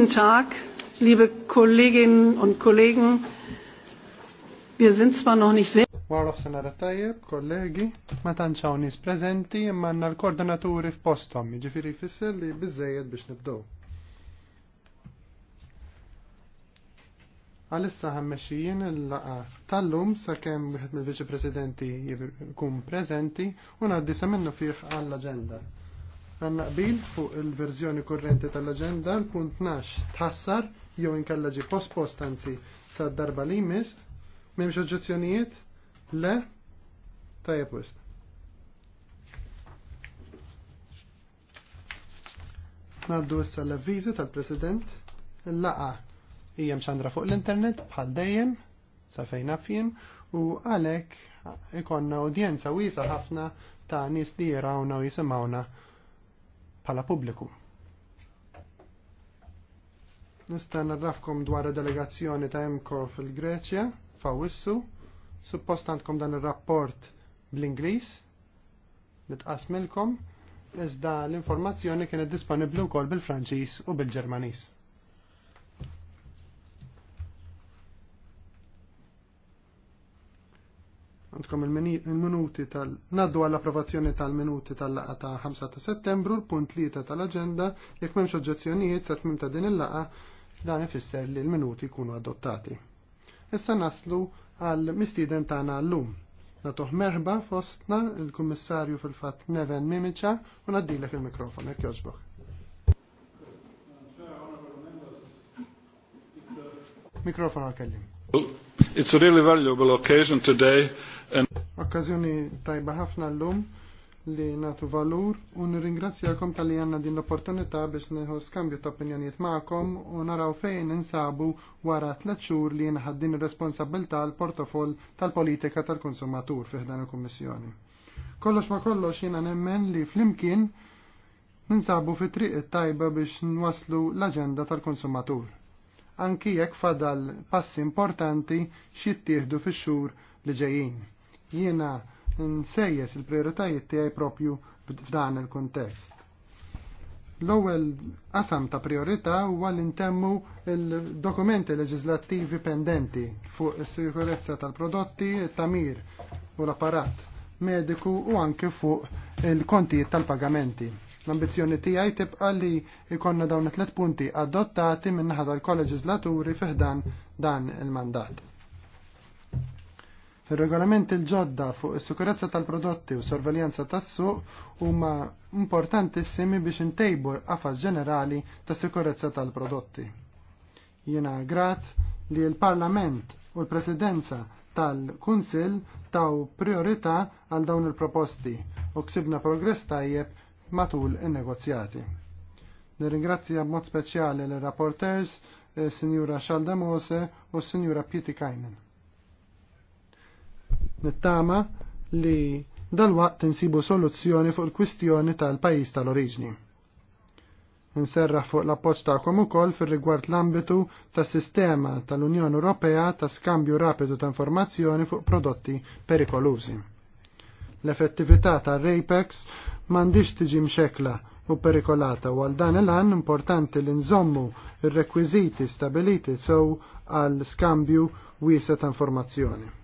Guten Tag, liebe Kolleginnen und Kollegen. Wir sind zwar noch nicht sehr. Warof senara tajjeb, kollegi, ma tanċaw nis prezenti imma għanna l-koordinaturi f'postom, ġifiri fisser li bizzejed biex nibdow. Għalissa ħammexijin il-laqa tal-lum sa' kem wieħed mill-Viċi Presidenti jkun prezenti u ngħaddi sa minnu fih għall-aġenda. Għanna qbil fuq il-verżjoni kurrenti tal-agenda l-punt 12 tħassar jew inkella ġi post anzi sa darba li jmiss. M'hemmx oġġezzjonijiet? Le? Tajjeb wisq. Naddu issa l-avviżi tal-President. Il-laqa Hijem x'andra fuq l-internet bħal dejjem sa fejn affjem u għalek ikonna udjenza wiesa ħafna ta' nies li jirawna u jisimawna bħala pubbliku. Nista' narrafkom dwar delegazzjoni ta' Emko fil-Greċja fawissu, suppost għandkom dan ir-rapport bl-Ingliż nitqasmilkom iżda l-informazzjoni kienet disponibbli wkoll bil-Franċiż u bil-Ġermaniż. għandkom il-minuti tal naddu għall-approvazzjoni tal-minuti tal-laqa ta' 5 ta' settembru, l-punt li ta' tal-agenda, jekk memx oġġezzjonijiet sa' tmim ta' din il-laqa, dan ifisser li l-minuti kunu adottati. Issa naslu għal mistiden tagħna l-lum. Natuħ merħba fostna il-kummissarju fil-fat Neven Mimicha u naddilek il-mikrofon, jekk joġbok. Mikrofon għal-kellim. It's a really valuable occasion today Okkazjoni tajba ħafna l-lum li natu valur u nirringrazzjakom tal-li għanna din l-opportunità biex neħu skambju ta' opinjoniet ma'kom u naraw fejn insabu wara tlet xhur li jinaħad din ir-responsabilità l portofol tal-politika tal-konsumatur fih dan il-Kummissjoni. Kollox ma kollox jiena nemmen li flimkien ninsabu fi triq tajba biex nwaslu l-aġenda tal-konsumatur. Anki jekk fadal passi importanti xittieħdu fix-xhur li ġejjin jiena nsejjes il-prioritajiet tiegħi propju f'dan il kuntest L-ewwel qasam ta' priorità huwa li ntemmu il-dokumenti leġislattivi pendenti fuq is-sikurezza tal-prodotti, tamir u l-apparat mediku u anke fuq il-kontijiet tal-pagamenti. L-ambizjoni tiegħi tibqa li jkollna dawn it tliet punti adottati min-naħa tal-kolleġislaturi fiħdan dan il-mandat il regolamenti l-ġodda fuq is-sikurezza tal-prodotti u sorveljanza tas-suq huma importantissimi biex intejbu qafas ġenerali ta' sikurezza tal-prodotti. Jiena grat li l-Parlament u l-Presidenza tal-Kunsil taw priorità għal dawn il-proposti u ksibna progress tajjeb matul in-negozjati. Nirringrazzja b'mod speċjali l-rapporters, eh, Signora Schaldemose u Sinjura Pieti Kajnen. Nittama li dal-waqt insibu soluzzjoni fuq il-kwistjoni tal-pajis tal-oriġni. Inserraħ fuq l-appoċ ta'kom ukoll fir-rigward l-ambitu tas sistema tal-Unjoni Ewropea ta' skambju rapidu ta' informazzjoni fuq prodotti perikolużi. L-effettività tar-Rapex m'għandix tiġi mxekla u perikolata u għal dan il an importanti li nżommu il rekwiżiti stabiliti sew għal skambju wiesa ta' informazzjoni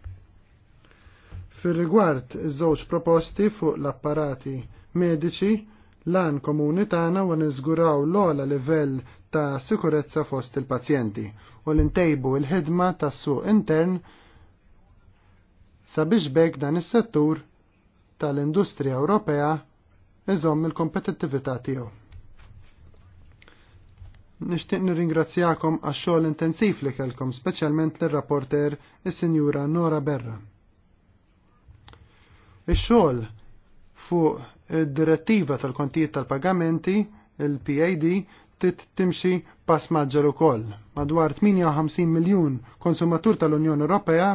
Fil-rigward iż-żewġ proposti fuq l-apparati mediċi, lan komuni tagħna u niżguraw l-ola livell ta' sikurezza fost il-pazjenti u l-intejbu il-ħidma tas suq intern sabiex bek dan is-settur tal-industrija Ewropea iżomm il-kompetittività tiegħu. Nixtieq nirringrazzjakom għax-xogħol intensiv li kellkom speċjalment lir-rapporter is-Sinjura Nora Berra. Ix-xogħol fuq id-direttiva tal-kontijiet tal-pagamenti, il-PAD, tit timxi pass maġġar ukoll. Madwar 58 miljun konsumatur tal-Unjoni Ewropea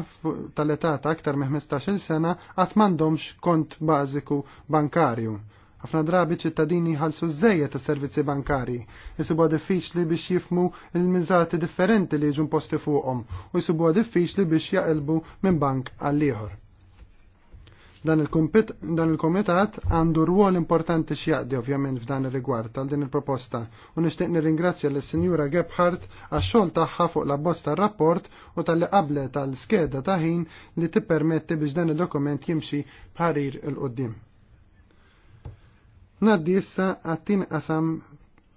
tal-età ta' aktar minn 15-il sena qatt m'għandhomx kont bażiku bankarju. Ħafna drabi ċittadini ħalsu żejja ta' servizzi bankari, jisibuha diffiċli biex jifmu il-miżati differenti li jiġu posti fuqhom u jisibuha diffiċli biex jaqilbu minn bank għall ieħor. Dan il-komitat għandu rwol importanti x'jaqdi ovvjament f'dan ir-rigward tal din il-proposta u nixtieq nirringrazzja l sinjura Gebhardt għax-xogħol tagħha fuq la bosta rapport u tal-li qable tal-skeda ta' ħin li tippermetti biex dan id-dokument jimxi bħarir il-qoddim. Naddi issa għattin qasam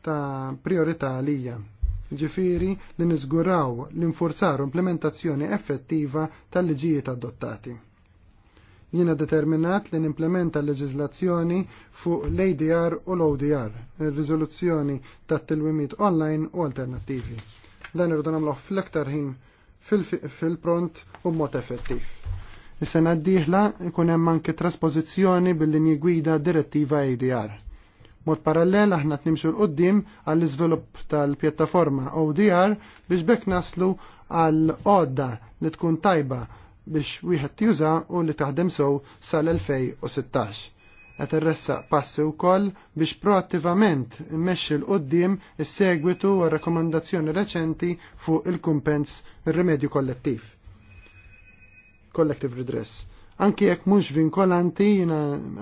ta' priorità għalija ġifiri li nizguraw l-infurzar implementazzjoni effettiva tal-liġijiet adottati. Jiena determinat li nimplementa l-leġizlazzjoni fuq l-ADR u l-ODR, il-rizoluzzjoni ta' tilwimiet online u alternativi. Dan irridu nagħmluh fl iktar ħin fil-pront u mod effettiv. Is-sena d-dieħla ikun hemm anke traspożizzjoni bil-linji gwida direttiva ADR. Mod parallel aħna t-nimxu l-qoddim għall iżvilupp tal-pjattaforma ODR biex bekk naslu għall-odda li tkun tajba biex wieħed juża u li taħdem sew sal-2016. Qed irressaq passi wkoll biex proattivament immexxi l qudiem is-segwitu u rakkomandazzjoni reċenti fuq il-kumpens ir-rimedju kollettiv. Collective Redress Anki jekk mhux vinkolanti jiena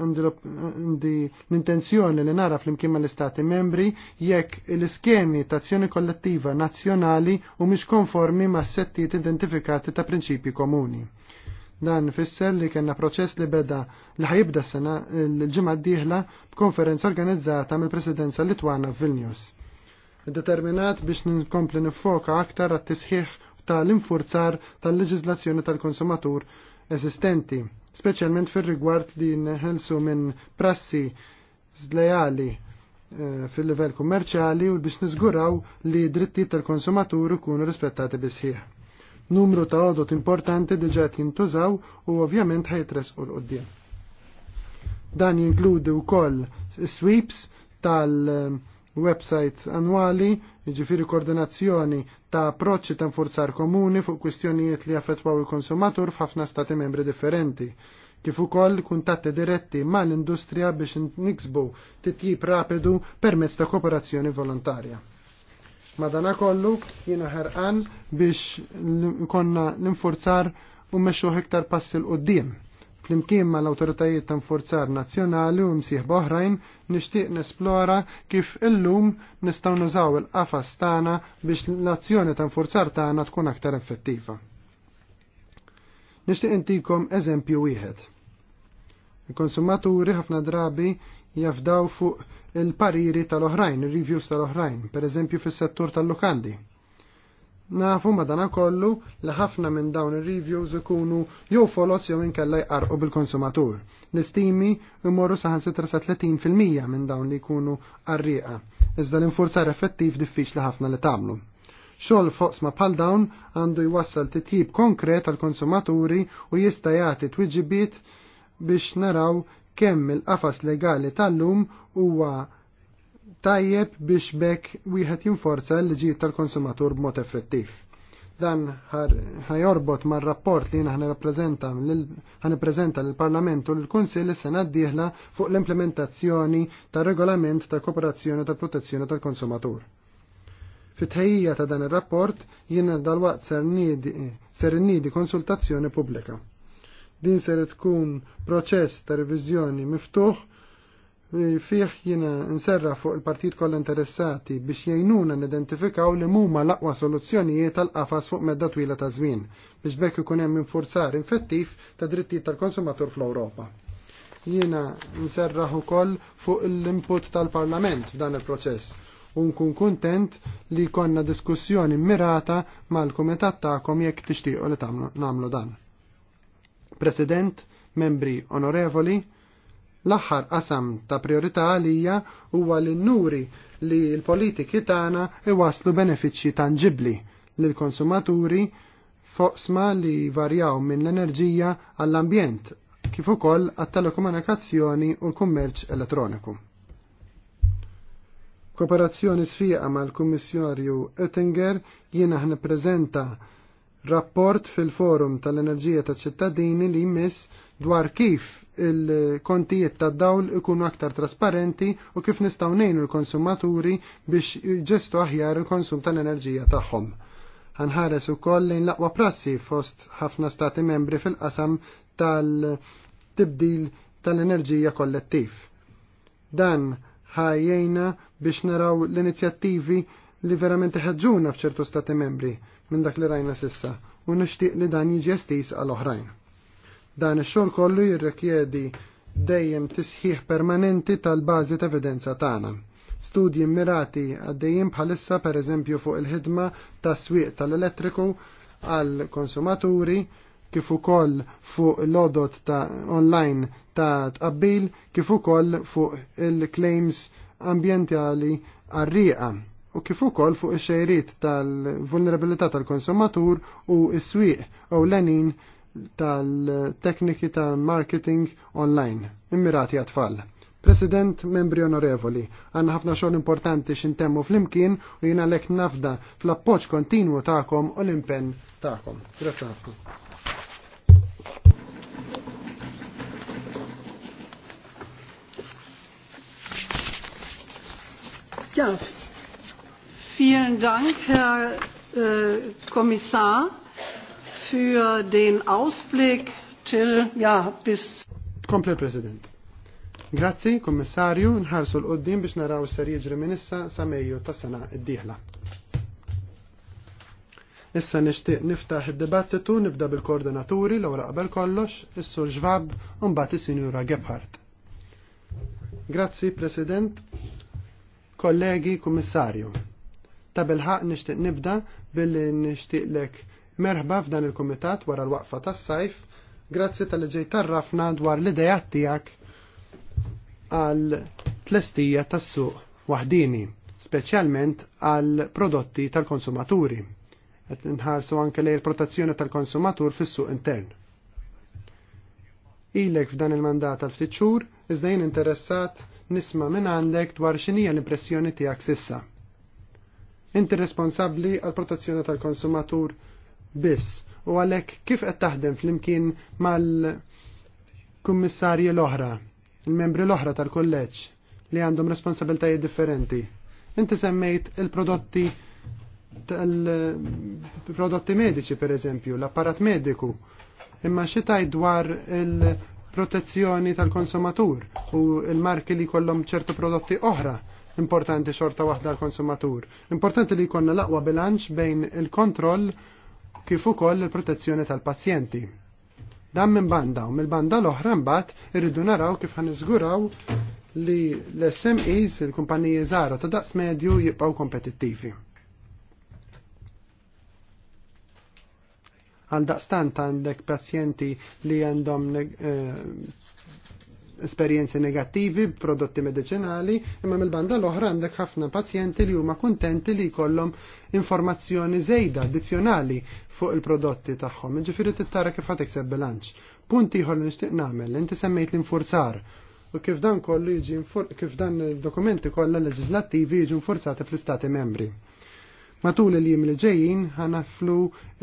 għandi l-intenzjoni li nara flimkien mal-Istati membri jekk l-iskemi ta' azzjoni kollettiva nazzjonali u mhix konformi ma' settijiet identifikati ta' prinċipji komuni. Dan fisser li kena proċess li beda li ħajibda sena l-ġimgħa d-dieħla b'konferenza organizzata mill-Presidenza Litwana Vilnius. Determinat biex ninkompli nifoka aktar għat-tisħiħ tal-infurzar tal-leġizlazzjoni tal-konsumatur tal infurzar tal leġizlazzjoni tal konsumatur eżistenti, speċjalment fir-rigward li nħelsu minn prassi zlejali eh, fil-livell kummerċali u biex niżguraw li drittijiet tal-konsumatur ikunu rispettati bisħieħ. Numru ta' odot importanti diġa jintużaw u ovvjament ħajtres u l-qoddim. Dan jinkludi wkoll sweeps tal- websites annwali, jiġifieri koordinazzjoni ta' approċċi ta' nfurzar komuni fuq kwistjonijiet li affettwaw il-konsumatur f'ħafna stati membri differenti kif ukoll kuntatti diretti mal-industrija biex niksbu titjib rapidu permezz ta' kooperazzjoni volontarja. kollu jiena ħerqan biex konna l-infurzar u meċxuħ iktar passi l-qoddim. Flimkien ma l-autoritajiet ta' forzar nazzjonali u msieħba oħrajn nixtieq nesplora kif illum nistgħu nużaw il-qafas tagħna biex l-azzjoni ta' forzar tagħna tkun aktar effettiva. Nixtieq intikom eżempju wieħed. Il-konsumaturi ħafna drabi jafdaw fuq il-pariri tal-oħrajn, il-reviews tal-oħrajn, per eżempju fis-settur tal-lukandi Nafu madana kollu li ħafna minn dawn ir-reviews ikunu jew folots jew inkella jqarqu bil-konsumatur. L-istimi imorru saħan 36% minn dawn li jkunu arriqa, iżda l-infurzar effettiv diffiċli ħafna li tagħmlu. Xogħol foqs ma bħal dawn għandu jwassal titjib konkret għal konsumaturi u jista' jagħti twiġibiet biex naraw kemm il-qafas legali tal-lum huwa tajjeb biex bekk wieħed jinforza l-liġijiet tal-konsumatur b'mod effettiv. Dan ħajorbot mar rapport li naħna ħanippreżenta lill parlament u l-Kunsill is-sena d-dieħla fuq l-implementazzjoni tar-regolament ta' kooperazzjoni tal protezzjoni tal-konsumatur. Fit-ħejja ta' dan ir-rapport jiena dalwaqt ser nidi konsultazzjoni pubblika. Din ser tkun proċess ta' reviżjoni miftuħ Fih jina nserra fuq il-partit kollha interessati biex n nidentifikaw li huma l-aqwa soluzzjonijiet tal-qafas fuq medda twila ta' żmien biex bekk ikun hemm infurzar infettiv ta' drittijiet tal-konsumatur fl-Ewropa. Jiena nserraħ ukoll fuq l-input tal-Parlament f'dan il-proċess u nkun kuntent li konna diskussjoni mirata mal-kumitat tagħkom jekk tixtiequ li nagħmlu dan. President, membri onorevoli, L-aħħar qasam ta' priorità għalija huwa li nuri li l-politiki tagħna iwaslu benefiċċji tangibbli lil konsumaturi foqsma li varjaw minn l-enerġija għall-ambjent kif ukoll għat-telekomunikazzjoni u l-kummerċ elettroniku. Kooperazzjoni sfiqa mal kummissjonarju Oettinger jiena prezenta rapport fil-Forum tal-Enerġija ta' ċittadini li jmiss dwar kif il-kontijiet ta' dawl ikunu aktar trasparenti u kif nistaw nejnu l-konsumaturi biex ġestu aħjar il-konsum tal-enerġija tagħhom. Ħanħares ukoll lejn laqwa prassi fost ħafna stati membri fil-qasam tal-tibdil tal-enerġija kollettiv. Dan ħajjejna biex naraw l-inizjattivi li verament ħagġuna f'ċertu stati membri minn dak li rajna sissa u nixtieq li dan jiġi estis għal oħrajn. Dan ix-xogħol kollu jirrikjedi dejjem tisħiħ permanenti tal-bażi ta' evidenza tagħna. Studji mirati għaddejjem bħalissa pereżempju fuq il-ħidma ta' swieq tal-elettriku għal konsumaturi kif ukoll fuq l-odot ta' online ta' tqabbil kif ukoll fuq il-claims ambjentali għarriqa u kif ukoll fuq ix-xejriet tal-vulnerabilità tal-konsumatur u s-swieq u l-għanin tal-tekniki ta' marketing online, immirati għatfall. President, membri onorevoli, għanna ħafna xogħol importanti xintemmu fl-imkien u jina lek nafda fl-appoċ kontinwu ta'kom u l-impen ta'kom. Grazie ħafna. Ja, vielen Dank, Herr äh, Kommissar für den Ausblick till, ja, bis. Komplett, President. Grazzi, Kommissarju, nħarsu l-qoddim biex naraw ser jiġri minissa samejju ta' sena id dieħla Issa nixtieq niftaħ id-dibattitu nibda bil-koordinaturi l qabel kollox, is-sur Ġvab u mbagħad is-Sinjura Gebhardt. Grazzi, President, kollegi, Kummissarju. Ta' bilħaq nixtieq nibda billi nixtieqlek Merħba f'dan il-Kumitat wara l-waqfa tas-sajf, grazzi tal ġej tarrafna dwar l-idejat tiegħek għal tlestija tas-suq waħdini, speċjalment għal prodotti tal-konsumaturi. Qed nħarsu anke lej il-protezzjoni tal-konsumatur fis-suq intern. Ilek f'dan il-mandat għal ftit xhur, iżda jien interessat nisma' minn għandek dwar x'inija l-impressjoni tiegħek sissa. Inti responsabbli għal protezzjoni tal-konsumatur biss u għalhekk kif qed taħdem flimkien mal-kummissarji l-oħra, il-membri l-oħra tal-kolleġġ li għandhom responsabiltajiet differenti. Inti semmejt il-prodotti tal-prodotti mediċi per eżempju, l-apparat mediku, imma xitaj dwar il-protezzjoni tal-konsumatur u il-marki li kollom ċertu prodotti oħra importanti xorta waħda l-konsumatur. Importanti li jkollna l-aqwa bilanċ bejn il-kontroll kif ukoll il-protezzjoni tal-pazjenti. Dan minn banda u mill-banda l-oħra mbagħad irridu naraw kif ħaniżguraw li l-SMEs, il-kumpaniji żgħira ta' daqs medju jibqgħu kompetittivi. Għal daqstant għandek pazjenti li għandhom eh, esperjenzi negattivi b'prodotti medicinali, imma mill-banda l-oħra għandek ħafna pazjenti li huma kuntenti li jkollhom informazzjoni żejda addizzjonali fuq il-prodotti tagħhom. Ġifieri tittara kif ħad tikseb bilanċ. Punt ieħor li nixtieq nagħmel, inti semmejt l-infurzar. U kif dan kollu jiġi kif dan il-dokumenti kollha leġislattivi jiġu infurzati fl-istati membri. Matul il-jiem li ġejjin ħanaflu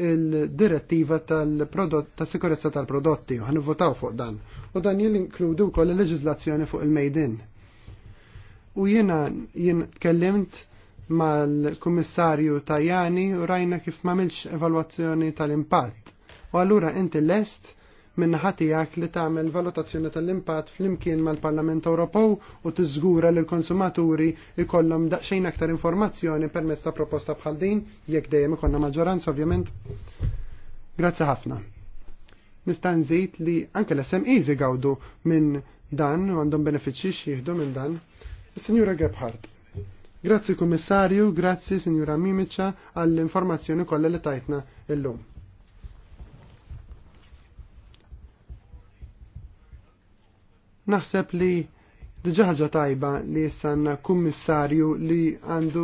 il-direttiva tal-prodott ta' sikurezza tal-prodotti u ħanivvotaw fuq dan. U dan jil-inkludu wkoll il leġizlazzjoni fuq il-mejdin. U jiena jien tkellimt mal-Kummissarju Tajani u rajna kif ma milx evalwazzjoni tal-impatt. U allura inti lest minnaħa tiegħek li tagħmel valutazzjoni tal-impatt flimkien mal-Parlament Ewropew u tiżgura li l-konsumaturi jkollhom daqsxejn aktar informazzjoni permezz ta' proposta bħal din, jekk dejjem ikollna maġġoranza ovvjament. Grazzi ħafna. Nista' nżid li anke l-SMEs e gawdu minn dan u għandhom benefiċċji jieħdu minn dan. Is-Sinjura Gebhardt. Grazzi Kummissarju, grazzi Sinjura Mimiċa għall-informazzjoni kollha li tajtna illum. Naħseb li diġa ħaġa tajba li jissanna kummissarju li għandu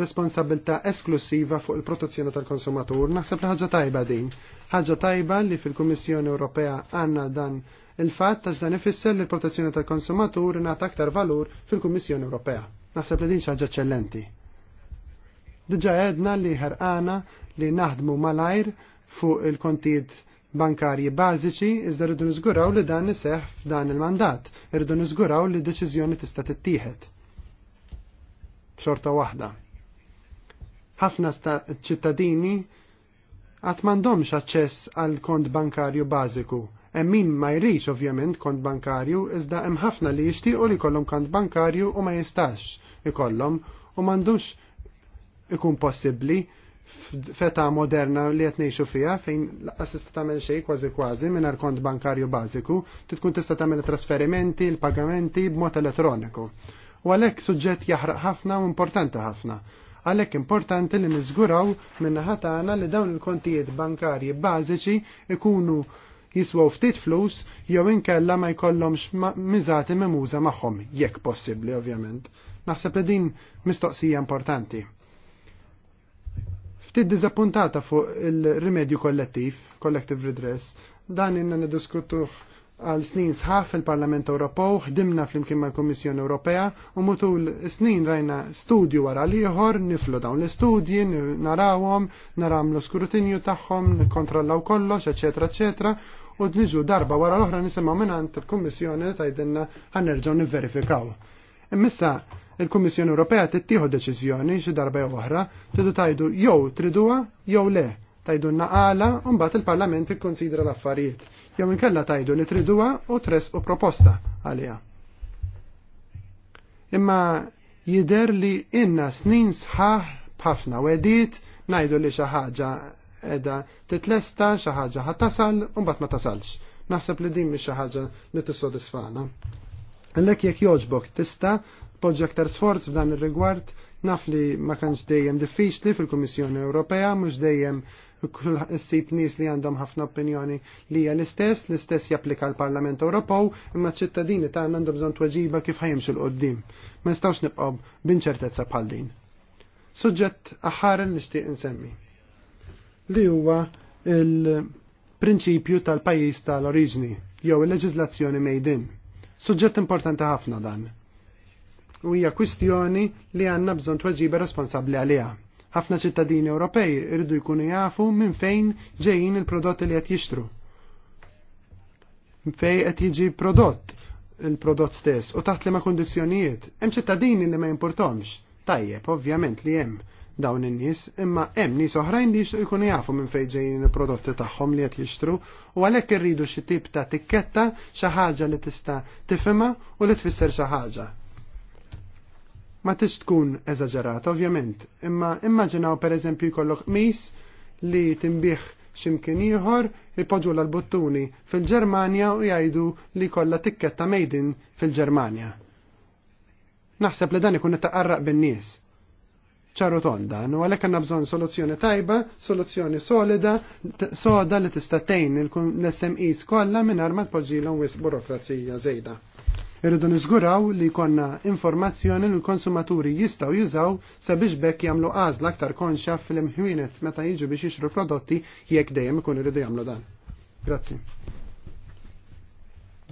responsabilta esklusiva fuq il-protezzjoni tal-konsumatur. Naħseb li ħaġa tajba din. ħaġa tajba li fil-Kummissjoni Ewropea għanna dan il-fatt għax dan ifisser li l-protezzjoni tal-konsumatur nata aktar valur fil-Kummissjoni Ewropea. Naħseb li din xi ħaġa eċċellenti. Diġa għedna li ħerqana li naħdmu malajr fuq il-kontijiet bankarji bażiċi iżda rridu niżguraw li dan iseħħ f'dan il-mandat, irridu niżguraw li deċiżjoni tista' tittieħed. Xorta waħda. Ħafna ċittadini qatt m'għandhomx aċċess għal kont bankarju bażiku. Hemm min ma jrix ovvjament kont bankarju iżda hemm ħafna li jixtiequ li jkollhom kont bankarju u ma jistax ikollhom u m'għandux ikun possibbli feta moderna li qed ngħixu fiha fejn laqas tista' tagħmel xejn kważi kważi mingħajr kont bankarju bażiku, tkun tista' tagħmel trasferimenti, il-pagamenti b'mod elettroniku. U għalhekk suġġett jaħraq ħafna u importanti ħafna. Għalhekk importanti li niżguraw minn naħa tagħna li dawn il-kontijiet bankarji bażiċi ikunu jiswaw ftit flus jew inkella ma jkollhomx miżati memuża magħhom, jekk possibbli ovvjament. Naħseb li din mistoqsija importanti ftit dizappuntata fuq il-rimedju kollettiv, collective redress, dan inna niddiskutuh għal snin sħaf fil-Parlament Ewropew, ħdimna fl-imkien mal-Kommissjoni Ewropea u mutul snin rajna studju wara liħor, niflu dawn l-istudji, narawhom, naram l-skrutinju tagħhom, nikkontrollaw kollox, eċetera, eċetera, u niġu darba wara l-oħra nisimgħu minant il-Kummissjoni li tgħidilna ħanerġgħu nivverifikaw. Immissa il-Kummissjoni Ewropea tittieħu deċiżjoni xi darba jew oħra tridu tajdu jew triduha jew le tajdu naqala u mbagħad il-Parlament ikkonsidra l-affarijiet jew inkella tajdu li triduha u tres u proposta għaliha. Imma jider li inna snin sħaħ b'ħafna wedit ngħidu li xi ħaġa edha titlesta xi ħaġa tasal u mbagħad ma tasalx. Naħseb li din mhix xi ħaġa li tissodisfana. Għallek jek joġbok tista poġġa aktar sforz f'dan ir-rigward, naf li ma kanx dejjem diffiċli fil-Kummissjoni Ewropea, mhux dejjem sib nies li għandhom ħafna opinjoni li hija l-istess, l-istess japplika l-Parlament Ewropew, imma ċ ċittadini tagħna għandhom bżonn tweġiba kif ħajimxu l-qoddim. Ma nistgħux nibqgħu b'inċertezza bħal din. Suġġett aħħar li nixtieq insemmi. Li huwa il-prinċipju tal-pajjiż tal-oriġni jew il-leġiżlazzjoni made in. Suġġett importanti ħafna dan u hija kwistjoni li għandna bżonn tweġiba responsabbli għaliha. Ħafna ċittadini Ewropej irridu jkunu jafu minn fejn ġejjin il-prodotti li qed jixtru. Fej qed jiġi prodott il-prodott stess u taħt li ma kundizzjonijiet. Hemm ċittadini li ma jimpurtomx. Tajjeb, ovvjament li hemm dawn in-nies, imma hemm nies oħrajn li jkunu jafu minn fejn ġejjin il-prodotti tagħhom li qed jixtru u għalhekk irridu xi tip ta' tikketta xi ħaġa li tista' tifhimha u li tfisser xi ħaġa. Ma tix tkun eżagġerata, ovvjament, imma immaġinaw per eżempju jkollok mis li timbieħ ximkien ieħor ipoġġu l-buttuni fil-Ġermanja u jgħidu li kollha tikketta made in fil-Ġermanja. Naħseb li dan ikun taqarraq bin-nies. ċaru tonda, u għalek għanna bżonn soluzzjoni tajba, soluzzjoni solida, soda li tista' tgħin l-SMEs kollha mingħajr armat tpoġġilhom wisq burokrazija żejda. Irridu niżguraw li jkollna informazzjoni li l-konsumaturi jistgħu jużaw sabiex bekk jagħmlu għażla aktar konxa fil-imħwienet meta jiġu biex jixru prodotti jekk dejjem ikun irridu jagħmlu dan. Grazzi.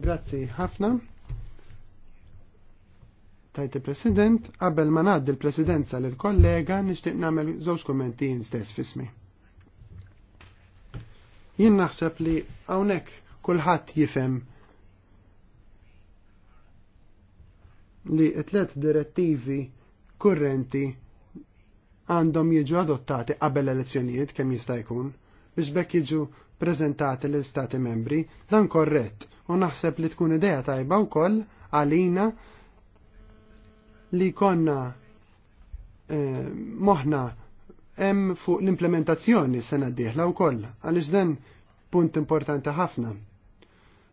Grazzi ħafna. Tajt il-President, qabel ma ngħaddi l-Presidenza lil kollega nixtieq nagħmel żewġ kummenti stess fismi. Jien naħseb li hawnhekk kulħadd jifhem li tlet direttivi kurrenti għandhom jiġu adottati qabel elezzjonijiet kemm jista' jkun biex bekk jiġu preżentati l-Istati membri dan korrett u naħseb li tkun idea tajba wkoll għalina li konna eh, moħna hemm fuq l-implementazzjoni sena d-dieħla wkoll għaliex dan punt importanti ħafna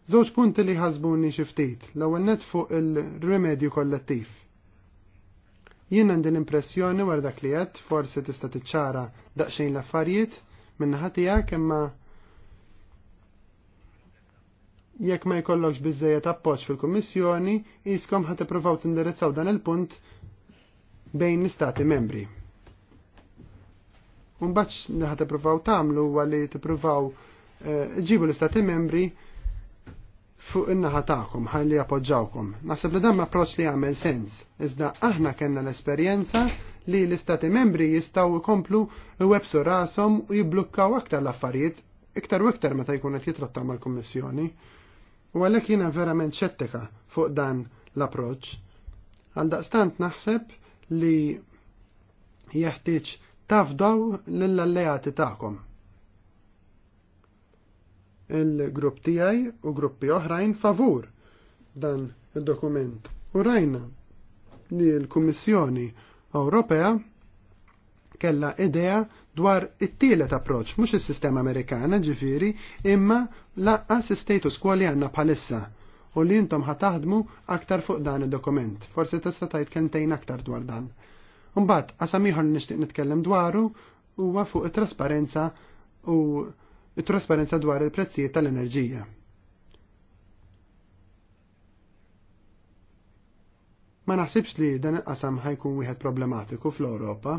Żewġ punti li ħasbuni xi ftit, l-ewwel net fuq il-remedju kollettiv. Jien għandin l-impressjoni wara dak li għed, forsi tista' tiċċara daqsxejn l-affarijiet minnaħa tiegħek imma jekk ma jkollokx biżejjed appoġġ fil-Kummissjoni, jiskom ħad ippruvaw tindirizzaw dan il-punt bejn l-istati membri. Unbaċ li ħad ippruvaw tagħmlu huwa li tippruvaw eh, ġibu l-istati membri fuq in-naħa tagħkom ħalli appoġġawkom. Naħseb li dan approċċ li jagħmel sens, iżda aħna kellna l-esperjenza li l-istati membri jistgħu jkomplu websu rashom u jibblukkaw aktar l-affarijiet iktar u iktar meta jkun qed jitrattaw mal-Kummissjoni. U għalhekk jiena verament xettika fuq dan l-approċċ. Għaldaqstant naħseb li jeħtieġ tafdaw lill-alleati tagħkom il-grupp tiegħi u gruppi oħrajn favur dan il-dokument. U rajna li l-Kummissjoni Ewropea kella idea dwar it-tielet approċ, mhux is-sistema Amerikana ġifieri, imma laqqas status quo li għandna bħalissa u li intom ħataħdmu aktar fuq dan id-dokument. Forsi tista' tgħid kentejn aktar dwar dan. Mbagħad qasam ieħor nixtieq nitkellem dwaru huwa fuq it-trasparenza u it-trasparenza dwar il-prezzijiet tal-enerġija. Ma naħsibx li dan il-qasam ħajkun wieħed problematiku fl-Ewropa.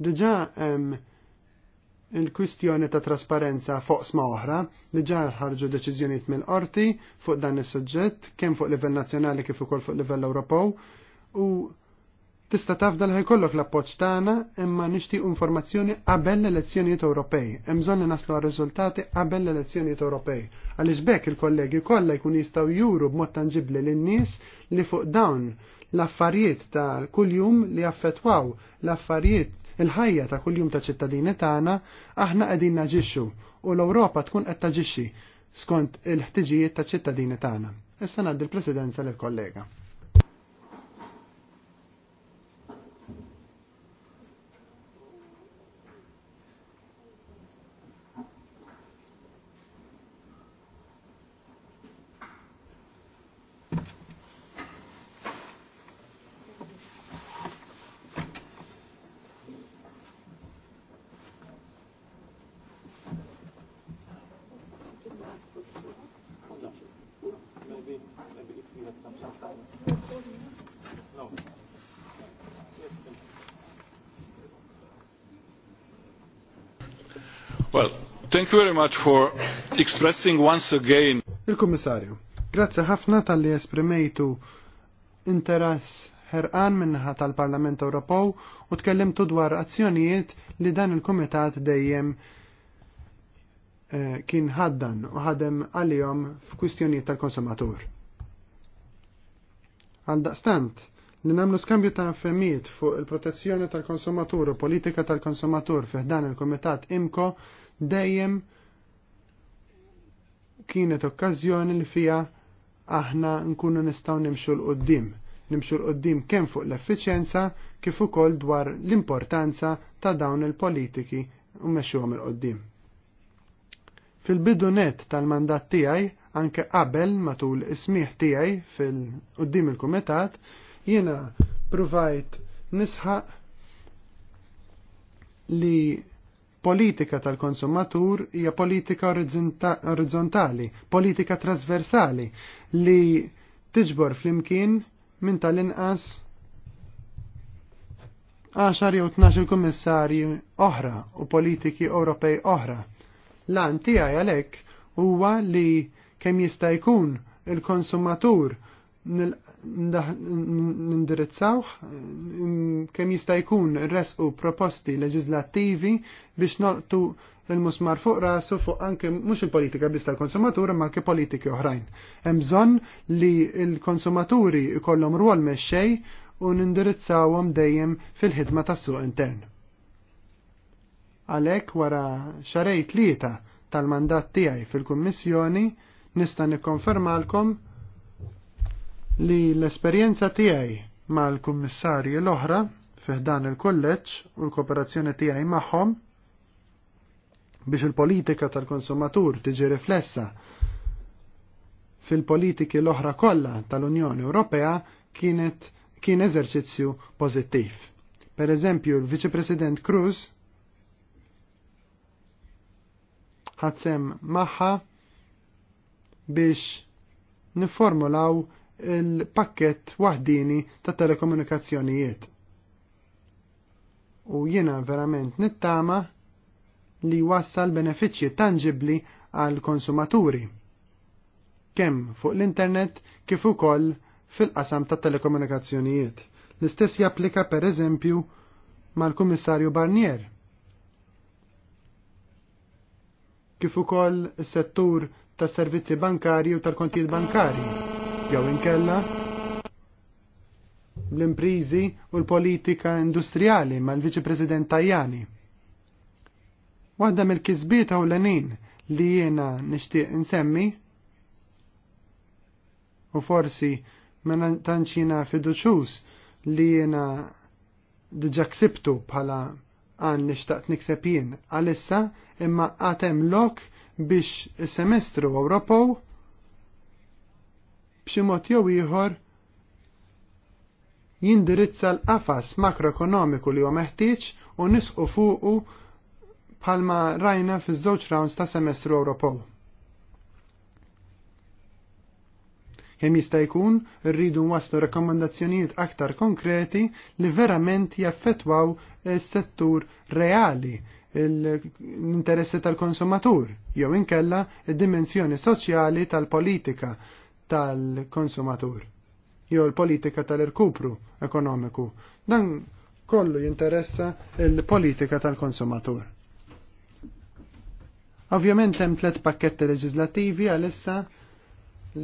Diġà hemm il-kwistjoni ta' trasparenza fuq sma oħra, diġà ħarġu deċiżjonijiet mill-qorti fuq dan is-suġġett kemm fuq livell nazzjonali kif ukoll fuq livell Ewropew u Tista' tafda li ħajkollok l-appoġġ tagħna imma nixtiequ informazzjoni qabel l-elezzjonijiet Ewropej. Hemm bżonn naslu għal riżultati qabel l-elezzjonijiet Ewropej. Għaliex bekk il-kollegi kollha jkun jistgħu juru b'mod tanġibli lin-nies li fuq dawn l-affarijiet ta' kuljum li affettwaw l-affarijiet il-ħajja ta' kuljum ta' ċittadini tagħna aħna qegħdin naġixxu u l-Ewropa tkun qed taġixxi skont il-ħtiġijiet ta' ċittadini tagħna. Issa ngħaddi l-presidenza lill-kollega. Thank you very much for expressing once again. Il-Kummissarju, grazzi ħafna tal-li esprimejtu interess ħerqan minnaħa tal-Parlament Ewropew u tkellimtu dwar azzjonijiet li dan il-Kumitat dejjem eh, kien ħaddan u ħadem għalihom f'kwistjonijiet tal-konsumatur. Għaldaqstant, li skambju ta' femijiet fuq il-protezzjoni tal-konsumatur u politika tal-konsumatur ħdan il-Komitat IMCO dejjem kienet okkażjoni li fija aħna nkunu nistgħu nimxu l-qoddim. Nimxu l-qoddim kemm fuq l-effiċjenza kif ukoll dwar l-importanza ta' dawn il-politiki u mexxuhom il-qoddim. Fil-bidu net tal-mandat tiegħi anke qabel matul ismiħ tiegħi fil-qoddim il-Kumitat il il kumitat Jiena provajt nisħaq li politika tal-konsumatur hija politika orizzontali, politika trasversali li tiġbor flimkien minn tal-inqas 10 jew 12 kummissarji oħra u politiki Ewropej oħra. Lan tiegħi għalhekk huwa li kemm jista' jkun il-konsumatur Nindirizzaw mm, kemm jista' jkun resqu proposti leġislattivi biex noqtu il-musmar fuq rasu fuq anke mhux il-politika biss tal konsumatura ma anke politiki oħrajn. Hemm bżonn li l-konsumaturi jkollhom ruol mexxej u nindirizzawhom dejjem fil-ħidma tas-suq intern. Għalhekk wara xarej tlieta tal-mandat tiegħi fil-Kummissjoni nista' nikkonfermalkom li l-esperjenza tiegħi mal-kummissarji l-oħra fiħdan il-kolleġġ u l-kooperazzjoni tiegħi magħhom biex il-politika tal-konsumatur tiġi riflessa fil-politiki l-oħra kollha tal-Unjoni Ewropea kienet kien eżerċizzju pożittiv. Per eżempju, l-Viċi President Cruz ħadsem maħħa biex niformulaw il-pakket wahdini ta' telekomunikazzjonijiet. U jiena verament nittama li wassal benefiċċji tangibli għal konsumaturi kemm fuq l-internet kif ukoll fil-qasam ta' telekomunikazzjonijiet. L-istess japplika per eżempju mal-Kummissarju Barnier. Kif ukoll is-settur tas servizzi bankarji u tal-kontijiet bankarji jew inkella l-imprizi u l-politika industrijali mal-Viċi President Tajani. Waħda mill-kisbiet u l anin li jiena nixtieq insemmi u forsi ma tanċina fiduċus li jiena diġa ksibtu bħala għan nishtaq xtaqt għalissa imma għatem lok biex semestru Ewropew b'xi mod jew ieħor jindirizza l-qafas makroekonomiku li huwa meħtieġ u nisqu fuqu bħalma rajna fiż-żewġ rounds ta' semestru Ewropew. Kemm jista' jkun rridu nwasslu rekomandazzjonijiet aktar konkreti li verament jaffettwaw is-settur reali l-interessi tal-konsumatur jew inkella id-dimensjoni soċjali tal-politika tal-konsumatur jew il-politika tal-irkupru ekonomiku. Dan kollu jinteressa il-politika tal-konsumatur. Ovvjament hemm tliet pakketti leġislattivi għalissa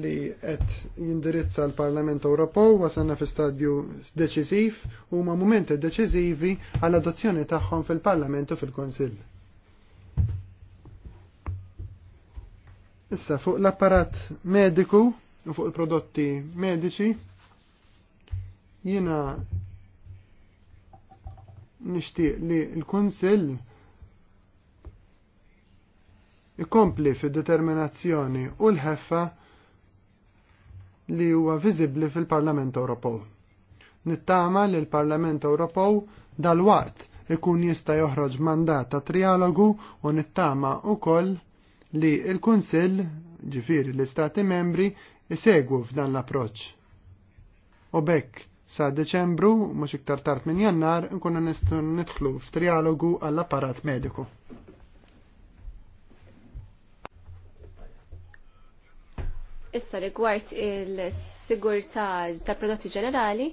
li qed jindirizza l-Parlament Ewropew wasanna fi stadju deċiżiv u mumenti deċiżivi għall adozzjoni tagħhom fil-Parlament u fil-Konsill. Issa fuq l-apparat mediku u fuq il-prodotti medici, jiena nixtieq li l-Kunsill ikompli fid-determinazzjoni u l-ħeffa li huwa viżibbli fil-Parlament Ewropew. Nittama li l-Parlament Ewropew dal-waqt ikun jista' joħroġ mandat ta' trialogu u nittama ukoll li l-Kunsill ġifiri l-Istati membri isegwu f'dan l-approċ. U bekk sa' Deċembru, mhux iktar tard minn Jannar, nkunu nistgħu nidħlu f'trialogu għall-apparat mediku. Issa rigward il-sigurtà tal-prodotti ġenerali,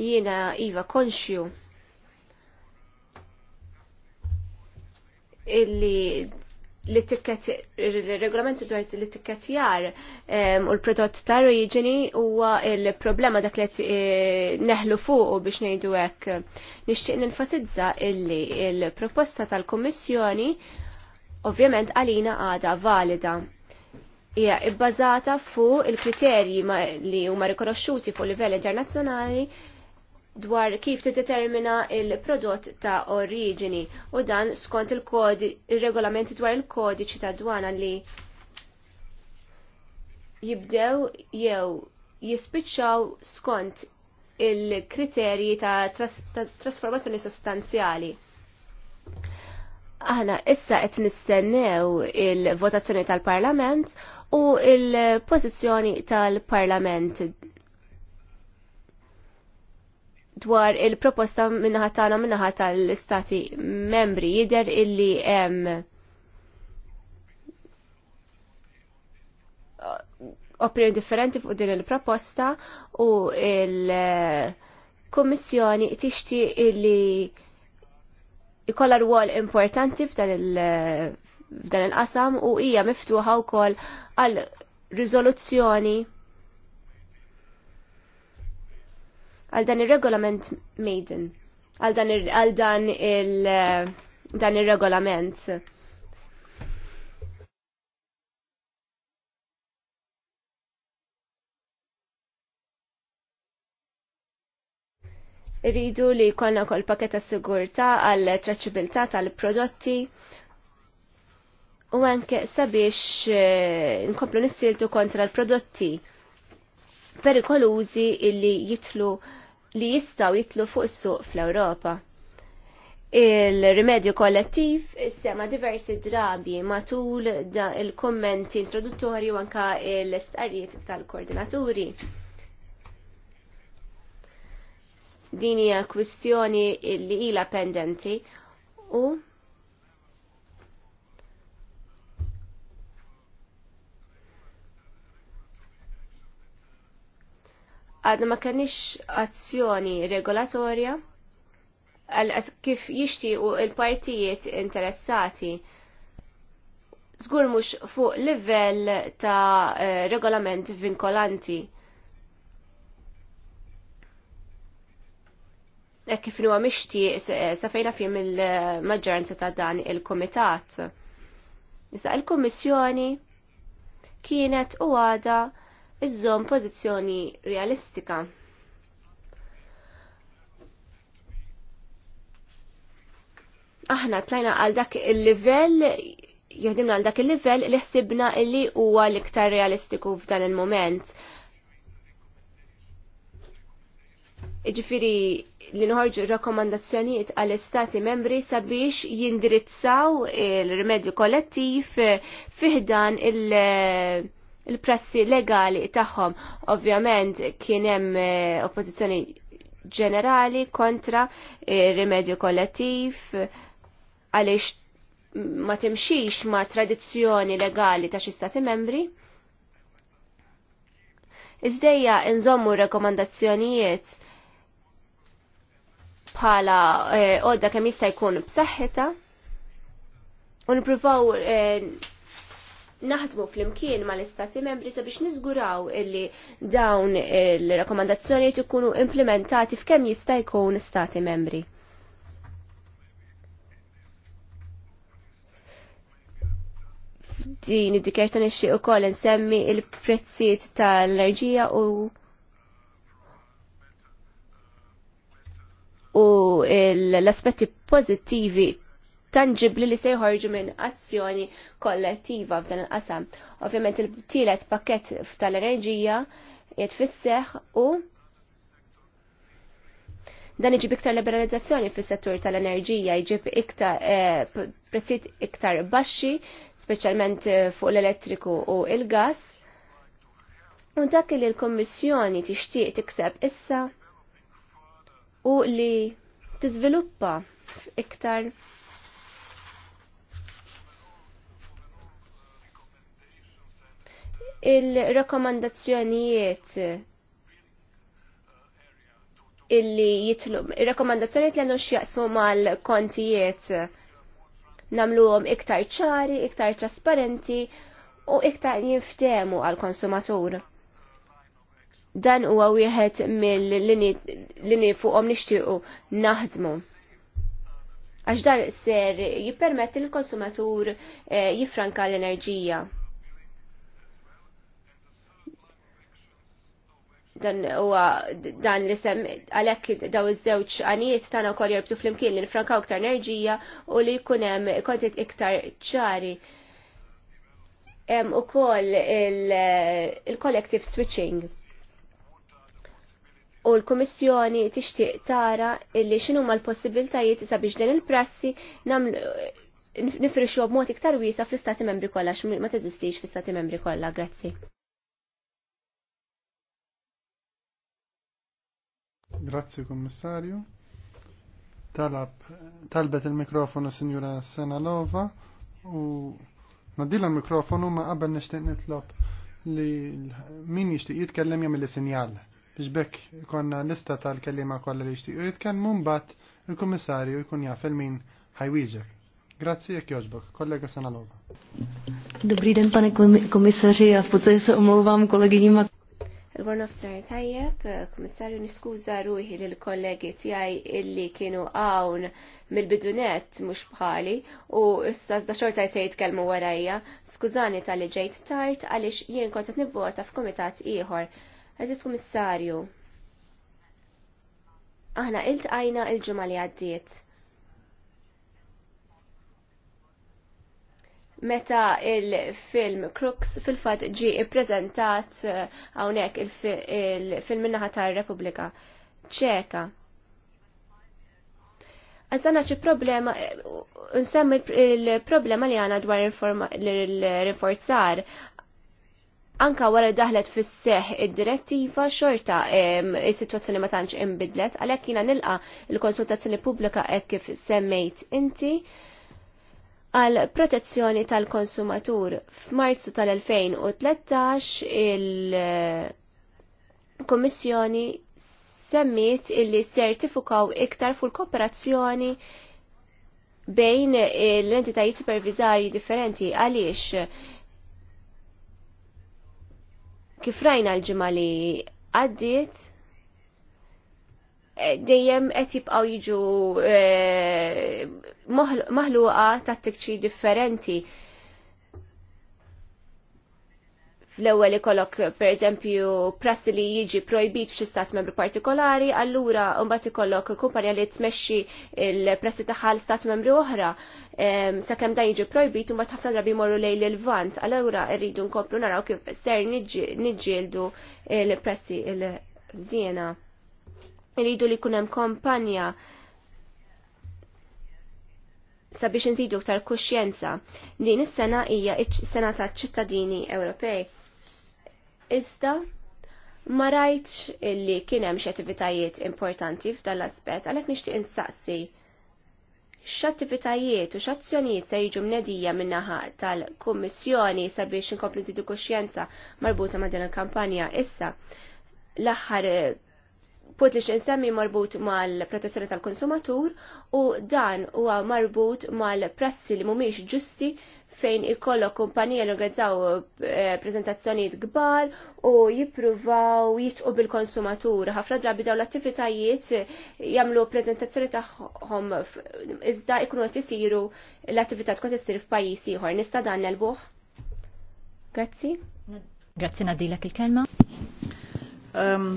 jiena iva konxju illi l-tikket, il-regolamenti dwar l-tikketjar u l-prodott ta' origini u il-problema dak li eh, neħlu fuq u biex ngħidu hekk. Nixtieq ninfasizza illi il-proposta tal-Kummissjoni ovvjament għalina għada valida. Hija ibbażata fu il-kriterji li huma rikonoxxuti fuq livell internazzjonali dwar kif tiddetermina il-prodott ta' oriġini u dan skont il-regolamenti dwar il-kodiċi ta' dwana li jibdew jew jispiċċaw skont il-kriterji ta' trasformazzjoni sostanzjali. Aħna issa qed nistennew il-votazzjoni tal-Parlament u il-pożizzjoni tal-Parlament dwar il-proposta minnaħatana tagħna minnaħa tal-istati membri jidher illi hemm opinjoni differenti fuq din il-proposta u il-Kommissjoni tixti illi ikolla rwol importanti f'dan il-qasam u hija miftuħa wkoll għal riżoluzzjoni għal dan ir-regolament Maiden, għal dan il- dan il- dan ir-regolament. Rridu li jkollna kol paketta sigurta għal traċibilta tal-prodotti u anke sabiex eh, nkomplu nissiltu kontra l-prodotti perikolużi illi jitlu li jistaw jitlu fuq suq fl-Ewropa. Il-rimedju kollettiv sema diversi drabi matul il-kommenti introduttori u anka l istarriet tal-koordinaturi. Din hija kwistjoni li ila pendenti u għadna ma kenniex azzjoni regolatorja kif kif jixtiequ il-partijiet interessati żgur mhux fuq livell ta' eh, regolament vinkolanti. Hekk kif nuwa mixtieq eh, sa fejna fim il-maġġoranza ta' dan il-kumitat. Issa il-Kummissjoni kienet u għada iżżomm pożizzjoni realistika. Aħna tlajna għal dak il-livell jeħdimna għal dak il-livell li ħsibna li huwa l-iktar realistiku f'dan il-moment. Iġifiri li nħorġu rakkomandazzjonijiet għall istati membri sabiex jindirizzaw il-rimedju kollettiv fiħdan il- il-prassi legali tagħhom ovvjament kien hemm eh, oppożizzjoni ġenerali kontra rimedju kollettiv għaliex ma timxix ma tradizzjoni legali ta' xi stati membri. Iżdejja nżommu rekomandazzjonijiet bħala eh, għodda kemm jista' jkun b'saħħita, u nippruvaw eh, naħdmu fl-imkien ma l-istati membri sabiex nizguraw illi dawn il-rakomandazzjoniet ikunu implementati f'kem jista' jkun stati membri. Din id-dikerta u ukoll nsemmi il-prezzijiet tal-enerġija u u l-aspetti pozittivi tangibli li se jħorġu minn azzjoni kollettiva f'dan il-qasam. Ovvjament il-tielet pakket tal-enerġija jitfisseħ u dan iġib iktar liberalizzazzjoni fis-settur tal-enerġija, jġib iktar eh, prezzit iktar baxxi, speċjalment eh, fuq l-elettriku u il-gas. U dak li l-Kommissjoni tixtieq tikseb issa u li tiżviluppa iktar il-rekomandazzjonijiet illi jitlu, il-rekomandazzjonijiet li għandhom xjaqsmu mal-kontijiet namluhom iktar ċari, iktar trasparenti u iktar jinftemu għal-konsumatur. Dan huwa wieħed mill-lini fuqhom nixtiequ naħdmu. Għax dan ser jippermetti l-konsumatur eh, jifranka l-enerġija. dan huwa dan li sem għalhekk daw iż-żewġ għanijiet tagħna wkoll jirbtu flimkien li nfrankaw iktar enerġija u li jkun hemm kontent iktar ċari. Hemm ukoll il-collective switching. U l-Kummissjoni tixtieq tara illi x'inhu l-possibiltajiet sabiex din il-prassi nagħmlu nifrixu b'mod iktar wiesa fl-istati membri kollha ma teżistix fl-istati membri kollha. Grazzi. Grazzi Kommissarju. Talab, talbet il-mikrofonu Sinjura Senalova u nadila il-mikrofonu ma qabel nishtiq nitlob li min jishtiq jitkellem il sinjal biex bekk konna lista tal-kellima kollha li jixtiequ jitkellmu mbagħad il kommissarju jkun jaf il-min ħajwieġeb. Grazzi e kjoġbok, kollega Senalova. Dobrý den, pane komisaři, já v podstatě se Dwar nofsnar tajjeb, eh, komissarju niskuża ruħi lill kollegi tiegħi illi kienu hawn mill-bidunet mhux bħali u issa żda xorta se jitkellmu warajja. Skużani tal-li ġejt tard għaliex jien kont qed nivvota f'kumitat ieħor. Għaziz kummissarju. Aħna iltqajna il ġumali li għaddiet meta il-film Crooks fil-fat ġi prezentat eh, hawnhekk il-film minnaħa tar-Repubblika Ċeka. Għazzana ċi problema, eh, nsemmi il-problema li għana dwar l-rinforzar, anka wara daħlet fis seħ id-direttiva xorta is-sitwazzjoni ma tantx inbidlet, għalhekk jiena nilqa' il-konsultazzjoni pubblika hekk kif semmejt inti għal protezzjoni tal-konsumatur. F'Marzu tal-2013 il-Kommissjoni semmiet illi sertifikaw iktar fuq kooperazzjoni bejn l-entitajiet supervizari differenti għaliex kif rajna l-ġimgħa li għaddiet dejjem qed jibqgħu jiġu eh, maħluqa tattikċi differenti. Fl-ewwel ikollok pereżempju prassi li jiġi projbit f'xi stat membru partikolari, allura mbagħad ikollok kumpanja li tmexxi l-prassi tagħha l stat membru oħra. Sakemm dan jiġi projbit u mbagħad ħafna drabi jmorru lejn il-vant, allura rridu nkomplu naraw kif ser niġġieldu l-prassi l-żiena. Iridu li kunem kompanja sabiex nżidu ktar kuxjenza. Din is-sena hija s-sena taċ-ċittadini Ewropej. Iżda ma rajtx illi kien hemm xi attivitajiet importanti f'dan l-aspett għalhekk nixtieq insaqsi x'attivitajiet u x'azzjonijiet se jiġu mnedija min-naħa tal-Kummissjoni sabiex inkomplu nżidu kuxjenza marbuta ma' din il-kampanja issa l-aħħar Put li xinsemmi marbut mal-protezzjoni tal-konsumatur u dan huwa marbut mal prezzi li mhumiex ġusti fejn ikollu kumpanija li organizzaw eh, prezentazzjonijiet kbar u jippruvaw jitqu bil-konsumatur. Ħafna drabi dawn l-attivitajiet jagħmlu prezentazzjoni tagħhom iżda jkunu qed isiru l-attività tkun tisir f'pajjiż ieħor. Nista' dan nelbuħ? Grazzi. Grazzi nadilek il-kelma. Ehm,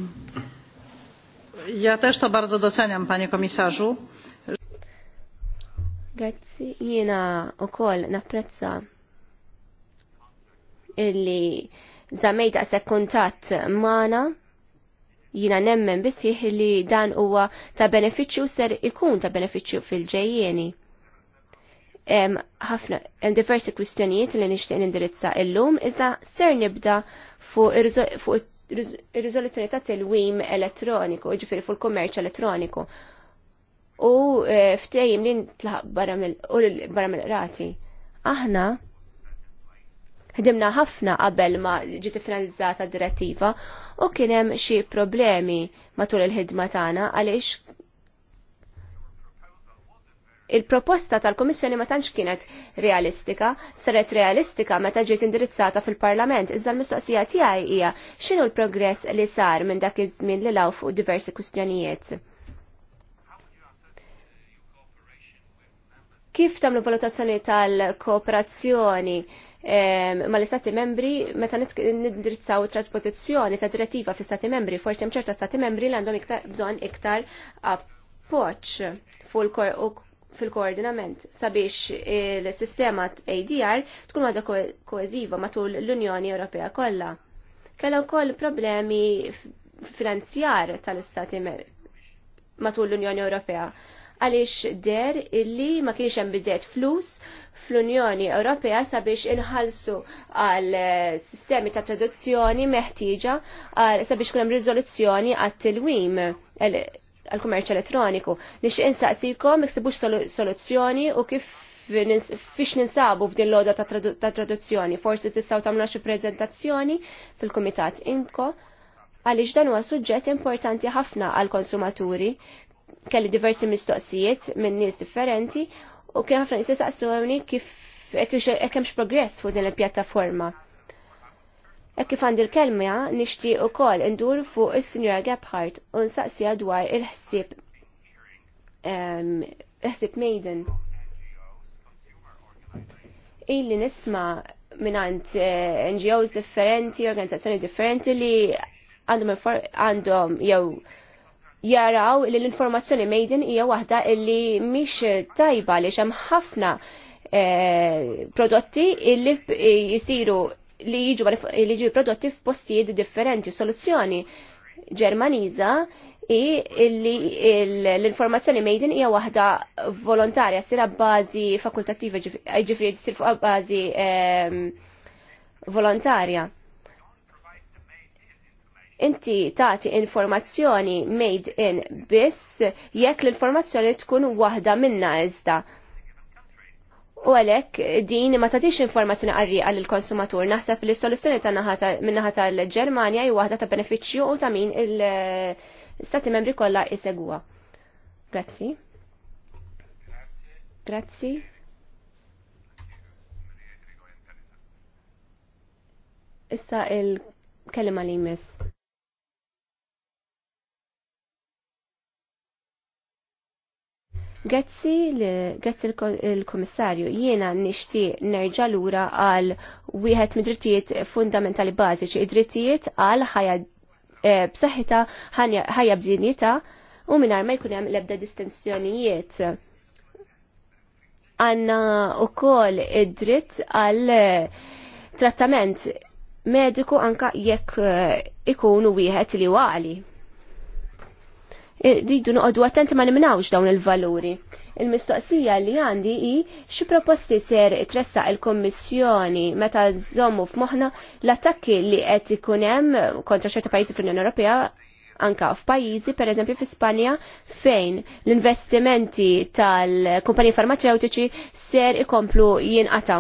Ja też to bardzo doceniam, panie komisarzu. Grazzi, jiena u napprezza illi zamejta se kontat mana jina nemmen bisih li dan huwa ta' beneficju ser ikun ta' beneficju fil-ġejjeni. ħafna hemm diversi kwistjonijiet li nixtieq nindirizza illum iżda ser nibda fuq fu il-rizoluzzjoni ta' telwim elettroniku, ġifiri fuq il-kummerċ elettroniku. U e, ftejim li ntlaħaq barra mill rati Aħna ħdimna ħafna qabel ma ġiet ifinalizzata d direttiva u kien hemm xi problemi matul il-ħidma tagħna għaliex il-proposta tal-Komissjoni ma tantx kienet realistika, saret realistika meta ġiet indirizzata fil-Parlament, iżda l-mistoqsija tiegħi hija x'inhu l-progress li sar minn dak iż-żmien li law fuq diversi kwistjonijiet. Kif tagħmlu valutazzjoni tal-kooperazzjoni mal ehm, ma l-Istati membri meta nidrizzaw trasposizzjoni ta' direttiva fl-Istati membri, forsi hemm ċerta Stati membri li għandhom iktar bżonn iktar appoġġ fuq fil-koordinament sabiex il-sistema ADR tkun għadha koeziva matul l-Unjoni Ewropea kollha. Kellha wkoll problemi finanzjar tal-istati matul l-Unjoni Ewropea għaliex der illi ma kienx hemm biżejjed flus fl-Unjoni Ewropea sabiex inħalsu għal sistemi ta' traduzzjoni meħtieġa sabiex kun hemm riżoluzzjoni għat-tilwim għal-kummerċ elettroniku. Nix insaqsikom iksibux soluzzjoni u kif fiex ninsabu f'din l-oda ta' traduzzjoni. Forsi tistaw tagħmlu xi prezentazzjoni fil-Kumitat Inko, għaliex dan huwa suġġett importanti ħafna għal-konsumaturi. Kelli diversi mistoqsijiet minn nies differenti u kien ħafna nies kif hekk hemmx progress fuq din il-pjattaforma E kif għandi l kelma nixtieq ukoll indur fuq is-Sinjora Gebhardt u nsaqsija dwar il-ħsieb ħsieb Maiden. Illi nisma minant eh, NGOs differenti, organizzazzjoni differenti li għandhom għandhom jew jaraw li l-informazzjoni Maiden hija waħda illi mhix tajba li hemm ħafna eh, prodotti illi jisiru li jiġu li jiġu prodotti f'postijiet differenti. Soluzzjoni Ġermaniża i li l-informazzjoni in hija waħda volontarja sira bażi fakultattiva ġifieri eh, tsir fuq bażi ehm, volontarja inti tati informazzjoni made in biss jekk l-informazzjoni tkun waħda minna iżda. U għalek din ma tatix informazzjoni għarri għall konsumatur naħseb li s-soluzzjoni ta' minnaħa tal-Ġermanja hi waħda ta' benefiċċju u ta' min il-Stati membri kollha jsegwa. Grazzi. Grazzi. Issa il-kelima li jmiss. Grazzi l-Komissarju, jiena nixtieq nerġa' lura għal wieħed mid-drittijiet fundamentali bażiċi, id-drittijiet għal ħajja e, b'saħħitha, ħajja b'dinjità u mingħajr ma jkun hemm l-ebda distinzjonijiet. Għandna wkoll id-dritt għal e, trattament mediku anka jekk e, ikunu wieħed li għali rridu noqogħdu attenti ma nimnawx dawn il-valuri. Il-mistoqsija li għandi hi xi proposti ser tressa il-Kommissjoni meta żommu f'moħħna l-attakki li qed ikun hemm kontra ċerta pajjiżi fl-Unjoni Ewropea anka f'pajjiżi, per eżempju f'Ispanja, fejn l-investimenti tal-kumpaniji farmaceutiċi ser ikomplu jinqata'.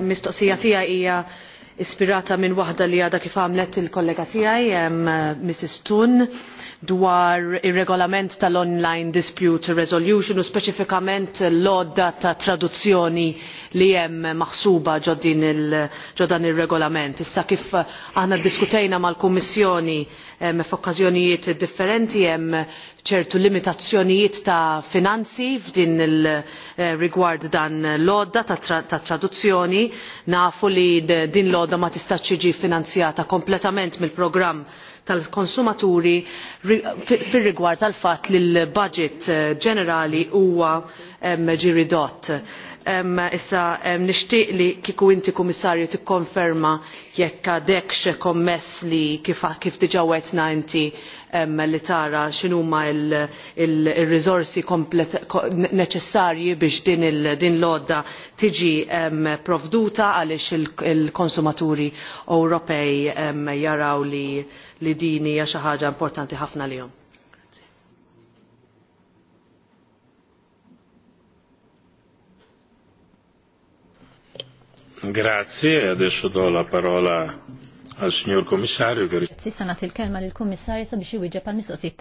mistoqsija tiegħi hija ispirata minn waħda li għadha kif għamlet il-kollega tiegħi Mrs. Tun dwar ir-regolament tal-online dispute resolution u speċifikament l-għodda ta' traduzzjoni li hemm maħsuba ġodan ir-regolament. Issa kif aħna ddiskutejna mal-Kummissjoni f'okkażjonijiet differenti hemm ċertu limitazzjonijiet ta' finanzi f'din il-rigward eh, dan l għodda ta', traduzzjoni nafu li din l għodda ma tistax jiġi finanzjata kompletament mill-programm tal-konsumaturi fir rigward tal-fatt li l-budget eh, ġenerali huwa ġi ridott issa nixtieq li kieku inti kummissarju tikkonferma jekk għadekx kommess li kif, diġà wettna inti li tara x'inhuma il-riżorsi neċessarji biex din l-għodda tiġi provduta għaliex il-konsumaturi Ewropej jaraw li din hija xi ħaġa importanti ħafna lihom. Grazie, e adesso do la parola għal signor Komissarju. Sissa kelma mistoqsijiet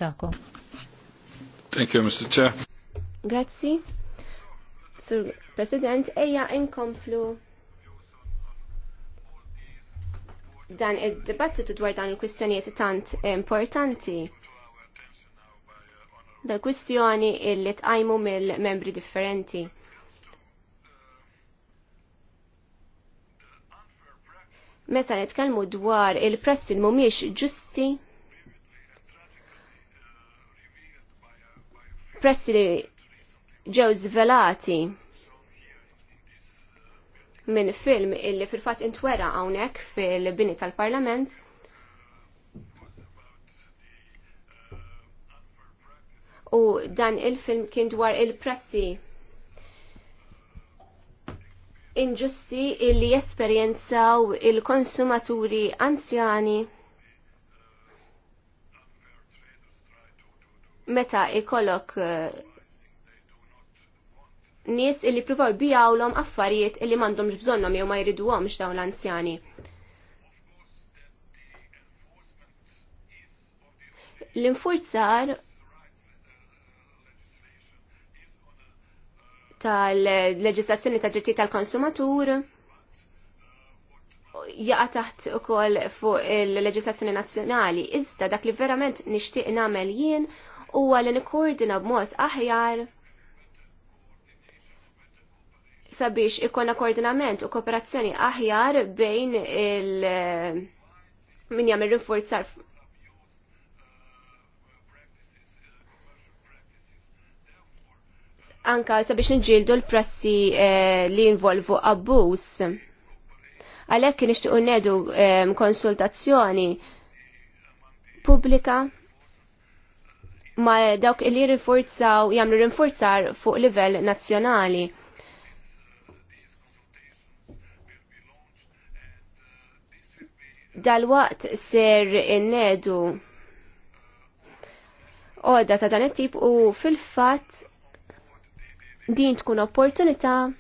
Thank you, Mr. Chair. Grazzi. Sur President, ejja inkomplu dan id-dibattitu dwar dan il-kwistjonijiet tant importanti. Dal-kwistjoni illi tqajmu mill-membri differenti. meta nitkellmu dwar il-prezzi li mhumiex ġusti prezzi li ġew zvelati minn film illi fil-fatt intwera hawnhekk fil-bini tal-Parlament u dan il-film kien dwar il-prezzi inġusti illi jesperjenzaw il-konsumaturi anzjani meta ikollok eh, nies illi provaw bijawlom affarijiet illi mandom bżonnom jew ma jriduhomx dawn l-anzjani. L-infurzar tal-leġislazzjoni ta' dritti tal-konsumatur jaqa taħt ukoll fuq il-leġislazzjoni nazzjonali. Iżda dak li verament nixtieq nagħmel jien huwa li nikkoordina b'mod aħjar sabiex ikonna koordinament u kooperazzjoni aħjar bejn il- min jagħmel rinforzar anka sabiex nġildu l-prassi eh, li involvu abbuż. Għalhekk nixtiequ nedu eh, konsultazzjoni publika ma dawk li rinforzaw jagħmlu rinforzar fuq livell nazzjonali. Dal-waqt ser innedu oda ta' dan it-tip u fil-fatt din tkun opportunità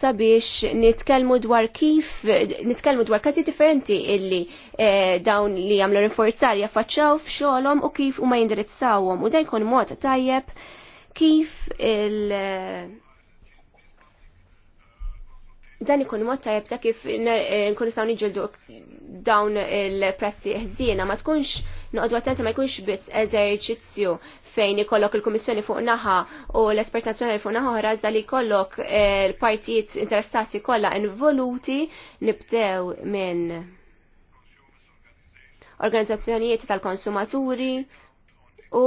sabiex nitkellmu dwar kif nitkellmu dwar każi differenti illi eh, dawn li jagħmlu rinforzar jaffaċċaw f'xogħolhom u kif u ma jindirizzawhom u dajkun mod tajjeb kif il- dan ikun mod tajjeb ta' kif eh, nkunu saw niġildu dawn il-prezzi ħżiena ma tkunx noqogħdu attenti ma jkunx biss eżerċizzju fejn ikollok il-Kummissjoni fuq naħa u l-espert nazzjonali fuq naħa oħra iżda li jkollok eh, partijiet interessati kollha involuti nibdew minn organizzazzjonijiet tal-konsumaturi u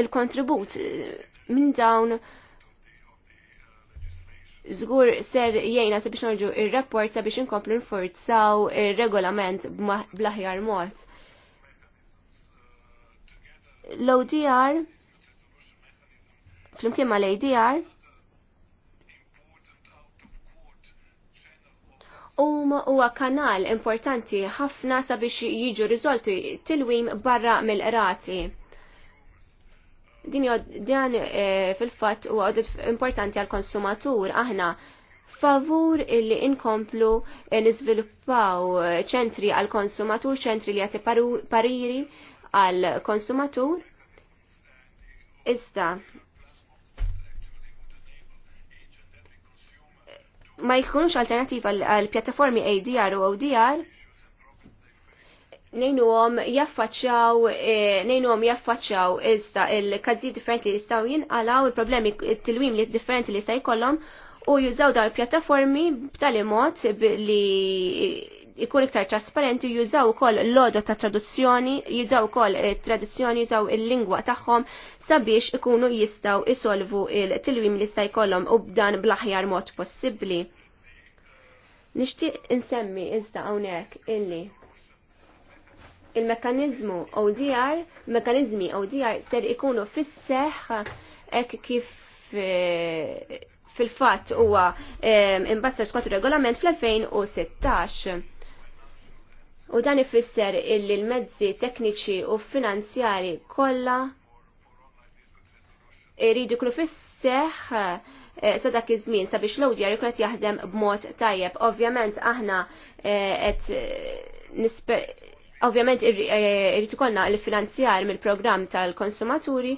il-kontribut minn dawn Zgur ser jgħina sabiex norġu il-rapport sabiex inkomplu nforzaw il-regolament blaħjar mod. L-ODR, fl-imkien ma l-ADR, huma huwa kanal importanti ħafna sabiex jiġu riżolti tilwim barra mill rati din dan eh, fil-fatt u għodet importanti għal konsumatur aħna favur illi inkomplu eh, nizviluppaw eh, ċentri għal konsumatur, ċentri li għati pariri għal konsumatur. Iżda, ma jkunx alternativa għal pjattaformi ADR u ODR nejnuhom għom jaffaċċaw, nejnu jaffaċċaw iżda il każi differenti li jistgħu jinqalaw, il-problemi, t tilwim li differenti li jista' jkollhom u jużaw dar pjattaformi b'tali mod li ikun iktar trasparenti, jużaw ukoll l-lodo ta' traduzzjoni, jużaw ukoll eh, traduzzjoni, jużaw il-lingwa tagħhom sabiex ikunu jistgħu isolvu il-tilwim li jista' jkollhom u b'dan bl-aħjar mod possibbli. Nixtieq insemmi iżda hawnhekk illi il mekanizmu ODR, mekanizmi ODR ser ikunu fis-seħ ek kif eh, fil-fatt huwa eh, imbassar skont regolament fl-2016. U dan ifisser illi l-mezzi tekniċi u finanzjari kollha iridu kunu fis-seħ eh, sa dak iż-żmien sabiex l-awdjar ikun qed jaħdem b'mod tajjeb. Ovvjament aħna qed nisper Ovvjament eh, irrid ikollna l-finanzjar mill-programm tal-konsumaturi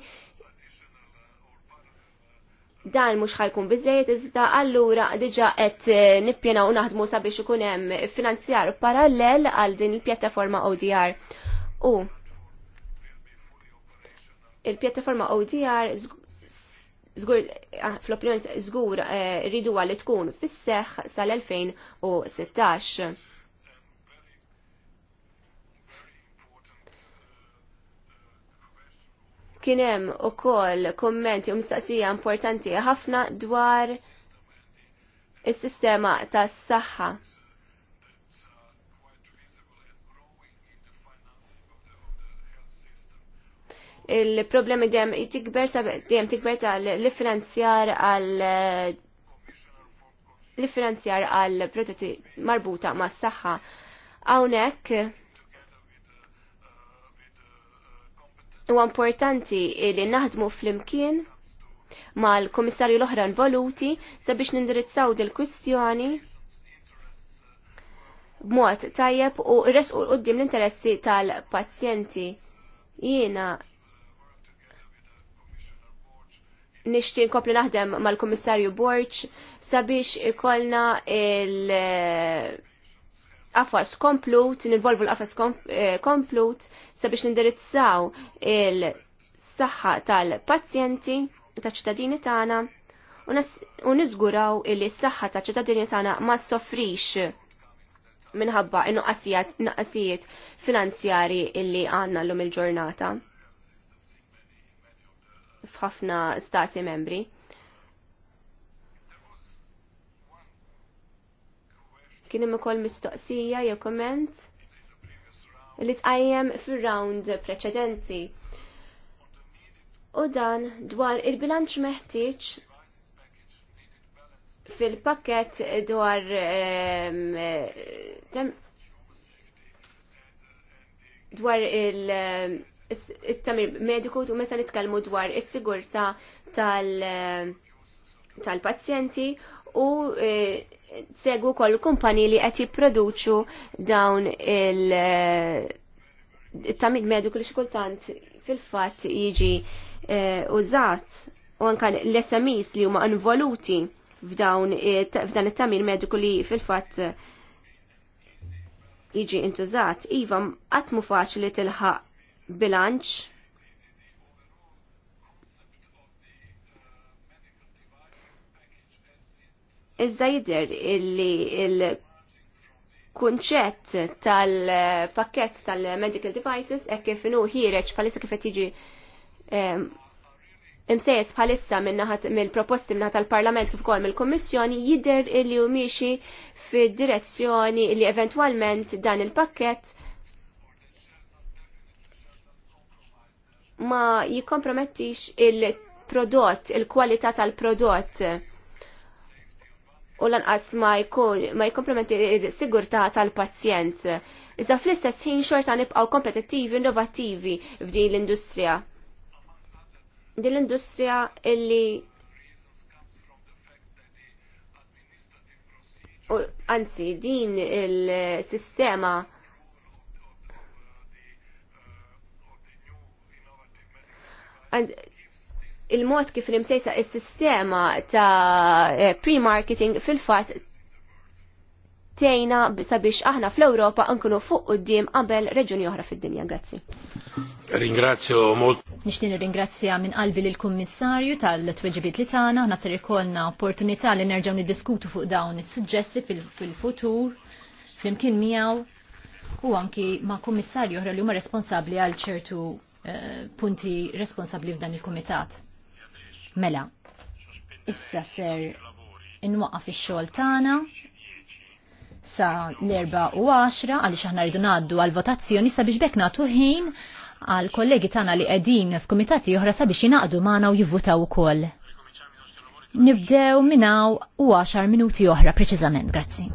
dan mhux ħajkun biżejjed iżda allura diġà qed eh, nippjena u naħdmu sabiex ikun hemm finanzjar parallel għal din il-pjattaforma ODR. U il-pjattaforma ODR zgur ah, fl-opinjoni żgur eh, ridu li tkun fis-seħħ sal-2016. Kienem u koll kommenti u mistaqsija importanti ħafna dwar is-sistema tas saħħa il-problemi dejjem tikber dem tikber l finanzjar għal l-finanzjar għal prototi marbuta mas saħħa Hawnhekk U importanti li naħdmu fl-imkien mal-komissarju l-oħra involuti sabiex nindirizzaw dil-kwistjoni b'mod tajjeb u resqu l-qoddim l-interessi tal-pazjenti. Jiena nixtieq nkompli naħdem mal-Kummissarju Borċ sabiex ikollna il- affas komplut, nilvolvu l-qafas eh, komplut sabiex nindirizzaw il-saħħa tal-pazjenti u ta' ċittadini tagħna u niżguraw illi s-saħħa ta' ċittadini tagħna ma soffrix minħabba n-nuqqas inqasijiet finanzjari illi għandna llum il-ġurnata f'ħafna stati membri. Kien hemm ukoll mistoqsija jew komment li tqajjem fir-round preċedenti. U dan dwar il-bilanċ meħtieġ fil-pakket dwar ehm, dwar il- il tamir mediku u meta nitkellmu dwar is-sigurtà tal- tal-pazjenti u e, segwu kol kumpani li qed jipproduċu dawn il e, tamid mediku li xikultant fil-fatt jiġi e, użat u anka l-SMEs li huma involuti f'dawn f'dan it-tamir mediku li fil-fatt jiġi intużat, iva qatt mu faċli tilħaq bilanċ Iżda jidher illi il-kunċett tal-pakket tal-medical devices hekk kif inhu ħireċ bħalissa kif qed jiġi imsejjes bħalissa minnaħat mill-proposti minnaħat tal-Parlament kif ukoll mill-Kommissjoni jidher li humixi fid-direzzjoni li eventwalment dan il-pakkett ma jikkompromettix il-prodott, il-kwalità tal-prodott u lanqas ma jkun ma jkomplementi s-sigurtà tal-pazjent. Iżda fl-istess ħin xorta nibqgħu kompetittivi innovattivi f'din l-industrija. Din l-industrija illi anzi din il-sistema il-mod kif nimsejsa il-sistema ta' eh, pre-marketing fil-fat tejna sabiex aħna fl-Europa nkunu fuq qudiem qabel reġuni oħra fid-dinja. Grazzi. Ringrazzju molt. Nixtieq ringrazzja minn qalbi lil kummissarju tal-tweġibiet li tagħna, aħna ikollna opportunità li nerġgħu niddiskutu fuq dawn is-suġġessi fil-futur flimkien miegħu u anki ma' kummissarju oħra li huma responsabbli għal ċertu eh, punti responsabbli f'dan il-kumitat. Mela, issa ser inwaqaf ix-xogħol tagħna sa l-4 u 10 għaliex aħna rridu ngħaddu għal votazzjoni sabiex bekk nagħtu ħin għal kollegi tagħna li qegħdin f'kumitati oħra sabiex jingħaqdu magħna u jivvutaw ukoll. Nibdew minnaw u 10 minuti oħra preċiżament, grazzi.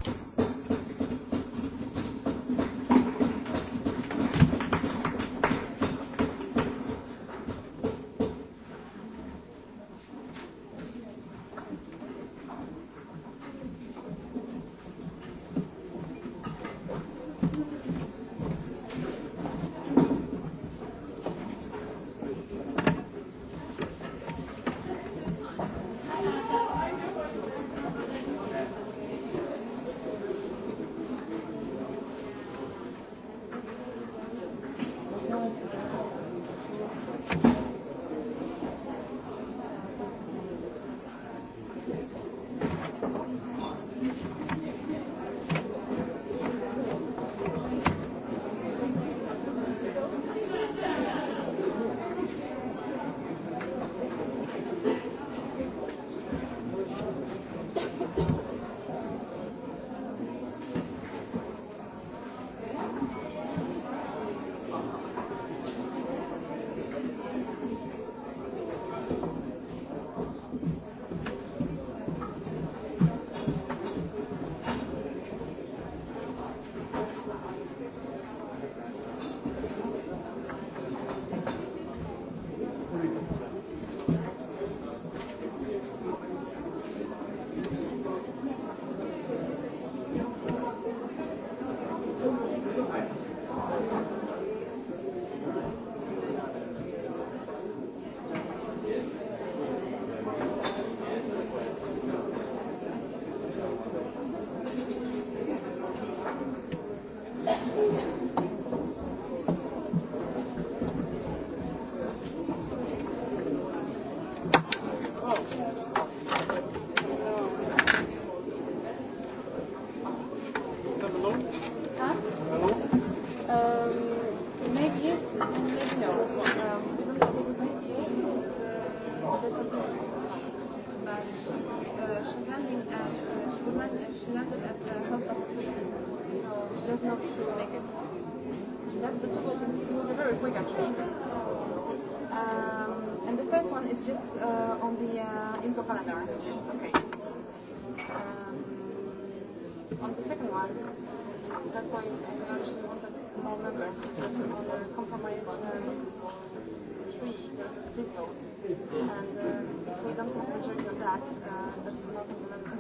And uh, if we don't have majority of that, uh, that's not as well.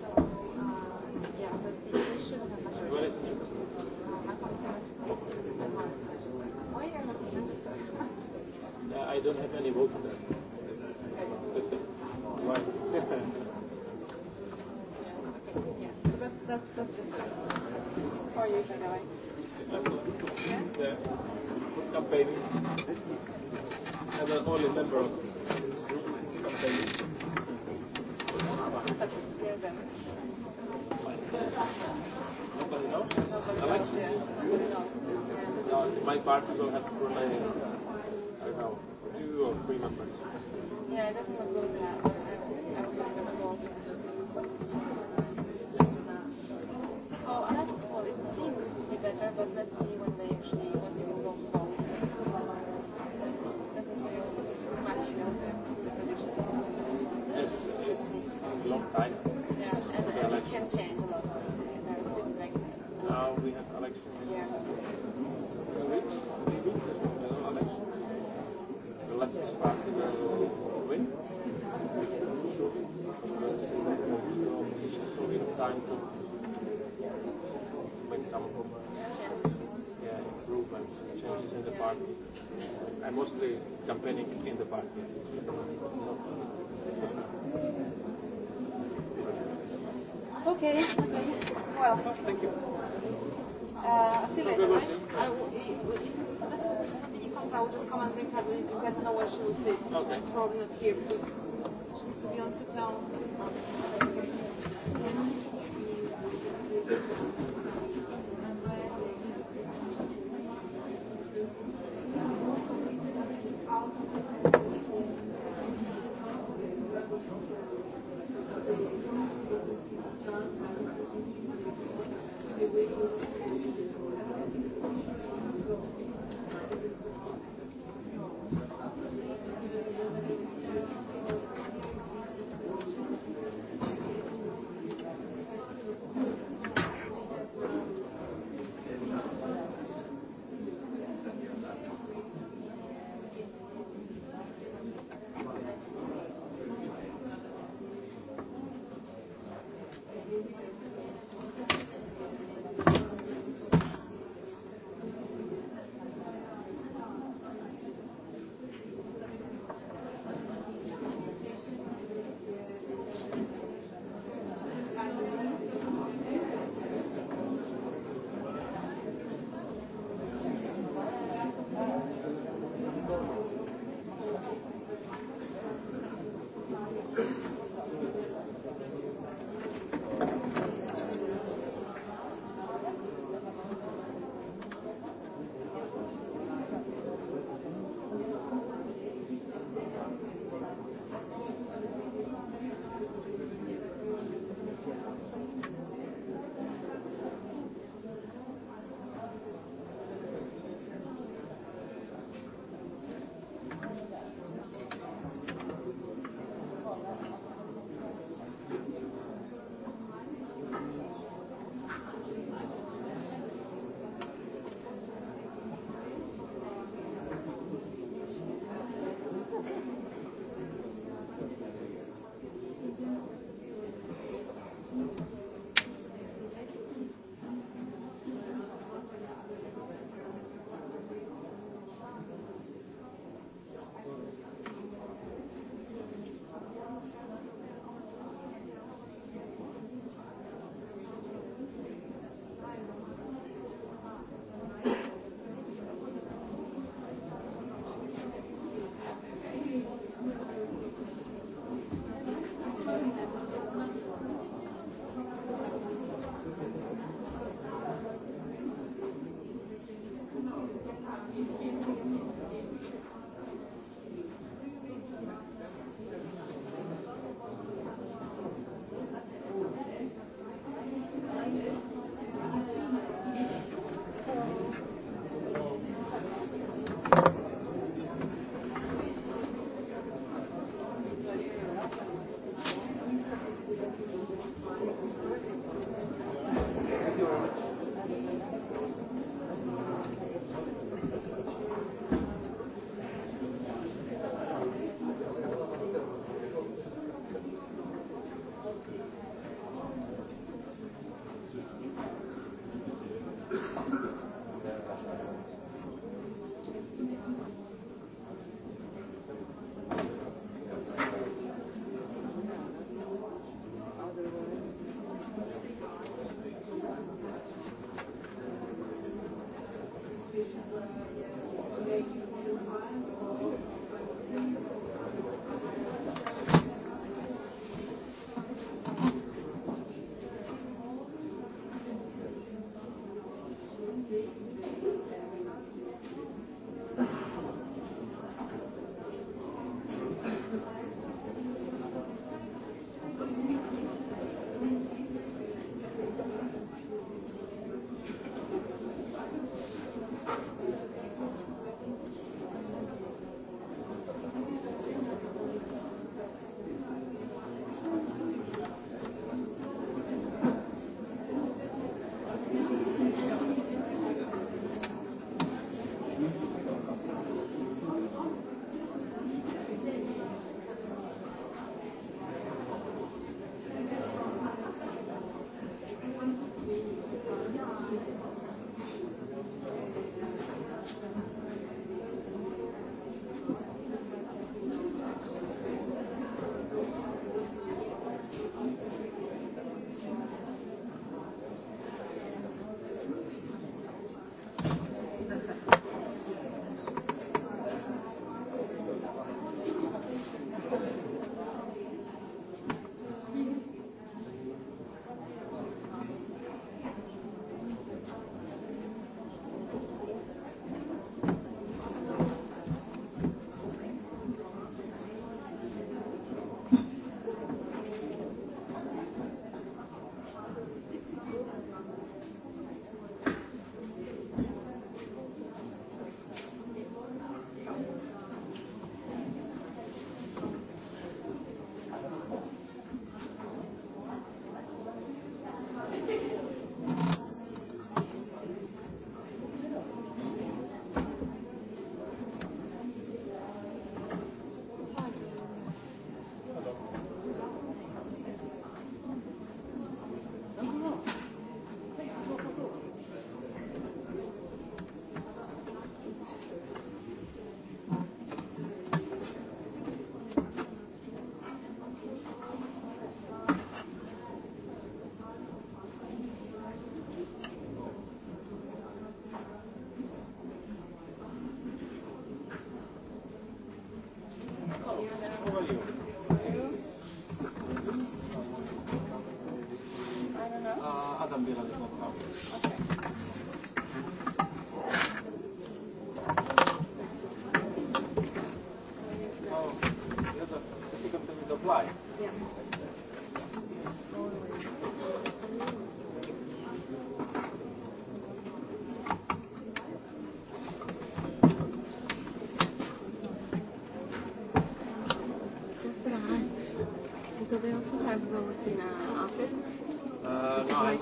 so, uh, yeah, that's it. We have majority. Uh, my comment is Why are not registered? I don't have any vote for that. Why? yeah, okay. yeah. So that's, that's, that's just it. Or you can go only member of Nobody knows. Yeah. No, my party will have to rely, uh, I don't know, two or three members. Yeah, I to not going to go to that. Oh, I have, well, it seems to be better, but let's see. are, I'm mostly campaigning in the party. Okay, Well, thank you. Uh, see you later, right? I will, if somebody comes, I will just come and bring her with because I don't know where she will sit. Okay. I'm Probably not here because she needs to be on sit down. Okay.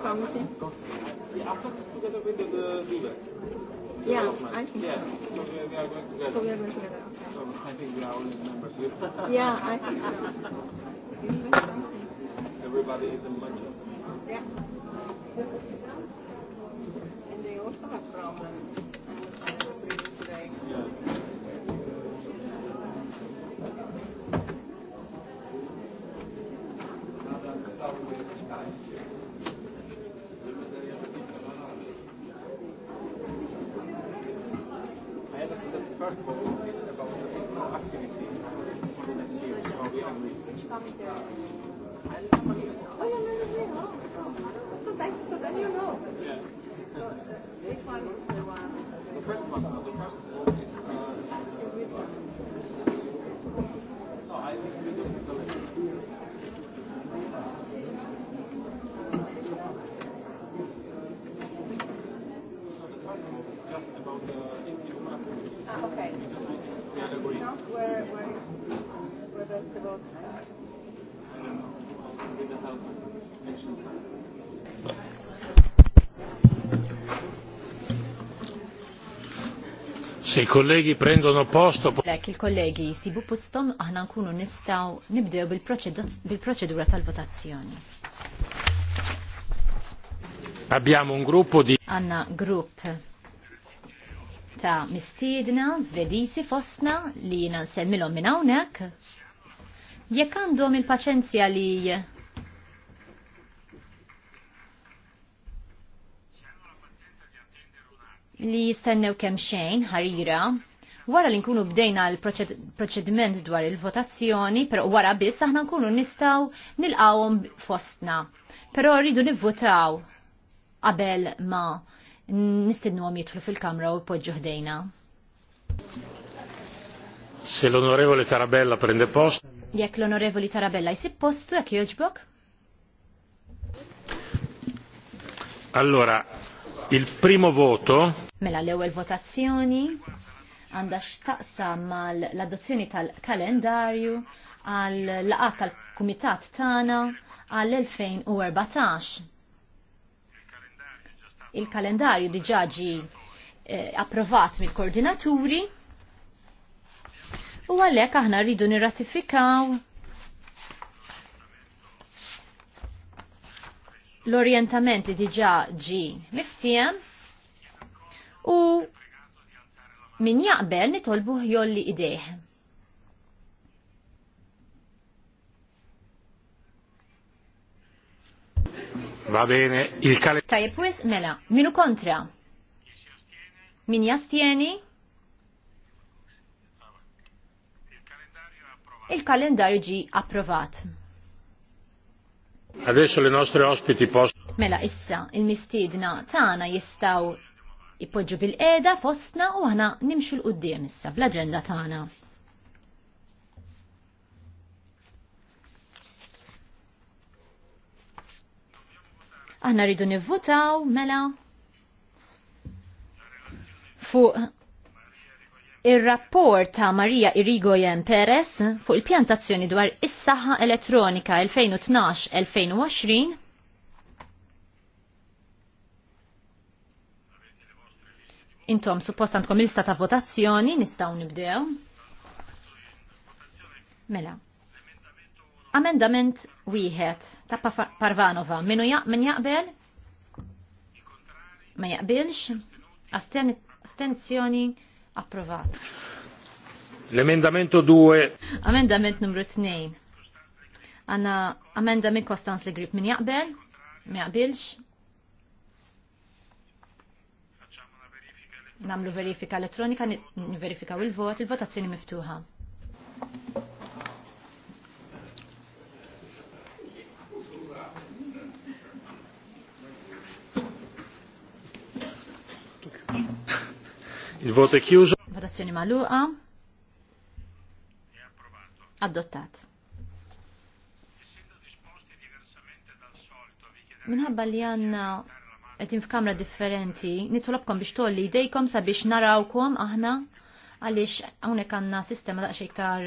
pharmacy? Yeah, I thought together with the, the Yeah, I think yeah. so. we, are going together. So we are going together, okay. So I think we are all members yeah, I think so. Everybody is a muncher. Yeah. Se i kollegi prendono posto. Lek il-kollegi si bu postom aħna nkunu nistaw nibdew bil-proċedura tal-votazzjoni. Abbiamo un gruppo di Anna Group ta' mistiedna svedisi fostna li jina nsemmilhom minn hawnhekk. Jekk għandhom il-paċenzja li li jistennew kemm xejn ħarira wara li nkunu bdejna l-proċediment dwar il-votazzjoni, pero wara biss aħna nkunu nistaw nilqawhom fostna. Però rridu nivvotaw qabel ma nistidnuhom jidħlu fil-kamra u poġġu ħdejna. Se l-onorevoli Tarabella prende post. Jekk l-onorevoli Tarabella jsib postu jekk jogħġbok? Allora, il primo voto Mela l-ewwel votazzjoni għandha x'taqsam mal-adozzjoni tal-kalendarju għal laqat tal-Kumitat tagħna għal 2014. Il-kalendarju diġà ġi eh, approvat mill-koordinaturi u għalhekk aħna rridu nirratifikaw l orientamenti diġaġi diġà ġi miftijem u min jaqbel nitolbu jolli ideħ. Va bene, il kale... Tajib, wis, mela, minu kontra? Min jastieni? Il-kalendarju ġi approvat. Adesso le nostre ospiti post. Mela issa, il-mistidna tana jistaw ipoġġu bil-qeda fostna u aħna nimxu l-qudiem issa bl-aġenda tagħna. Aħna rridu nivvutaw mela fuq Ir-rapport ta' Marija Irigoyen Perez fuq il-pjantazzjoni dwar is-saħħa elettronika 2012-2020 Intom suppost għandkom lista ta' votazzjoni, nistaw nibdew. Mela. Amendament wieħed ta' Parvanova. Minu ja, min jaqbel? Ma jaqbilx? Astenzjoni approvat. L-emendamento 2. Amendament numru 2. Għanna amendament Kostanz li grib min jaqbel? Ma jaqbilx? namlu verifika elettronika, verifikaw il-vot, il-votazzjoni miftuħa. Il-vot è chiuso. Votazione maluqa. Adottat. Minħabba li għanna qegħdin f'kamra differenti, nitolobkom biex tolli idejkom sabiex narawkom aħna għaliex hawnhekk għandna sistema daqsxejn iktar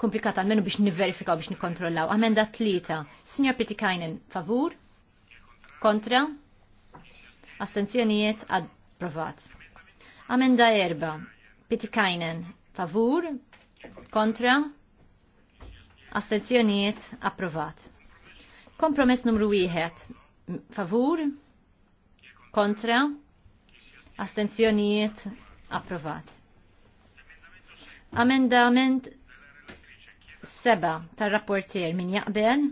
komplikata għalmenu biex nivverifikaw biex nikkontrollaw. Amenda tlieta. Signor Pitikajnen, favur? Kontra? Astenzjonijiet approvat. Amenda erba. Pitikajnen, favur? Kontra? Astenzjonijiet approvat. Kompromess numru wieħed. Favur? kontra, astenzjonijiet approvat. Amendament seba tar-rapportier min jaqbel,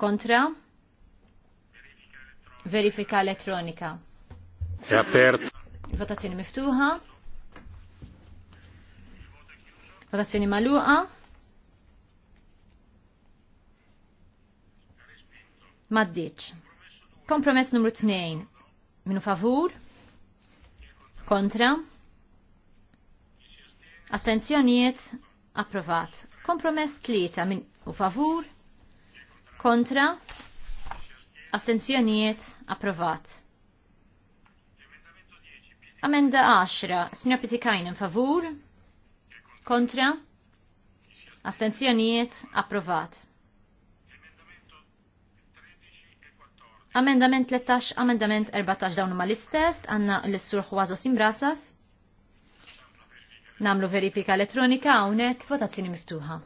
kontra, verifika elettronika. Apert. Votazzjoni miftuħa. Votazzjoni maluqa. Maddiċ. Kompromess numru 2. Minu favur? Kontra? Astenzjonijiet? Approvat. Kompromess 3. Minu favur? Kontra? Astenzjoniet? Approvat. Amenda 10. Signor Pitikajn, favur? Kontra? Astenzjonijiet? Approvat. Amendament 13, amendament 14 dawn huma l-istess, għandna l-sur Juazo Imbrasas. Namlu verifika elettronika hawnhekk votazzjoni miftuħa.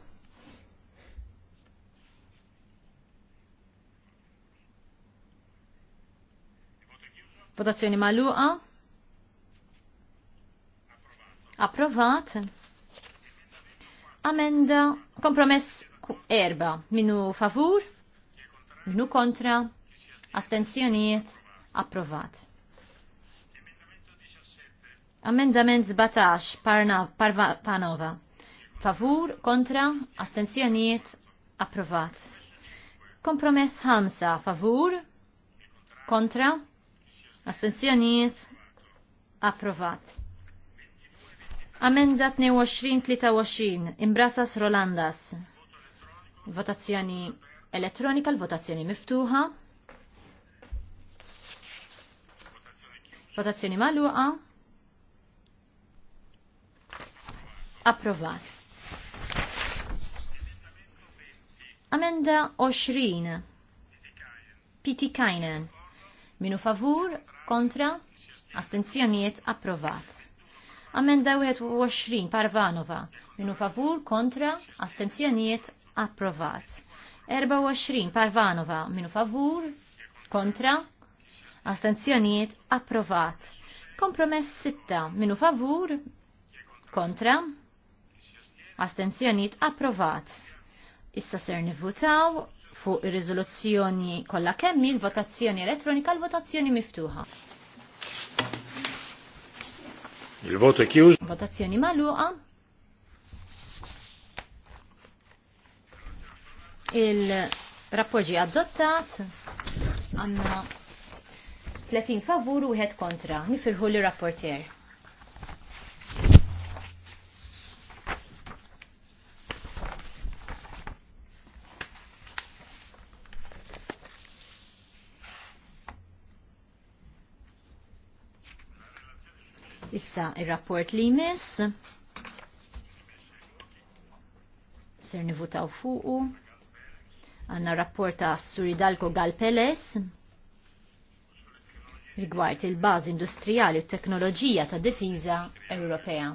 Votazzjoni magħluqa. Approvat. Amenda kompromess erba' minu favur, minu kontra, Astenzjonijiet approvat. Amendament 17 parna, parva, Panova. Favur, kontra, astenzjonijiet, approvat. Kompromess 5 favur, kontra, astenzjonijiet, approvat. Amenda 22-23, Imbrasas Rolandas. Votazzjoni elettronika, l-votazzjoni miftuħa. Votazzjoni magħluqa. Approvat. Amenda 20. Piti Kajnen. Minu favur, kontra, astenzjoniet approvat. Amenda 21 Parvanova. Minu favur, kontra, astenzjonijiet approvat. 24 Parvanova. Minu favur, kontra, astenzjonijiet approvat. Kompromess sitta. minu favur kontra astenzjonijiet approvat. Issa ser nivvutaw fuq ir-riżoluzzjoni kollha kemm il-votazzjoni elettronika l-votazzjoni miftuħa. Il-voto chiuso. Votazzjoni maluqa. Il-rapporġi adottat. Għanna 30 favur u għed kontra. Nifirħu li rapporter. Issa il-rapport li jmiss. Ser nivutaw fuqu. Għanna rapport ta' Suridalko Galpeles rigward il-bażi industrijali u teknoloġija ta' difiża Ewropea.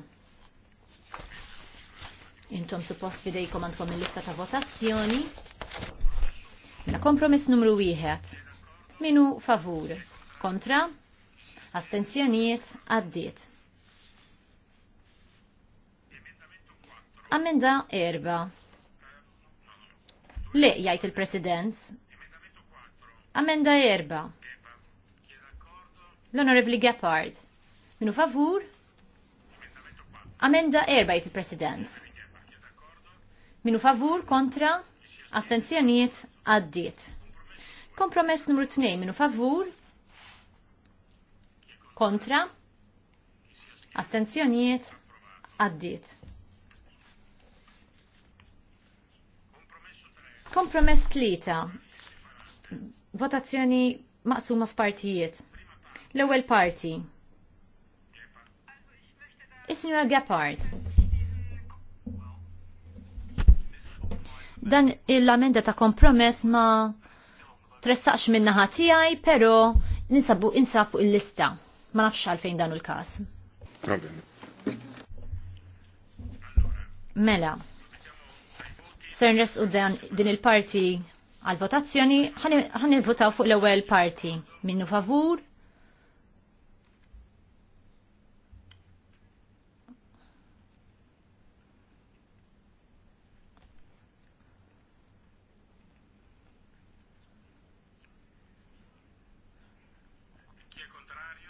Intom suppost fidejkom għandkom il-lista ta' votazzjoni. Mela kompromiss numru wieħed. Minu favur. Kontra. Astenzjonijiet għaddiet. Amenda erba. Le, jgħid il-President. Amenda erba. L-Onorevli Gepard. Minu favur? Amenda erbajt, il-President. Minu favur kontra? Astenzjoniet għaddiet. Kompromess numru 2 minu favur? Kontra? Astenzjoniet għaddiet. Kompromess 3. Votazzjoni maqsuma f'partijiet. L-ewwel parti. Is-Sinjora Gephardt. Dan il amenda ta' kompromess ma tressaqx minna tiegħi, pero ninsabu insab fuq il-lista. Ma nafx għalfejn dan il-każ. Mela. Ser nresqu din il-parti għal votazzjoni ħan votaw fuq l-ewwel parti minnu favur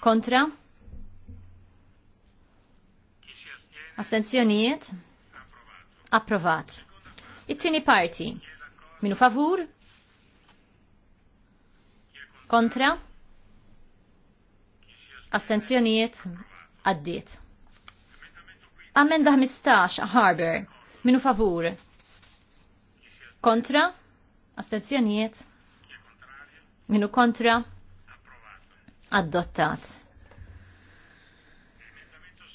Kontra? Astenzjonijiet? Approvat. It-tieni parti. Minu favur? Kontra? Astenzjonijiet? Addiet. Amenda 15, Harbor. Minu favur? Kontra? Astenzjonijiet? Minu kontra? Adottat.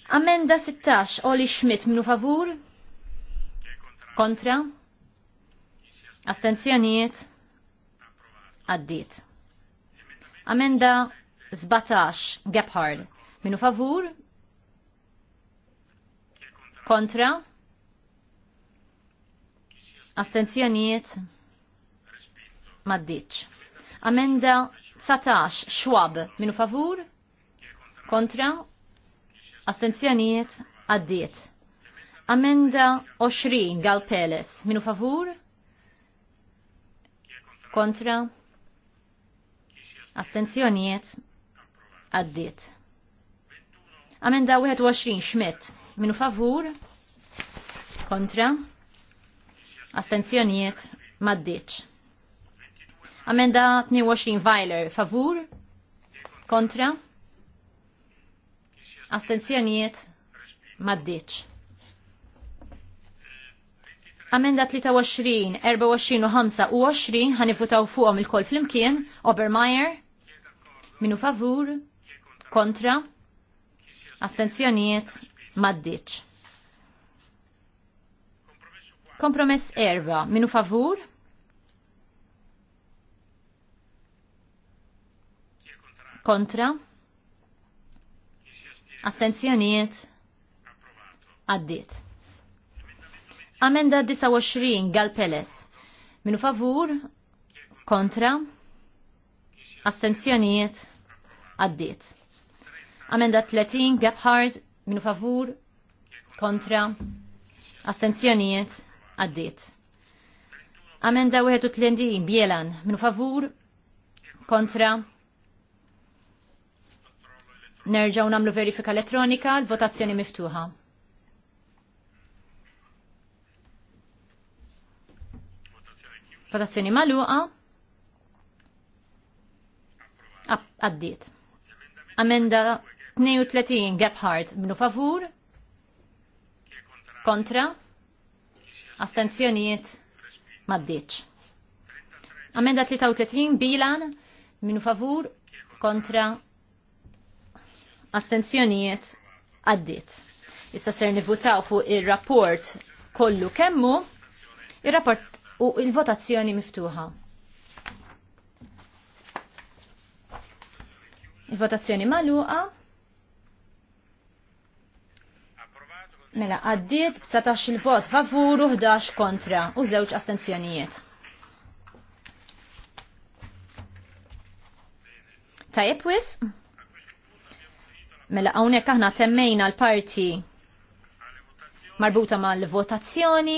Amenda 16, Oli Schmidt, minu favur? Kontra? Astenzjonijiet? Addit. Amenda 17, Gephard, minu favur? Kontra? Astenzjonijiet? Maddiċ. Amenda Satax xwab minu favur kontra astenzjonijiet għaddiet. Amenda 20 Gal Peles minu favur kontra astenzjonijiet għaddiet. Amenda 21 Schmidt minu favur kontra astenzjonijiet maddiċ. Amenda 22 Vajler, favur? Kontra? Astenzjonijiet? Maddiċ. Amenda 23, 24 u 5 u 20 ħanifutaw fuqom il-kol flimkien, Obermeyer, minu favur, kontra, astenzjoniet, maddiċ. Kompromess erba, minu favur, kontra, astenzjoniet, għaddit. Amenda 29, Peles. Minu favur, kontra, astenzjoniet, għaddit. Amenda 30, Gebhardt, minu favur, kontra, astenzjoniet, għaddit. Amenda 31, Bielan, minu favur, kontra, Nerġaw namlu verifika elettronika, l-votazzjoni miftuħa. Votazzjoni maluqa. Għaddiet. Amenda 32 Gephardt, minu favur. Kontra. Astenzjonijiet maddiċ. Amenda 33 Bilan minu favur. Kontra astenzjonijiet għaddit. Issa ser nivutaw fuq il-rapport kollu kemmu, il-rapport u il-votazzjoni miftuħa. Il-votazzjoni maluqa. Mela, għaddiet 19 il-vot favur u 11 kontra u żewġ astenzjonijiet. Tajep wisq? Mela hawnhekk aħna temmejna l-parti marbuta mal-votazzjoni.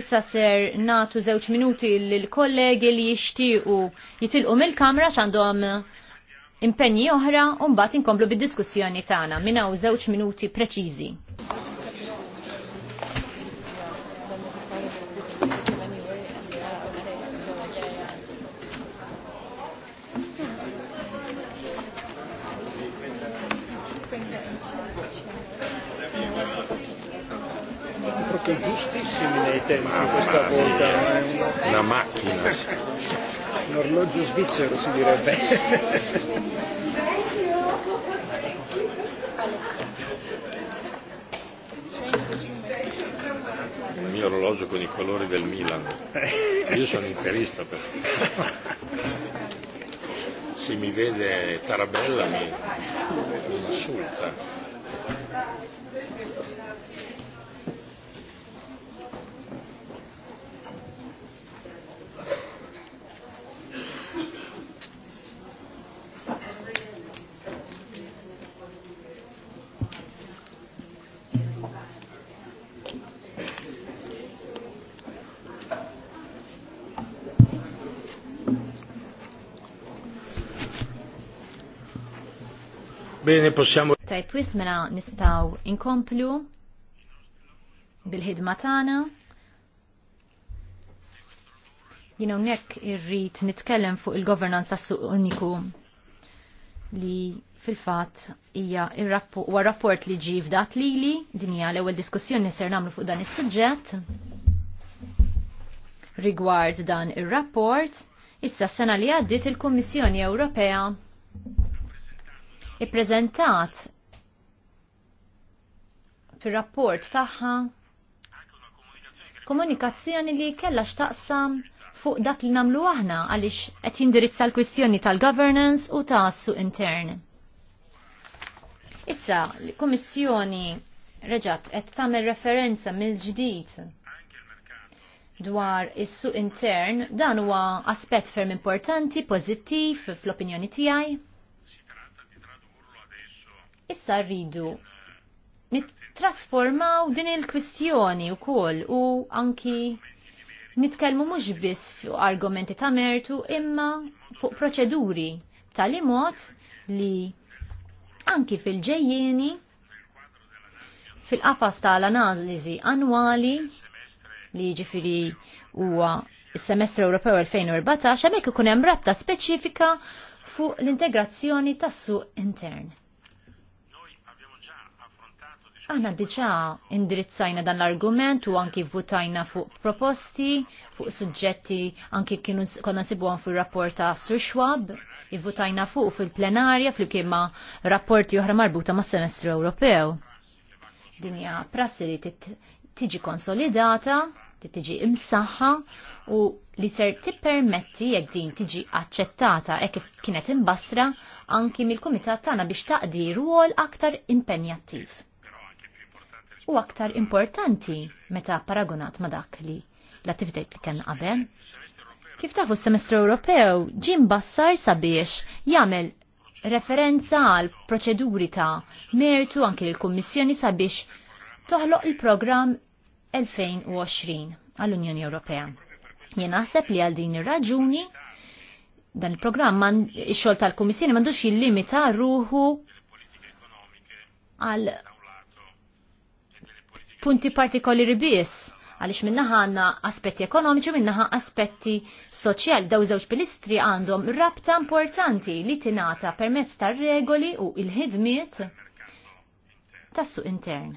Issa ser natu żewġ minuti lill-kollegi li jixtiequ jitilqu mill-kamra xandom impenji oħra u mbagħad inkomplu bid-diskussjoni tagħna minna u zewċ minuti preċiżi. ai tempi questa volta. È una, una macchina. un orologio svizzero si direbbe. Il mio orologio con i colori del Milan. Io sono interista per. Se mi vede Tarabella mi, mi insulta. Bene, possiamo. Tajb, wismela nistaw inkomplu bil-ħidma tagħna. Jien hawnhekk irrid nitkellem fuq il-governance tas-suq uniku li fil-fatt hija huwa rapport li ġi f'dat lili, din hija l-ewwel diskussjoni ser nagħmlu fuq dan is-suġġett rigward dan ir-rapport. Issa s-sena li għaddit il-Kummissjoni Ewropea ippreżentat fir-rapport tagħha komunikazzjoni li kella x'taqsam fuq dak li namlu aħna għaliex qed jindirizza l-kwistjoni tal-governance u ta' suq intern. Issa, l-Kummissjoni reġat qed tagħmel referenza mill-ġdid dwar is-suq intern dan huwa aspett ferm importanti, pożittiv fl-opinjoni tiegħi issa rridu nittrasformaw din il-kwistjoni wkoll u anki nitkellmu mhux biss fuq argumenti ta' mertu imma fuq proċeduri tal mod li anki fil ġejjeni fil-qafas tal-analiżi annwali li ġifiri huwa s-semestru Ewropew 2014 hemmhekk ikun hemm rabta speċifika fuq l-integrazzjoni tas-suq intern. Aħna diċa indirizzajna dan l-argument u anki votajna fuq proposti, fuq suġġetti anki kienu konna sibu għan fuq rapport Sir Schwab, votajna fuq fil-plenarja fil ma' rapporti oħra marbuta ma' semestru Ewropew. Dinja prassi li tiġi konsolidata, tiġi imsaħħa u li ser tippermetti jekk din tiġi aċċettata e kif kienet imbasra anki mill-kumitat tagħna biex taqdi rwol aktar impenjattiv u aktar importanti meta paragonat ma dak li l-attivitajt li kien qabel. Kif tafu s-semestru Ewropew Jim bassar sabiex jagħmel referenza għal proċeduri ta' mertu anke l-Kummissjoni sabiex toħloq il-programm 2020 għall-Unjoni Ewropea. Jien naħseb li għal din ir-raġuni dan il-programm ix-xogħol tal-Kummissjoni m'għandux jillimita ruħu għal punti partikolari biss għalix minna ħanna aspetti ekonomiċi, ħanna aspetti soċjal. Daw żewġ pilistri għandhom rabta importanti li tinata permezz tar regoli u il-ħidmiet tas-suq intern.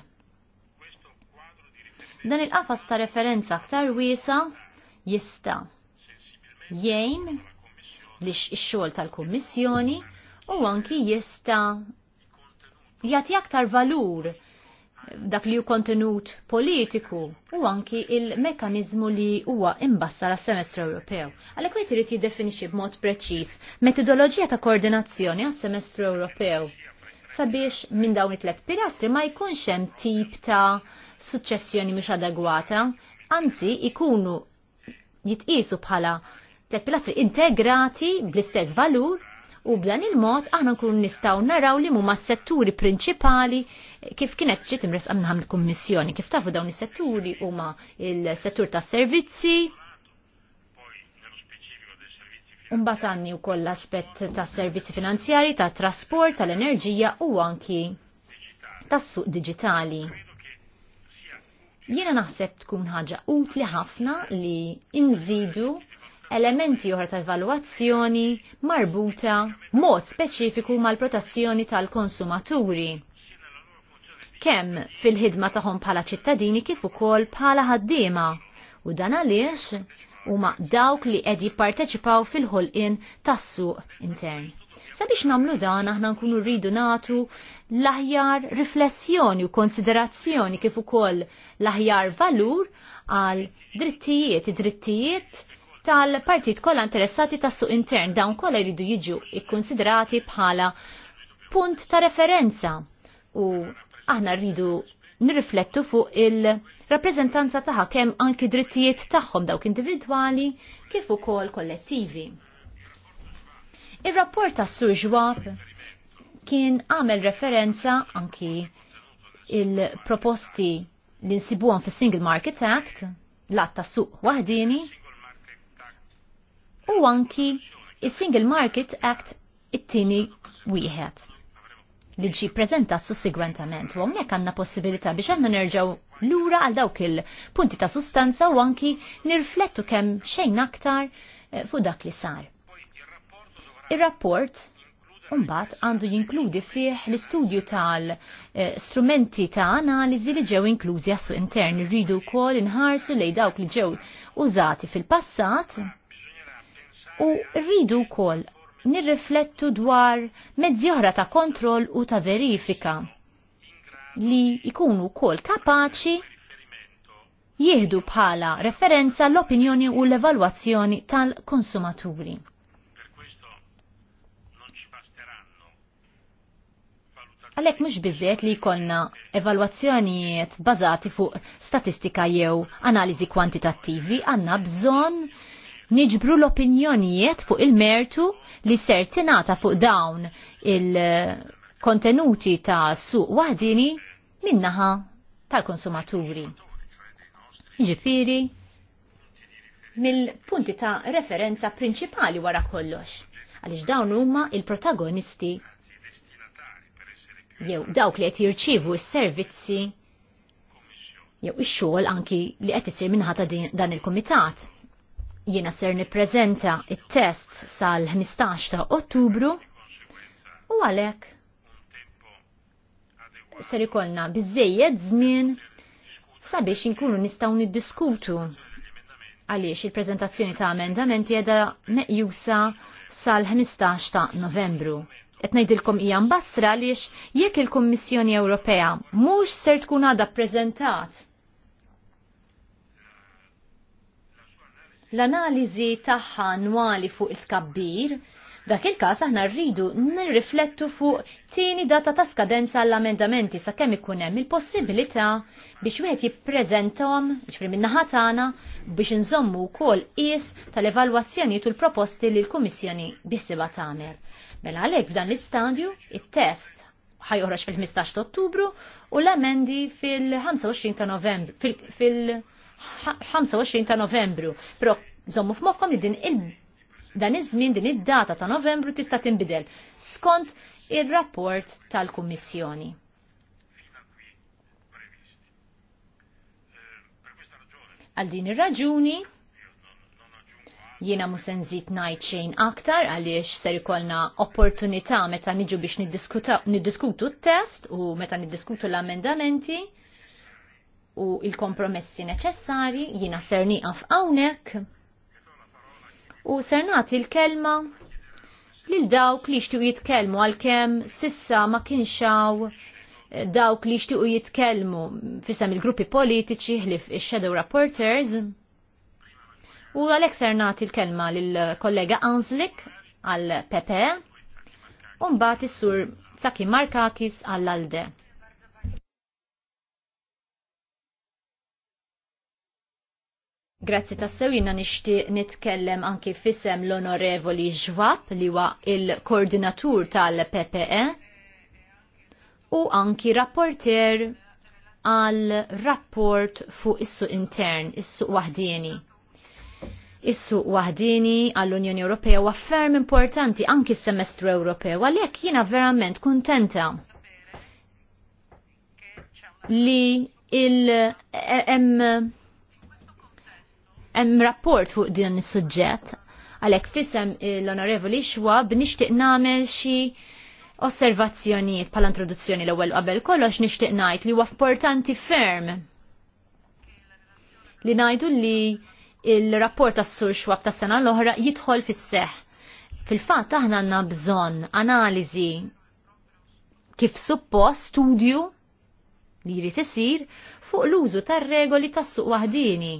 Dan il-qafas ta' referenza aktar wiesa jista' jgħin li x-xogħol tal-Kummissjoni u anki jista' jagħti aktar valur dak li ju kontenut politiku u anki il-mekanizmu li huwa imbassa la semestru Ewropew. Għalhekk wieħed irid jiddefinixxi b'mod preċiż metodoloġija ta' koordinazzjoni għas semestru Ewropew sabiex minn dawn it-tlet pilastri ma jkunx hemm tip ta' suċċessjoni mhux adegwata, anzi ikunu jitqisu bħala tlet pilastri integrati bl-istess valur u b'dan il-mod aħna nkunu nistgħu naraw li huma s-setturi prinċipali kif kienet xi timres għamnaħam il-Kummissjoni. Kif tafu dawn is-setturi huma il-settur tas-servizzi, mbagħad għandni wkoll l aspett tas servizzi finanzjari, tat trasport, tal-enerġija u anki tas suq digitali. Jiena naħseb tkun ħaġa utli ħafna li nżidu elementi oħra ta' evalwazzjoni marbuta mod speċifiku mal protazzjoni tal-konsumaturi kemm fil-ħidma tagħhom bħala ċittadini kif ukoll bħala ħaddiema u dan għaliex huma dawk li qed jipparteċipaw fil-ħolqien tas-suq intern. Sabiex namlu dan aħna nkunu rridu natu l-aħjar riflessjoni u konsiderazzjoni kif ukoll l-aħjar valur għal drittijiet, drittijiet tal-partit kollha interessati tas-suq intern dawn kollha jridu jiġu ikkonsiderati bħala punt ta' referenza u aħna rridu nirriflettu fuq il-rappreżentanza tagħha kemm anki drittijiet tagħhom dawk individwali kif ukoll kollettivi. Ir-rapport tas Sur Jwab kien għamel referenza anki il-proposti li nsibuhom fis-Single Market Act, l-att ta' suq waħdini, u anki il-Single Market Act it-tini wieħed li ġi prezentat sussegwentament u għamnek għanna possibilita biex għanna nerġaw lura għal dawk il-punti ta' sustanza u anki nirflettu kemm xejn aktar eh, fuq dak li sar. Ir-rapport Umbat għandu jinkludi fih l-istudju tal-strumenti eh, ta' analizi li ġew inklużi għassu intern rridu kol inħarsu lej dawk li ġew użati fil-passat u rridu wkoll nirriflettu dwar mezzi oħra ta' kontroll u ta' verifika li jkunu wkoll kapaċi jieħdu bħala referenza l-opinjoni u l-evalwazzjoni tal-konsumaturi. Għalek mux bizziet li jkollna evalwazzjonijiet bazati fuq statistika jew analizi kwantitattivi, għanna bżon niġbru l-opinjonijiet fuq il-mertu li ser tingħata fuq dawn il-kontenuti ta' suq waħdini minnaħa tal-konsumaturi. Ġifiri, mill-punti ta' referenza prinċipali wara kollox, għaliex dawn huma il-protagonisti jew dawk li qed jirċievu s-servizzi jew ix-xogħol anki li qed isir minħata dan il-kumitat. Jiena ser nippreżenta it-test sal-15 ta' Ottubru u għalhekk ser ikollna bizzejed żmien sabiex inkunu nistgħu niddiskutu għaliex il-prezentazzjoni ta' amendamenti edha meqjusa sal-15 ta' novembru. Et najdilkom hija mbassra għaliex jekk il-Kummissjoni Ewropea mhux ser tkun għadha prezentat l-analiżi tagħha nwali fuq il skabbir Dak il-każ aħna rridu nirriflettu fuq tieni data ta' skadenza għall-amendamenti kemm ikun hemm il-possibilità biex wieħed jippreżentahom ġifri min-naħa tagħna biex inżommu wkoll qies tal-evalwazzjonijiet u l-proposti li l-Kummissjoni bissiba tagħmel. Mela għalhekk f'dan l-istadju it-test ħajjoħroġ fil-15 ta' Ottubru u l-amendi fil-25 ta' Novembru fil-, -fil 25 ta' novembru. Pro, zommu f'mokkom li din dan iż-żmien din id-data ta' novembru tista' tinbidel skont ir-rapport tal-Kummissjoni. Għal din ir-raġuni jiena mhux se nżid ngħid xejn aktar għaliex ser ikollna opportunità meta niġu biex niddiskutu t-test u meta niddiskutu l-amendamenti u il-kompromessi neċessari jina ser niqaf hawnhekk u ser nagħti l-kelma lil dawk li jixtiequ jitkellmu għalkemm sissa ma kienxaw eh, dawk li xtiq jitkellmu fisem il-gruppi politiċi ħlif ix-shadow rapporters. U għalhekk ser nagħti l-kelma lill-kollega Anslik għal Pepe u mbagħad is-sur Saki Markakis għall-Alde. Grazzi tassew jina nishti nitkellem anki fissem l-onorevoli Žvab li huwa il-koordinatur tal-PPE u anki rapporter għal rapport fuq issu intern, issu wahdini. Issu wahdini għall-Unjoni Ewropea u affermi importanti anki s-semestru Ewropew għalhekk jiena verament kuntenta li il-em e- hemm rapport fuq din is-suġġett għalhekk fisem l-Onorevoli Xwab nixtieq nagħmel xi osservazzjonijiet bħala introduzzjoni l-ewwel qabel kollox nixtieq ngħid li huwa importanti ferm li ngħidu li il-rapport tas-sur Xwab tas-sena l-oħra jidħol fis-seħ. Fil-fatt aħna għandna bżonn analiżi kif suppost studju li jrid isir fuq l-użu tar-regoli tas-suq waħdini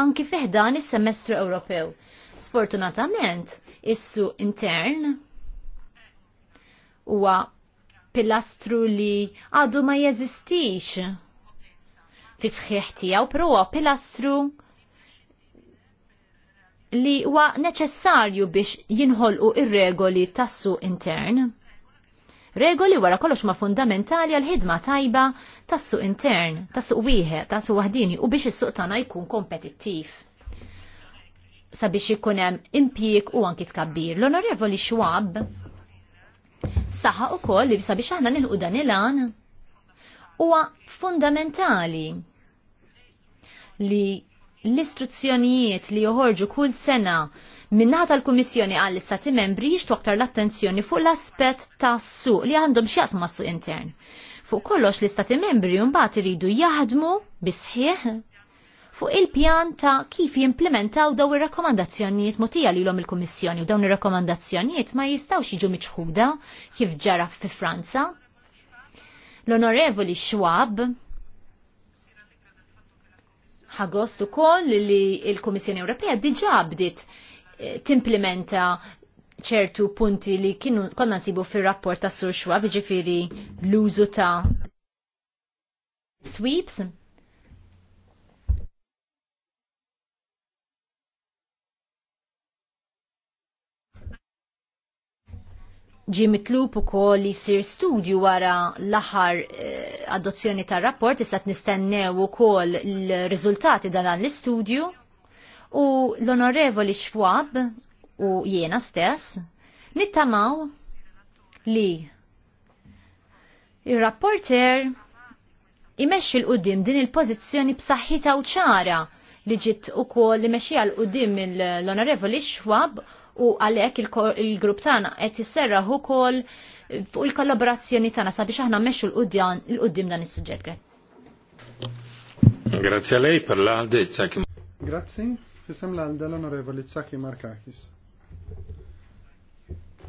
anki fiħdan is-semestru Ewropew. Sfortunatament, issu intern huwa pilastru li għadu ma jeżistix fi sħiħ tiegħu, però huwa pilastru li huwa neċessarju biex jinħolqu ir-regoli tas-suq intern regoli wara kollox ma fundamentali għal ħidma tajba tas-suq intern, tas-suq wieħed, tas-suq waħdini u biex is-suq tagħna jkun kompetittiv sabiex ikun hemm impjieg u anki tkabbir. L-Onorevoli Schwab saħa ukoll li sabiex aħna nilqu dan il-għan huwa fundamentali li l-istruzzjonijiet li joħorġu kull sena minnaħat għal kummissjoni għall istati membri jixtu l-attenzjoni fuq l-aspet ta' suq li għandhom xjaqs ma' suq intern. Fuq kollox l-istati membri mbagħad iridu jaħdmu bisħieħ fuq il-pjan ta' kif jimplementaw daw ir-rakkomandazzjonijiet motija li l-om il-Kummissjoni u dawn ir-rakkomandazzjonijiet ma jistawx jiġu miċħuda kif ġara fi Franza. L-Onorevoli Schwab ħagost u koll li il-Komissjoni Ewropea diġa bdiet timplementa ċertu punti li kienu konna nsibu fil-rapport ta' Sur Schwab, ġifiri l-użu ta' sweeps. ġi mitlub ukoll li sir studju wara l-aħħar eh, adozzjoni tar-rapport issa nistennew ukoll l-riżultati dan l-istudju u l-onorevoli Schwab u jiena stess nittamaw li il-rapporter imexxi l-qudiem din il-pożizzjoni b'saħħita u ċara li ġitt ukoll li meċi għal qudiem l-Onorevoli Schwab u għalhekk il-grupp tagħna qed isserraħ ukoll fuq il-kollaborazzjoni tagħna sabiex aħna mmexxu l-qudiem dan is-suġġett. Grazie a lei per la Grazie. Fissem l-għalda l-onorevoli Tsaki Markakis.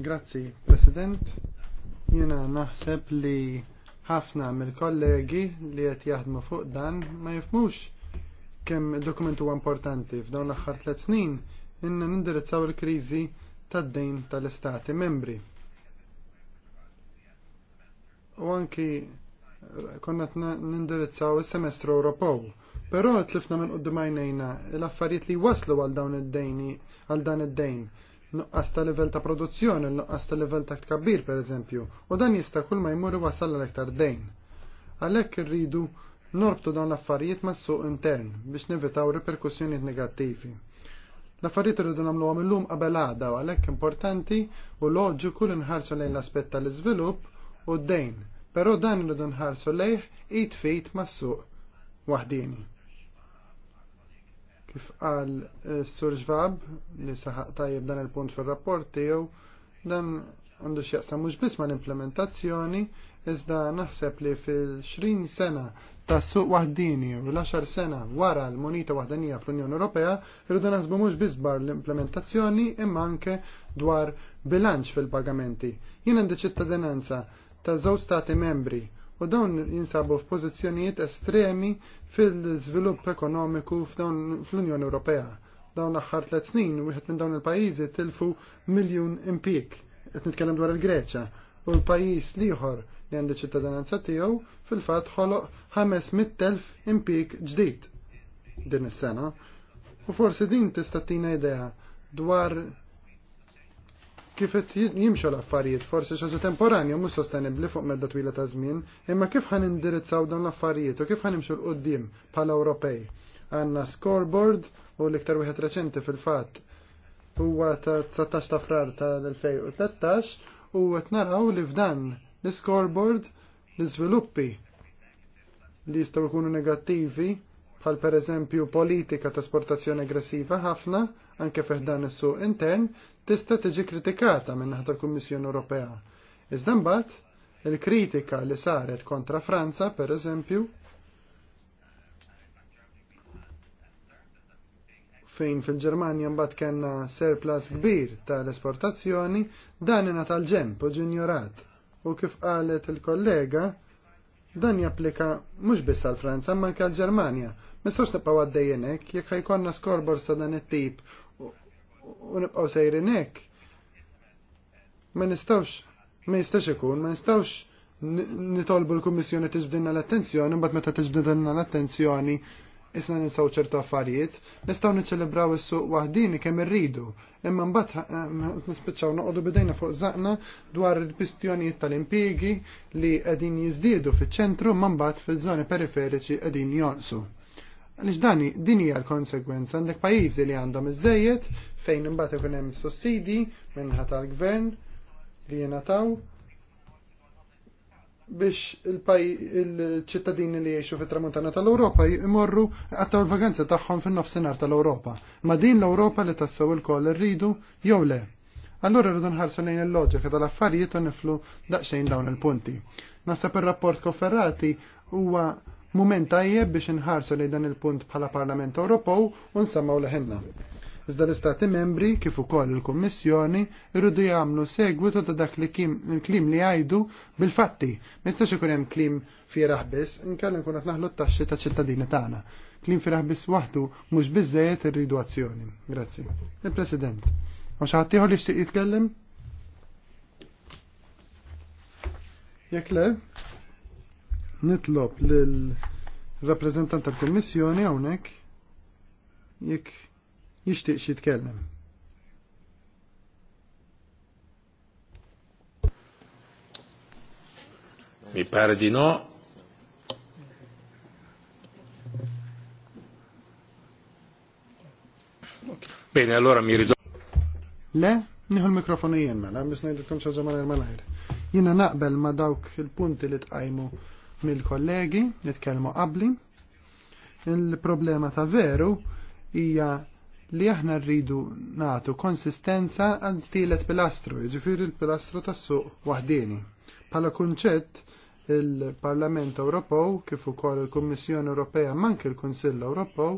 Grazzi, President. Jena naħseb li ħafna mill-kollegi li qed jaħdmu fuq dan ma jifmux kemm dokument huwa importanti f'dawn l-aħħar tliet snin inna nindirizzaw il-kriżi tad-dejn tal-Istati membri. U anki konna nindirizzaw is-semestru Ewropew Però tlifna minn qoddim għajnejna l-affarijiet li waslu għal dawn id-dejni għal dan id-dejn nuqqas ta' livell ta' produzzjoni, nuqqas ta' livell ta' tkabbir per eżempju, u dan jista' kull ma jmur wasal l-iktar dejn. Għalhekk irridu norbtu dawn l-affarijiet ma' suq intern biex nivitaw reperkussjonijiet negattivi. L-affarijiet irridu nagħmlu għam illum qabel għada u għalhekk importanti u loġiku li nħarsu lejn l-aspett tal-iżvilupp u d-dejn, però dan irridu nħarsu lejh it fejt ma' suq waħdini. Kif għal eh, Sur Ġvab li saħaq tajjeb dan il-punt fil-rapport tiegħu, dan għandu x'jaqsam mhux biss mal implementazzjoni iżda naħseb li fil-20 sena ta' suq waħdini u l-10 sena wara l-monita waħdanija fl-Unjoni Ewropea irridu naħsbu mhux biss bar l-implementazzjoni imma anke dwar bilanċ fil-pagamenti. Jien għandi ċittadinanza ta' żewġ stati membri u dawn jinsabu f'pożizzjonijiet estremi fil-żvilupp ekonomiku fl-Unjoni Ewropea. Dawn l-aħħar tliet snin wieħed minn dawn il-pajjiżi tilfu miljun impik. Qed nitkellem dwar il-Greċja u l-pajjiż liħor li għandi ċittadinanza tiegħu fil-fatt ħoloq 500,000 impik ġdid din is-sena. U forsi din tista' tina idea dwar kif qed jimxu l-affarijiet forsi xi temporanja mhux sostenibbli fuq medda twila ta' żmien, imma kif ħan indirizzaw dawn l-affarijiet u kif ħan imxu l-qudiem bħala Ewropej. Għandna scoreboard u l-iktar wieħed reċenti fil-fatt huwa ta' 19 ta' frar tal-2013 u qed naraw li f'dan l-scoreboard l-iżviluppi li jistgħu jkunu negattivi bħal pereżempju politika ta' sportazzjoni aggressiva ħafna anke feħdan is-suq intern tista' tiġi kritikata minn naħa tal-Kummissjoni Ewropea. Iżda mbagħad il-kritika li saret kontra Franza, per eżempju, fejn fil-Ġermanja mbagħad kellna surplus kbir tal-esportazzjoni, dan ingħata tal-ġemp u ġinjorat. U kif qalet il-kollega, dan japplika mhux biss għal Franza ma anke għall-Ġermanja. Mistax nibqgħu għaddejjenek jekk ħajkonna skorbor sa dan it-tip u nibqgħu sejrin hekk. Ma nistgħux ma jistax ikun, ma nistgħux nitolbu l-Kummissjoni tiġbdilna l-attenzjoni, mbagħad meta tiġbdilna l-attenzjoni isna ninsaw ċertu affarijiet, nistgħu niċċelebraw is-suq waħdini kemm irridu, imma mbagħad eh, nispiċċaw noqogħdu bidejna fuq żaqna dwar il-kwistjonijiet tal-impjiegi li qegħdin jiżdiedu fiċ-ċentru ma mbagħad fiż-żoni periferiċi qegħdin jonqsu. Għaliex dani din hija l-konsegwenza għandek pajjiżi li għandhom iż fejn imbagħad ikun hemm sussidi ħat tal-gvern li jingħataw biex il-ċittadini li jiexu fit tramuntana tal-Europa jimorru għattaw il-vaganza tagħhom fin nofsinhar tal-Europa. Ma din l-Europa li tassew il irridu jew le. Allura rridu nħarsu lejn il-loġika tal-affarijiet u niflu daqsxejn dawn il-punti. Nasab ir rapport kofferrati huwa Mument tajjeb biex inħarsu li dan il-punt bħala Parlament Ewropew u nsemmaw leħenna. Iżda l-Istati membri kif ukoll il-Kummissjoni irridu jagħmlu segwitu ta' dak li klim li għajdu bil-fatti. Mistax ikun hemm klim fieraħ biss, inkella nkun qed naħlu t-taxxi ta' ċittadini tagħna. Klim fieraħ biss waħdu mhux biżejjed irridu azzjoni. Grazzi. Il-President. Mhux ħadd ieħor li xtieq jitkellem? Jekk le, nitlob lill rappresentant tal-Kummissjoni hawnhekk jekk jixtieq xi jitkellem. Mi pare di no. Bene, allora mi ridò. Le, niħu l-mikrofonu jien mela, biex ngħidilkom xi mal malajr. Jiena naqbel ma' dawk il-punti li tqajmu mill-kollegi li tkellmu qabli. Il-problema ta' veru hija li aħna rridu natu konsistenza għal tielet pilastru, jiġifieri l-pilastru tas-suq waħdini. Pala kunċett il-Parlament Ewropew kif ukoll il-Kummissjoni Ewropea mank il-Kunsill Ewropew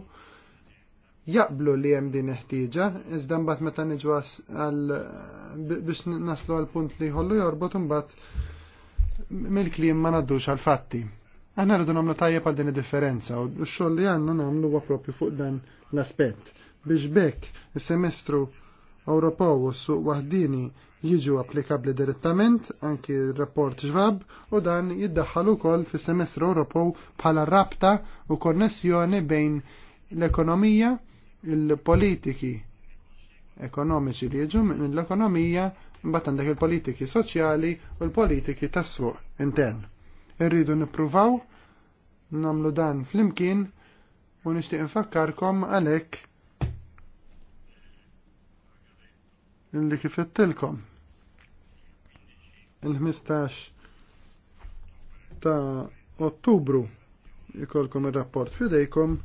jaqblu li hemm din iħtieġa, iżda mbagħad meta niġu għal biex naslu għal punt li jħollu jorbot imbagħad mill-kliem ma naddux għal-fatti. Aħna rridu nagħmlu tajjeb għal din id-differenza u x-xogħol li għandna nagħmlu huwa proprju fuq dan l-aspett. Biex bekk is-semestru Ewropew u suq waħdini jiġu applikabli direttament anki rapport ġvab u dan jiddaħħal ukoll fis-semestru Ewropew bħala rabta u konnessjoni bejn l-ekonomija, il-politiki ekonomiċi li jiġu mill-ekonomija mbagħad għandek il-politiki soċjali u l-politiki tas-suq intern. Irridu nippruvaw nagħmlu dan flimkien u nixtieq infakkarkom għalhekk illi kif ittilkom. Il-15 ta' Ottubru ikolkom ir rapport fidejkom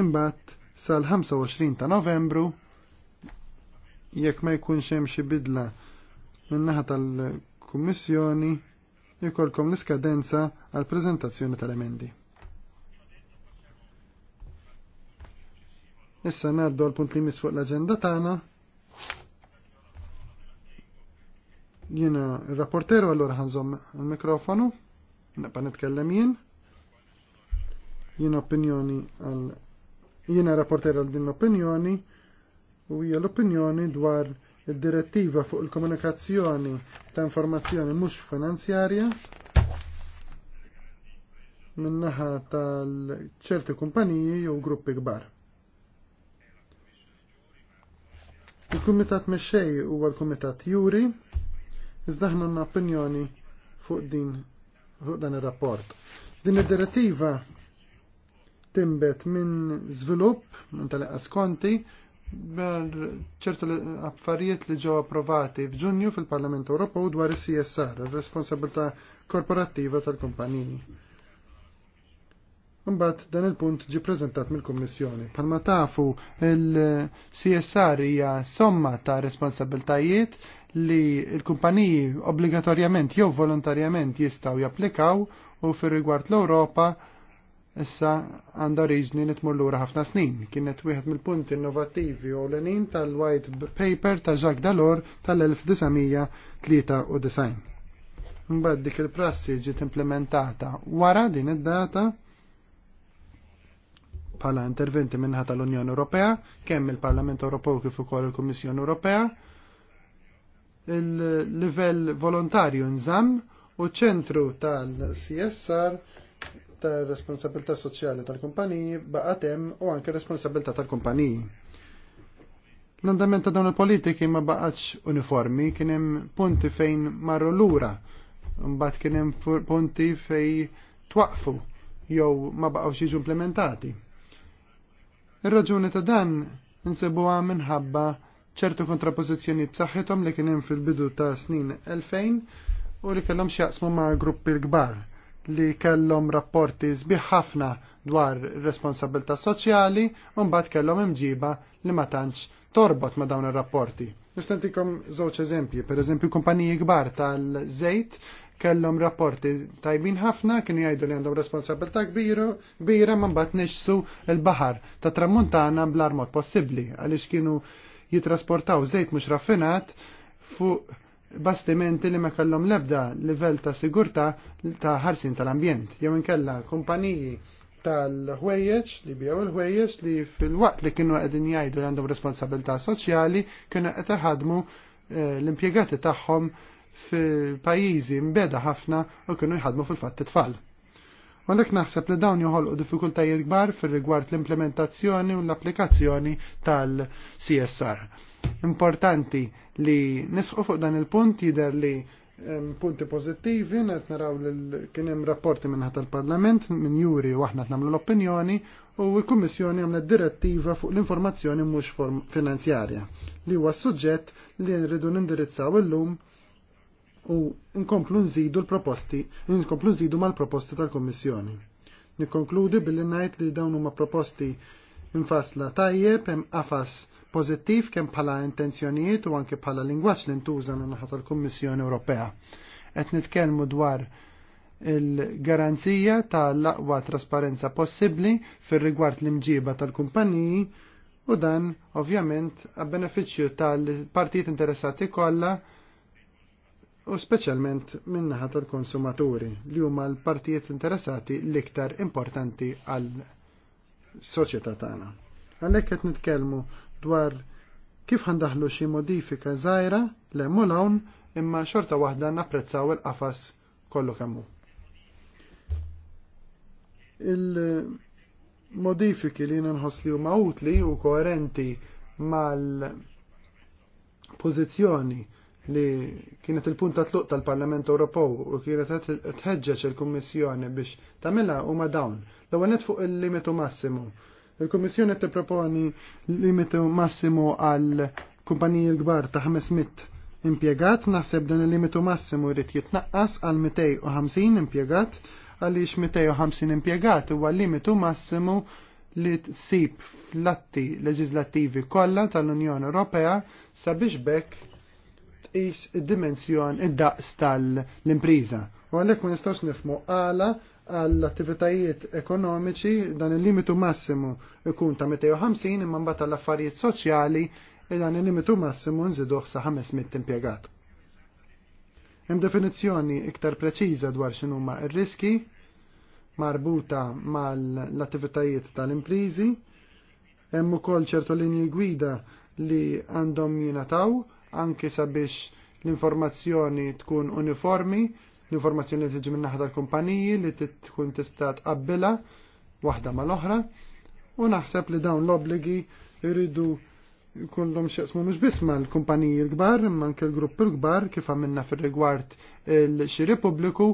imbagħad sal-25 ta' Novembru jekk ma jkunx hemm xi bidla min-naħa tal-Kummissjoni ikolkom l-iskadenza għal preżentazzjoni tal-emendi. Issa ngħaddu għal punt li mis fuq l-aġenda tagħna. Jiena r-rapporteru allura ħanżomm il-mikrofonu, naqba nitkellem jien. Jiena opinjoni għal jiena rapporteru għal din l-opinjoni u hija l-opinjoni dwar id-direttiva fuq il-komunikazzjoni ta' informazzjoni mhux finanzjarja minnaħa tal ċerti kumpaniji jew gruppi kbar. Il-Kumitat Mexxej huwa l-Kumitat Juri, iżda aħna opinjoni fuq din fuq dan ir-rapport. Din id-direttiva timbet minn żvilupp minn tal konti ċertu affarijiet li ġew approvati f'Ġunju fil-Parlament Ewropew dwar is-CSR, ir-responsabilità korporattiva tal-kumpaniji. Imbagħad dan il-punt ġi preżentat mill-Kummissjoni. Palma tafu il-CSR hija somma ta' responsabiltajiet li l-kumpaniji obbligatorjament jew volontarjament jistgħu japplikaw u fir rigward l-Ewropa issa għandha riġni nitmur lura ħafna snin. Kienet wieħed mill-punti innovattivi u l-enin tal-White Paper ta' Jacques Dalor tal-1993. Mbagħad dik il-prassi ġiet implementata wara din id-data bħala interventi minnħa tal-Unjoni Ewropea, kemm il-Parlament Ewropew kif ukoll il-Kummissjoni Ewropea, il-livell volontarju nżamm u ċentru tal-CSR ta' responsabilità soċjali tal-kumpaniji baqgħet hemm u anke responsabilità tal-kumpaniji. L-andament ta' dawn il-politiki ma baqgħetx uniformi kien hemm punti fejn marru lura, mbagħad kien hemm punti fejn twaqfu jew ma baqgħux jiġu implementati. Ir-raġuni ta' dan insibuha minħabba ċertu kontrapożizzjoni b'saħħithom li kien hemm fil-bidu ta' snin 2000 u li kellhom x'jaqsmu ma' gruppi l-kbar li kellhom rapporti sbieħ ħafna dwar responsabilità soċjali u mbagħad kellhom imġiba li ma tantx torbot ma dawn ir-rapporti. Nistantikom żewġ eżempji, pereżempju kumpaniji kbar tal-żejt kellhom rapporti tajbin ħafna kien jgħidu li għandhom responsabilità kbiru kbira ma mbagħad nixsu l-baħar ta' tramuntana bl-armot possibbli għaliex kienu jitrasportaw żejt mhux raffinat fuq bastimenti li ma kellhom l-ebda livell ta' sigurtà ta' ħarsin tal-ambjent. Jew inkella kumpaniji tal-ħwejjeġ li bjew il-ħwejjeġ li fil-waqt li kienu qegħdin jgħidu li għandhom responsabilità soċjali kienu qed iħadmu eh, l-impjegati tagħhom f'pajjiżi mbeda ħafna u kienu jħadmu fil-fatt it-tfal. Għalek naħseb li dawn joħolqu diffikultajiet kbar fir rigward l-implementazzjoni u l-applikazzjoni tal-CSR importanti li nisħu fuq dan il-punt jider li punti pozittivi, net naraw li kien hemm rapporti minn tal-Parlament minn juri u aħna nagħmlu l-opinjoni u l-Kummissjoni għamlet direttiva fuq l-informazzjoni mhux finanzjarja li huwa suġġett li nridu nindirizzaw illum u nkomplu nżidu l-proposti, nkomplu nżidu mal-proposti tal-Kummissjoni. Nikkonkludi billi ngħid li dawn huma proposti infasla tajjeb hemm afas. Pozittiv kemm bħala intenzjonijiet u anke bħala lingwaġġ li ntuża minn naħa tal-Kummissjoni Ewropea. Qed nitkellmu dwar il-garanzija tal-aqwa trasparenza possibbli fir-rigward l-imġiba tal-kumpaniji u dan ovvjament għab beneficju tal-partijiet interessati kollha u speċjalment naħat tal-konsumaturi li huma l-partijiet interessati l-iktar importanti għal soċjetà tagħna. Għalhekk qed nitkellmu dwar kif għandaħlu xi modifika żgħira emmu hawn imma xorta waħda napprezzaw il-qafas kollu kemm hu. Il-modifiki li nħoss li huma utli u koerenti mal-pożizzjoni li kienet il-punt ta' tluq tal-Parlament Ewropew u kienet tħeġġeġ il-Kummissjoni biex tagħmilha huma dawn. L-ewwel fuq il-limitu massimu Il-Kummissjoni tipproponi limitu massimu għal kumpaniji l-kbar ta' 500 impjegat, naħseb dan il-limitu massimu rrit jitnaqqas għal 250 impjegat, għaliex 250 impjegat huwa limitu massimu li tsib fl-atti leġislattivi kollha tal-Unjoni Ewropea sabiex bekk tqis id-dimensjon id-daqs tal-impriża. U għalhekk ma nistax nifmu għala għall-attivitajiet ekonomiċi dan il-limitu massimu ikun ta' 250 imma mbagħad tal-affarijiet soċjali dan il-limitu massimu nżiduh sa' 500 impjegat. Hemm definizzjoni iktar preċiża dwar x'inhuma r-riski marbuta mal-attivitajiet tal-imprizi, hemm ukoll ċertu linji gwida li għandhom jingħataw anke sabiex l-informazzjoni tkun uniformi l-informazzjoni li tiġi minn naħda kumpaniji li tkun tista' tqabbilha waħda mal-oħra u naħseb li dawn l-obligi jridu kullum xieqsmu mux bisma l-kumpaniji l-gbar, imma anke l-grupp l-gbar kif għamilna fil-rigward l-xiri publiku,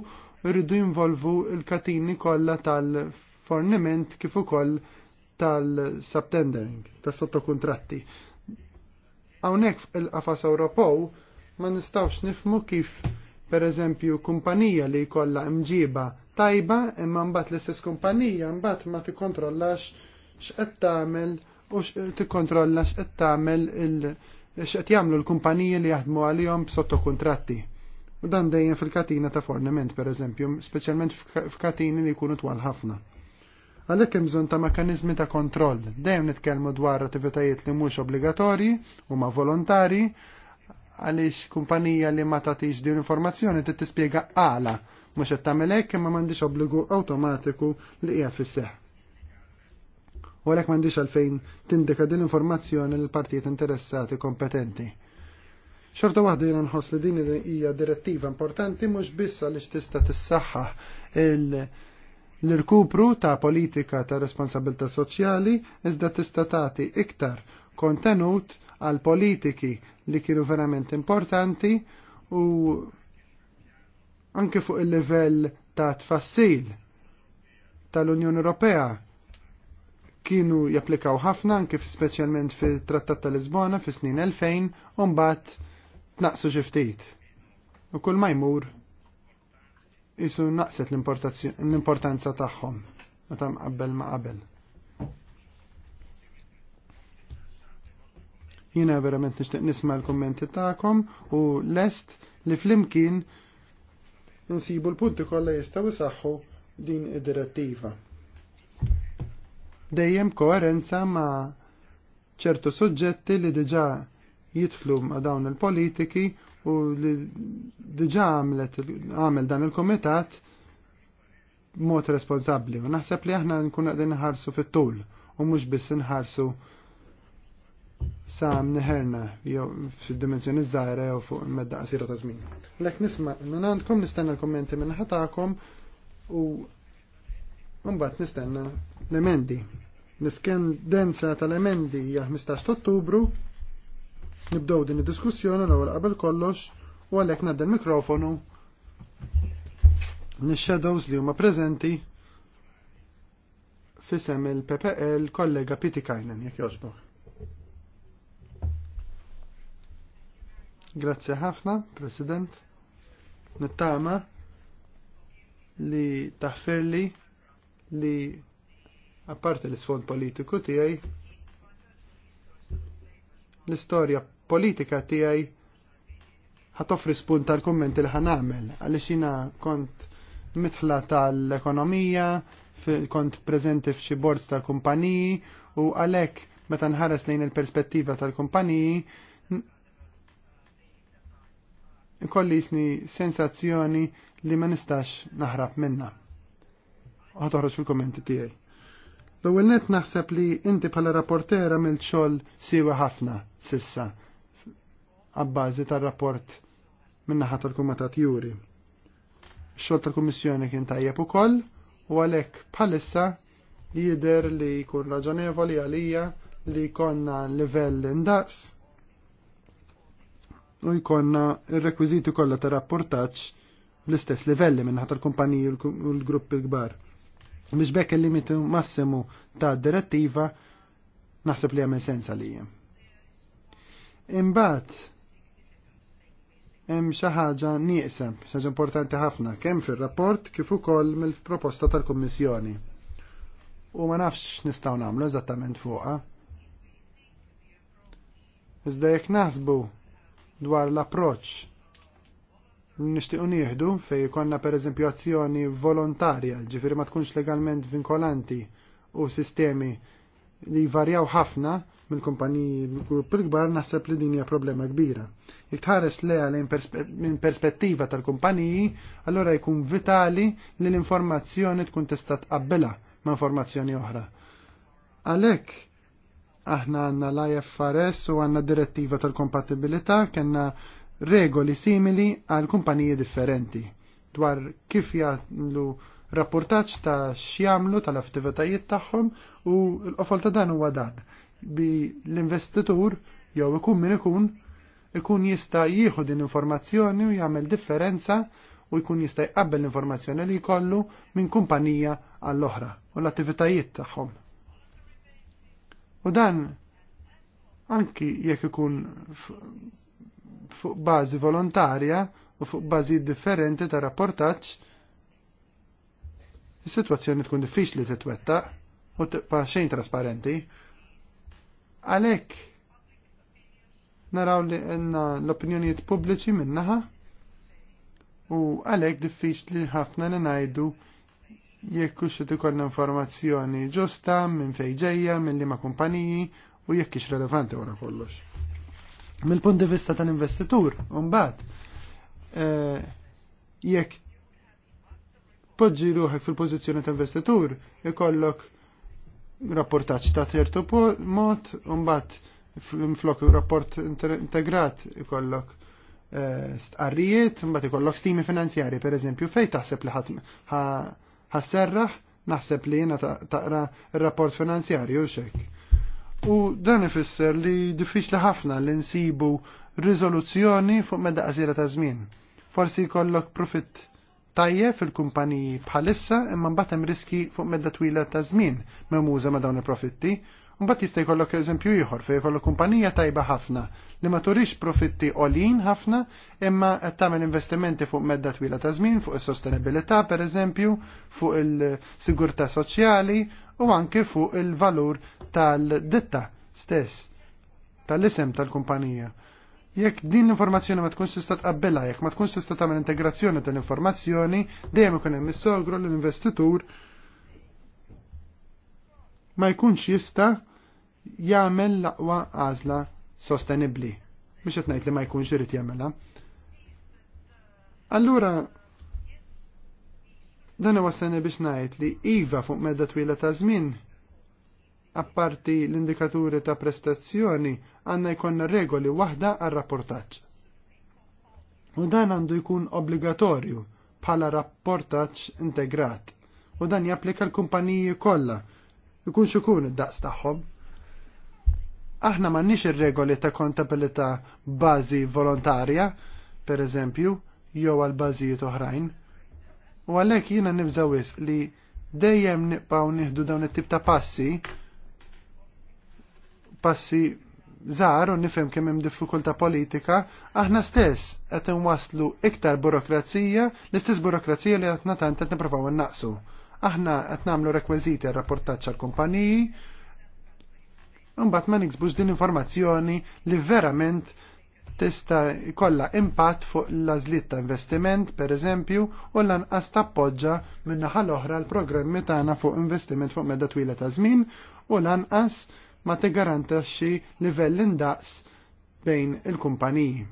rridu jinvolvu l-katini kollha tal-forniment kif ukoll tal-subtendering, tas sottokuntratti. Hawnhekk il-qafas Ewropew ma nistawx nifmu kif per eżempju kumpanija li jkollha mġiba tajba imma mbagħad l-istess kumpanija mbagħad ma tikkontrollax x'qed tagħmel u tikkontrolla x'qed tagħmel x'qed jagħmlu l-kumpaniji li jaħdmu għalihom b'sottokuntratti. U dan dejjem fil-katina ta' per pereżempju, speċjalment f'katini li jkunu twal ħafna. Għalhekk hemm bżonn ta' mekkaniżmi ta' kontroll, dejjem nitkellmu dwar attivitajiet li mhux obbligatorji huma volontari, volontari għaliex kumpanija li ma tagħtix din informazzjoni trid tispjega għala mhux qed tagħmel hekk imma m'għandix obbligu awtomatiku li hija fis U għalhekk m'għandix għalfejn tindika din l-informazzjoni l partijiet interessati kompetenti. Xorta waħda jena nħoss li din hija direttiva importanti mhux biss għaliex tista' tissaħħaħ l-irkupru ta' politika ta' responsabilità soċjali iżda tista' tagħti iktar kontenut għal politiki li kienu verament importanti u anke fuq il-livell ta' tfassil tal-Unjoni Ewropea kienu japplikaw ħafna anke speċjalment fit-Trattat ta' Lisbona fis snin 2000 u mbagħad tnaqsu xi ftit. U kull ma jmur isu naqset l-importanza tagħhom meta mqabbel ma qabel. Jiena verament nixtieq nisma' l-kummenti tagħkom u lest li flimkien insibu l-punti kollha jistaw saħħu din id-direttiva. Dejjem koerenza ma' ċertu suġġetti li diġa' jitflu ma' dawn il-politiki u li diġa għamel dan il-komitat mod responsabli. U naħseb li aħna nkun għadin ħarsu fit-tul u mhux biss nħarsu sam neħerna jew fid-dimensjoni żgħira jew fuq medda qasira ta' żmien. Lek nisma' minn għandkom nistenna l-kummenti minn ħatakom u mbagħad nistenna l-emendi. l densa tal-emendi hija 15 Ottubru. Nibdew din id-diskussjoni l-ewwel qabel kollox u għalhekk nadda l-mikrofonu nix-shadows li huma preżenti fisem il-PPL kollega Piti Kajnen, jekk jogħġbok. Grazzi ħafna, President. Nittama li taħferli li apparti l-isfond politiku tiegħi l-istorja politika tiegħi ħatoffri spunt tal-kommenti li ħanamel għaliex jiena kont mitħla tal-ekonomija, kont prezenti f'xi bords tal-kumpaniji u għalhekk meta nħares lejn il-perspettiva tal-kumpaniji ikolli jisni sensazzjoni li ma nistax naħrab minna. Għatoħroġ fil-kommenti tiegħi. L-ewwel net naħseb li inti bħala rapportera mill-xogħol siwa ħafna sissa għabbażi tar-rapport min-naħa tal-Kumitat Juri. X-xogħol tal-Kummissjoni kien tajjeb ukoll u għalhekk bħalissa jidher li jkun raġonevoli għalija li konna livell indaqs u jkonna il-rekwiziti kollha ta' rapportaċ l-istess livelli minn l kumpaniji u l-gruppi kbar. Biex bekk il-limitu massimu ta' direttiva naħseb li għamil sens għalija. Imbagħad hemm xi ħaġa nieqsa, ħaġa importanti ħafna, kemm fir-rapport kif ukoll mill-proposta tal-Kummissjoni. U ma nafx nistgħu nagħmlu eżattament fuqha. Iżda jekk naħsbu dwar l-approċ nishtiqu nieħdu fej konna per eżempju azzjoni volontarja, ġifiri ma tkunx legalment vinkolanti u sistemi li varjaw ħafna mill-kumpaniji grupp il-kbar naħseb li din hija problema kbira. Jekk tħares leha minn perspettiva tal-kumpaniji, allora jkun vitali li l-informazzjoni tkun tista' qabbela ma' informazzjoni oħra. Għalhekk Aħna għanna l-IFRS u għanna direttiva tal-kompatibilità kena regoli simili għal kumpaniji differenti dwar kif jagħmlu rapportaċ ta' x'jamlu tal-attivitajiet tagħhom u l-qofol ta' dan huwa dan bi l-investitur jew ikun min ikun ikun jista' jieħu din informazzjoni u jagħmel differenza u jkun jista' jqabbel l-informazzjoni li jkollu minn kumpanija għall-oħra u l-attivitajiet tagħhom. U dan anki jekk ikun fuq bażi volontarja u fuq bażi differenti ta' rapportaġġ, is-sitwazzjoni tkun diffiċli titwettaq u tibqa' xejn trasparenti. Għalhekk naraw li għandna l-opinjonijiet pubbliċi minnaħa u għalhekk diffiċli ħafna li ngħidu jekk hux qed ikollna informazzjoni ġusta minn fejn ġejja, minn liema kumpaniji u jekk hix relevanti wara kollox. Mill-punt di vista tal-investitur, mbagħad eh, jekk poġġi ruħek fil-pożizzjoni ta' investitur, ikollok rapportaċ ta' tertu mod, mbagħad flok rapport integrat ikollok eh, stqarrijiet, mbagħad ikollok stimi finanzjari, per eżempju, fej taħseb li ħadd ħasserraħ naħseb li jena taqra il-rapport finanzjarju xek. U dan ifisser li diffiċli ħafna li nsibu riżoluzzjoni fuq medda qasira ta' żmien. Forsi jkollok profitt tajjeb fil-kumpaniji bħalissa imma mbagħad hemm riski fuq medda twila ta' żmien memuża ma' dawn il-profitti Mbagħad jista' jkollok eżempju ieħor fejn jkollok kumpanija tajba ħafna li ma turix profitti olin ħafna imma qed tagħmel investimenti fuq medda twila ta' żmien fuq is-sostenibilità pereżempju, fuq il-sigurtà soċjali u anke fuq il-valur tal-ditta stess tal-isem tal-kumpanija jekk din l-informazzjoni ma tkunx tista' tqabbilha, jekk ma tkunx tista' tagħmel integrazzjoni tal-informazzjoni, dejjem ikun hemm is-sogru l-investitur ma jkunx jista' jagħmel l-aqwa għażla sostenibbli Mhux qed ngħid li ma jkunx irid jagħmelha. Allura dan iwassani biex ngħid li iva fuq medda twila ta' żmien apparti l-indikaturi ta' prestazzjoni għandna jkollna regoli waħda għal rapportaġġ. U dan għandu jkun obbligatorju bħala rapportaġġ integrat u dan japplika l-kumpaniji kollha ikun id-daqs tagħhom aħna m'għandniex ir-regoli ta' kontabilità bażi volontarja, per eżempju, jew għal bażijiet oħrajn. U għalhekk jiena nibżawis li dejjem nibqgħu nieħdu dawn it-tip ta' passi passi żgħar u nifhem kemm hemm diffikultà politika, aħna stess qed waslu iktar burokrazija, l-istess burokrazija li qed natant qed nippruvaw innaqsu. Aħna qed nagħmlu rekwiżiti għar-rapportaġġ kumpaniji mbagħad ma niksbux din informazzjoni li verament tista jkollha impatt fuq l azlit ta' investiment, pereżempju, u lanqas tappoġġa min-naħa l-oħra l-programmi tagħna fuq investiment fuq medda twila ta' żmien u lanqas ma tigarantixxi livell indaqs bejn il-kumpaniji.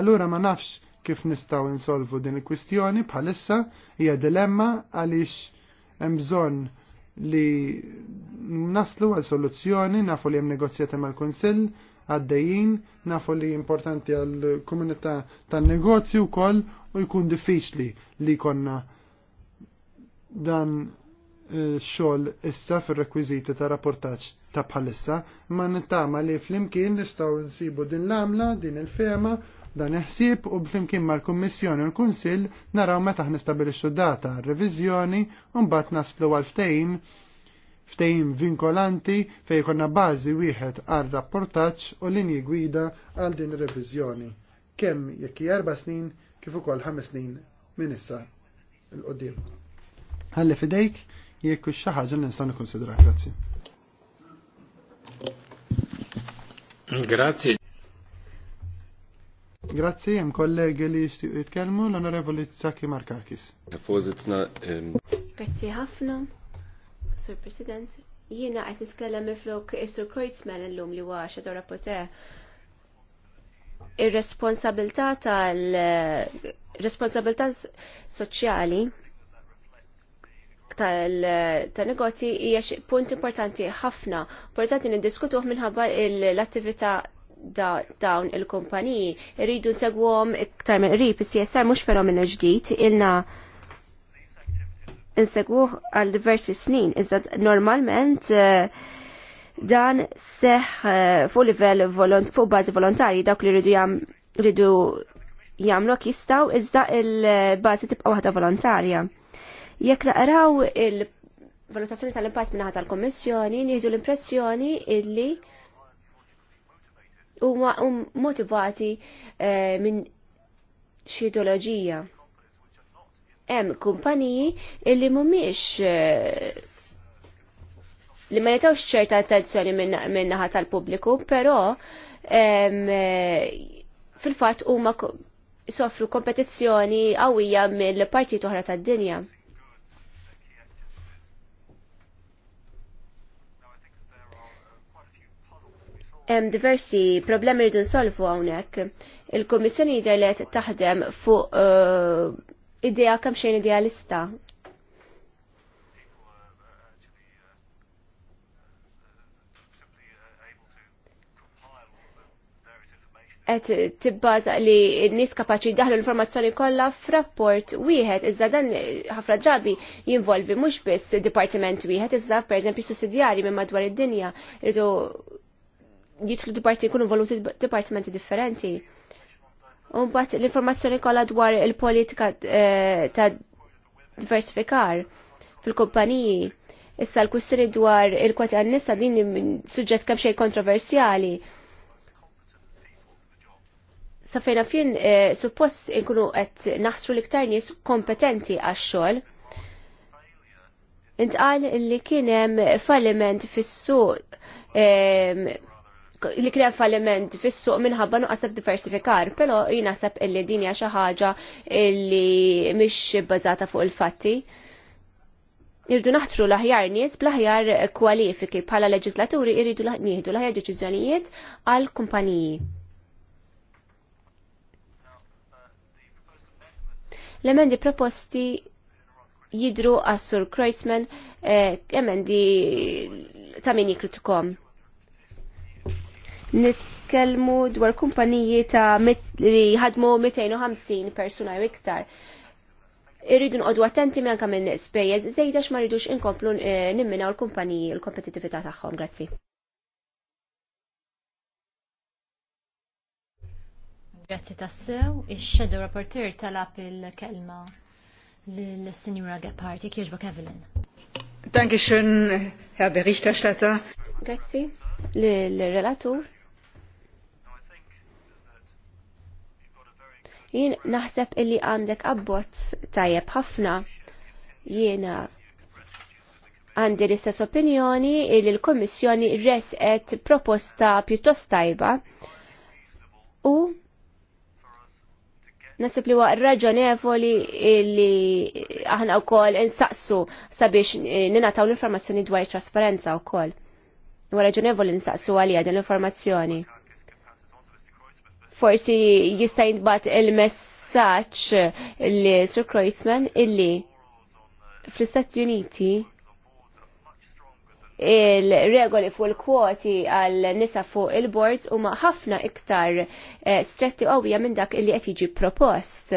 Allura ma nafx kif nistaw insolvu din il-kwistjoni bħalissa hija dilemma għaliex hemm bżonn li naslu għal soluzzjoni, nafu li hemm negozjata mal-Kunsill, għaddejjin, nafu li importanti għal komunità tan-negozju wkoll u jkun diffiċli li konna dan eh, xogħol issa fir-rekwiżiti ta' rapportaġġ ta' bħalissa, ma nittama li flimkien nistgħu nsibu din l amla din il-fema dan iħsib u b'flimkien mal-Kummissjoni u l-Kunsill naraw meta ħnistabilixxu data reviżjoni u mbagħad naslu għal ftehim ftehim vinkolanti fejn jkollna bażi wieħed għal rapportaġġ u linji gwida għal din ir-reviżjoni kemm jekk erba' snin kif ukoll ħames snin minn issa l qudiem Ħalli fidejk jekk xi ħaġa li nistgħu nikkonsidra. Grazzi. Grazie Grazzi, jem kollegi li jishtiq jitkelmu l-Onorevoli Tsaki Markakis. Ähm, Grazzi ħafna, Sur President. Jiena qed nitkellem miflok is-Sur l illum li huwa xedu rapporter. Ir-responsabilità tal-responsabilità soċjali tal-negozji hija punt importanti ħafna. Importanti niddiskutuh minħabba l-attività dawn il-kumpaniji rridu segwom iktar minn qrib is-CSR mhux fenomenu ġdid ilna insegwuh għal diversi snin iżda normalment eh, dan seħ eh, fuq livell fuq bażi volontarji dawk li rridu jam rridu jagħmlu jistgħu iżda il-bażi tibqa' waħda volontarja. Jekk naqraw il-valutazzjoni tal-impatt minnaħa tal-Kommissjoni, nieħdu l-impressjoni illi huma um, motivati eh, minn xi ideoloġija. Hemm kumpaniji illi mhumiex eh, li ma jitawx ċerta attenzjoni minn naħa tal-pubbliku, però eh, fil-fatt huma soffru kompetizzjoni qawwija mill-partit oħra tad-dinja. hemm diversi problemi rridu nsolvu hawnhekk. Il-Kummissjoni jidher taħdem fuq uh, idea kemm xejn idealista. qed tibbaża li n-nies kapaċi jdaħlu l-informazzjoni kollha f'rapport wieħed iżda dan ħafna drabi jinvolvi mhux biss dipartiment wieħed iżda pereżempju sussidjarji minn madwar id-dinja rridu jitlu diparti jkunu voluti dipartimenti differenti. Umbat l-informazzjoni kollha dwar il-politika eh, ta' diversifikar fil-kumpaniji. Issa l-kwistjoni dwar il-kwati għannissa din suġġett kemm xejn kontroversjali. Sa fejna fin eh, suppost inkunu qed naħtru l-iktar nis kompetenti għax-xogħol. Intqal li kien hemm falliment fis-suq eh, li kien falliment fis-suq minħabba nuqqas diversifikar, però jien naħseb illi din hija xi ħaġa li mhix bbażata fuq il-fatti. Irdu naħtru l-aħjar nies bl-aħjar kwalifiki bħala leġislaturi irridu nieħdu l-aħjar deċiżjonijiet għal kumpaniji. L-emendi proposti jidru għas-Sur Kreutzmann eh, emendi ta' min jikritikom nitkellmu dwar kumpaniji ta' li ħadmu 250 persuna jew iktar. Irridu nqodu attenti minn kemm spejjeż żejdax ma rridux inkomplu eh, nimminaw l-kumpaniji l kompetitività tagħhom. Grazzi. Grazzi tassew, ix-shadow rapporteur talab il-kelma l-Sinjura Gephardt, jek jieġbok Evelyn. Dankeschön, Herr Berichterstatter. Grazzi, l-relatur. jien naħseb illi għandek abbot tajjeb ħafna. Jiena għandi l-istess opinjoni illi l-Kommissjoni resqet proposta pjuttost tajba u nasib li waqt raġonevoli illi aħna wkoll insaqsu sabiex eh, ninataw l-informazzjoni dwar trasparenza wkoll. Wara raġonevoli nsaqsu għalija din l-informazzjoni forsi jista' jintbat il-messaġġ li Sir Kreutzmann illi fl-Istati Uniti il-regoli fuq il-kwoti għal nisa fuq il-boards huma ħafna iktar eh, stretti qawwija minn dak illi qed jiġi propost.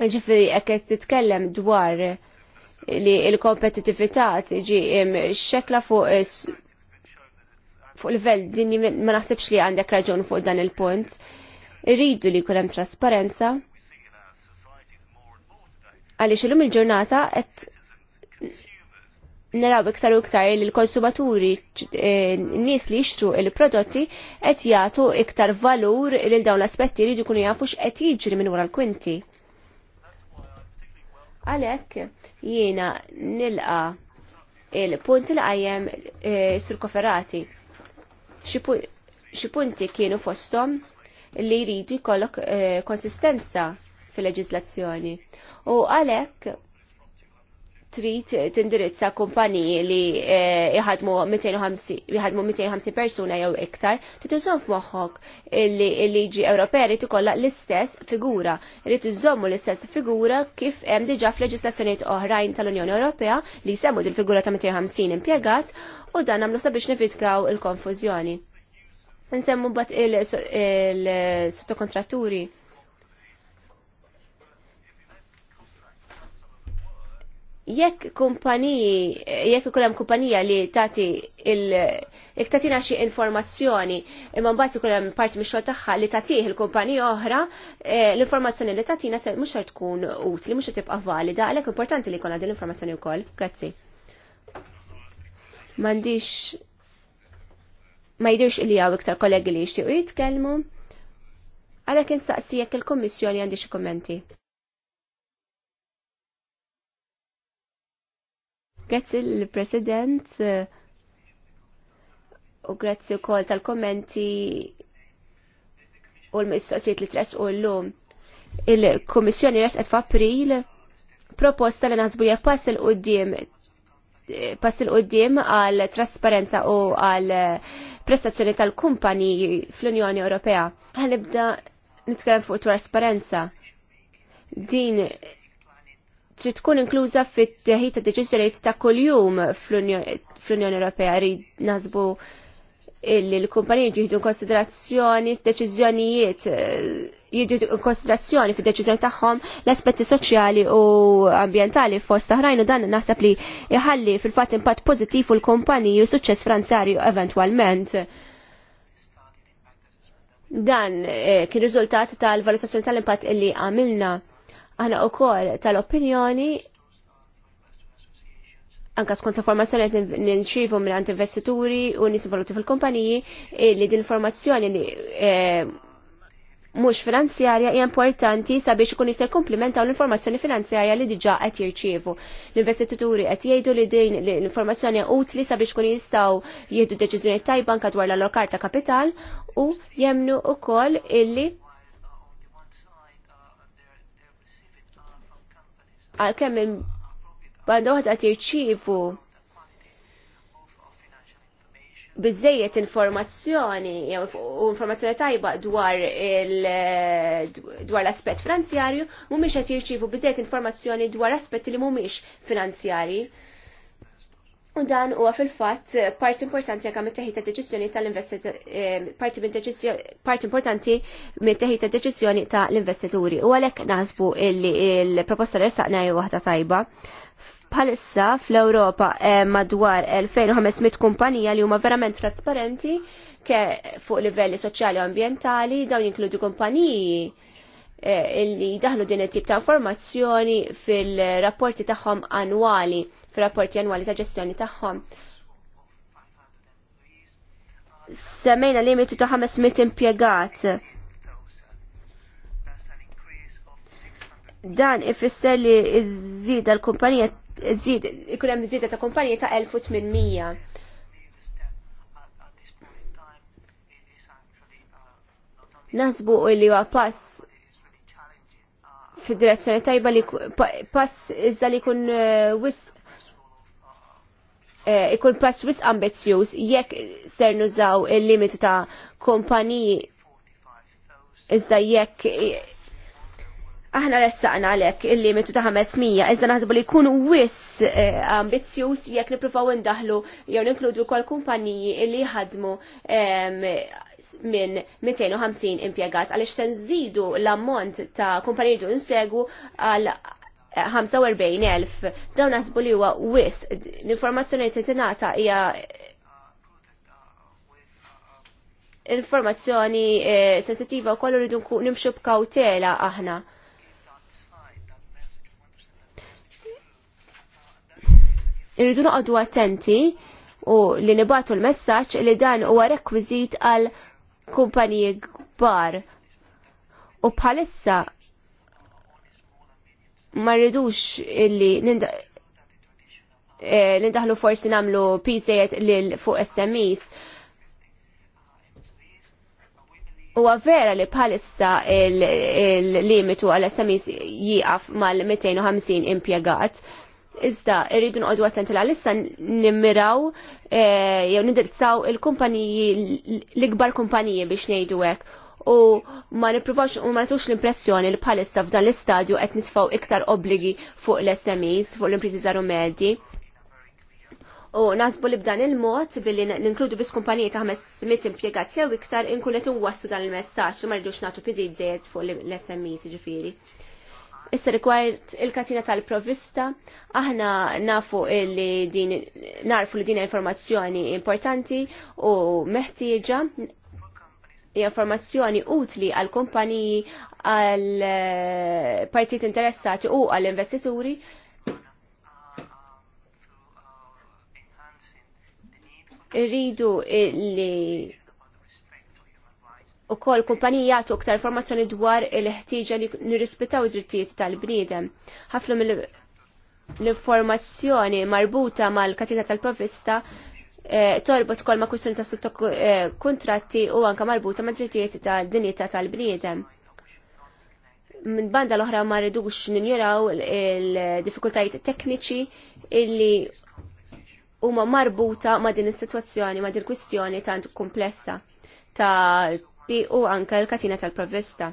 Ġifieri qed titkellem dwar li l-kompetitività tiġi xekla fuq fuq l-vel, din ma naħsibx li għandek raġun fuq dan il-punt. Irridu li kulem trasparenza. Għaliex lum il-ġurnata qed naraw iktar u iktar li l-konsumaturi eh, n-nies li jixtru il-prodotti qed jagħtu iktar valur lil dawn l-aspetti rridu jkunu jafu x'qed jiġri minn wara l-kwinti. Għalhekk jiena nilqa' il-punt il-qajjem eh, sur koferati xi punti kienu fosthom li jridu jkollok eh, konsistenza fil-leġislazzjoni. U għalhekk trid tindirizza kumpaniji li jħadmu 250 persuna jew iktar, trid iżomm f'moħħok il-liġi Ewropea rid ikollha l-istess figura. Rid iżommu l-istess figura kif hemm diġà f'leġislazzjonijiet oħrajn tal-Unjoni Ewropea li jsemmu din figura ta' 250 impjegat u dan nagħmlu sabiex nifitkaw il-konfużjoni. Nsemmu bat il-sottokontratturi. jekk kumpaniji, jekk ikun hemm kumpanija li tagħti il jekk tagħtina xi informazzjoni imma mbagħad ikun hemm parti mix tagħha li tatiħ il-kumpanija oħra, eh, l-informazzjoni li tatina se mhux tkun utli, mhux tibqa' valida, għalhekk importanti li jkollha din l-informazzjoni wkoll. Grazzi. M'għandix ma jidirx li hawn iktar kollegi li jixtiequ jitkellmu. Għalhekk instaqsi jekk il-Kummissjoni għandi xi kummenti. Grazzi l-President eh, u grazzi u kol tal-kommenti u l-mistoqsijiet li tres u l-lum. Il-Komissjoni resqet f'April proposta li nasbu jek pass il-qoddim eh, għal trasparenza u għal prestazzjoni tal-kumpani fl-Unjoni Ewropea. Għal ibda nitkellem fuq trasparenza. Din trid tkun inkluża fit-teħid ta' deċiżjonijiet ta' kuljum fl-Unjoni Ewropea rid nasbu li l-kumpaniji jieħdu konsiderazzjoni deċiżjonijiet eh, in konsiderazzjoni fid deċiżjoni tagħhom l-aspetti soċjali u ambjentali fost oħrajn u dan naħseb li jħalli fil-fatt impatt pożittiv u l-kumpaniji u suċċess Franzarju eventwalment. Dan eh, kien riżultat tal-valutazzjoni tal-impatt illi għamilna Aħna wkoll tal-opinjoni anka skont informazzjoni qed nirċievu għant investituri u nies fil kompaniji eh, li din informazzjoni li eh, mhux finanzjarja hija importanti sabiex ikun jisir jkomplimentaw l-informazzjoni finanzjarja li diġa' qed jirċievu. L-investituri qed jgħidu li din l-informazzjoni utli sabiex ikun jistgħu jieħdu deċiżjoni tajba anke dwar l-allokar ta' kapital u jemnu wkoll illi għalkemm il-banda waħda qed jirċievu bizzejiet informazzjoni u informazzjoni tajba dwar dwar l-aspett finanzjarju mhumiex qed jirċievu bizzejiet informazzjoni dwar aspetti li mhumiex finanzjarji. U dan huwa fil-fatt parti importanti jekk mit teħita deċiżjoni tal investit eh, parti importanti mit teħita deċiżjoni tal-investituri u għalhekk naħsbu li l-proposta li saqna hija waħda tajba. Palissa fl-Ewropa eh, madwar 2500 kumpanija li huma verament trasparenti ke fuq livelli soċjali u ambjentali dawn jinkludu kumpaniji eh, illi daħlu din it-tip ta' informazzjoni fil-rapporti tagħhom annwali fil rapporti annwali ta' ġestjoni tagħhom. Semmejna li mitu ta' 500 impiegat. Dan ifisser li iżid żieda l-kumpanija iżid ikun hemm iżida ta' kumpanija ta' 1800. Nasbu li huwa pass fid-direzzjoni tajba li pass iżda li kun eh, wis Eh, ikun pass wis ambizjus jekk ser nużaw il-limitu ta' kumpaniji iżda jekk aħna ressaqna għalhekk il-limitu ta' 500 iżda naħsbu li kun wis eh, ambizjus jekk nippruvaw indaħlu jew ninkludu wkoll kumpaniji li jħadmu minn 250 impjegat għaliex tenżidu l-ammont ta' kumpaniji insegu għal 45,000 dawn naħsbu li huwa wis l-informazzjoni li tingħata hija informazzjoni eh, sensittiva u kollu rridu nimxu b'kawtela aħna. Irridu noqogħdu attenti u li nibatu l-messaġġ li dan huwa rekwiżit għal kumpaniji kbar. U bħalissa ma rridux illi eh, nindaħlu forsi namlu pisejet lil fuq SMEs. Huwa vera li bħalissa il-limitu għal SMEs jieqaf mal-250 impjegat. Iżda irridu nqogħdu attenti la issa nimmiraw eh, jew nindirizzaw il-kumpaniji l-ikbar kumpaniji biex ngħidu hekk u ma niprovax u ma natux l-impressjoni li bħalissa f'dan l-istadju qed nitfgħu iktar obbligi fuq l-SMEs, fuq l imprizi żaru medji. U nasbu li b'dan il-mod billi ninkludu bis kumpaniji ta' 500 impjegat jew iktar inkunet wassu dan il-messaġġ ma rridux nagħtu piżid żejjed fuq l-SMEs jiġifieri. Issa rigward il-katina tal-provista, aħna nafu li din narfu li din informazzjoni importanti u meħtieġa li informazzjoni utli għal kumpaniji għal eh, partijiet interessati u għal investituri rridu li u kol kumpaniji jagħtu iktar informazzjoni dwar il-ħtieġa li nirrispettaw id-drittijiet tal-bniedem. Ħafna mill-informazzjoni marbuta mal-katina tal-provista Eh, torbot kol ma' kwistjoni ta' sotto kontratti eh, u anka marbuta ma' drittijiet ta' dinjità tal-bniedem. Minn banda l-oħra ma' rridux ninjuraw il-diffikultajiet tekniċi illi huma marbuta ma' din is-sitwazzjoni ma' din kwistjoni tant komplessa ta' u anka l-katina tal-provvista.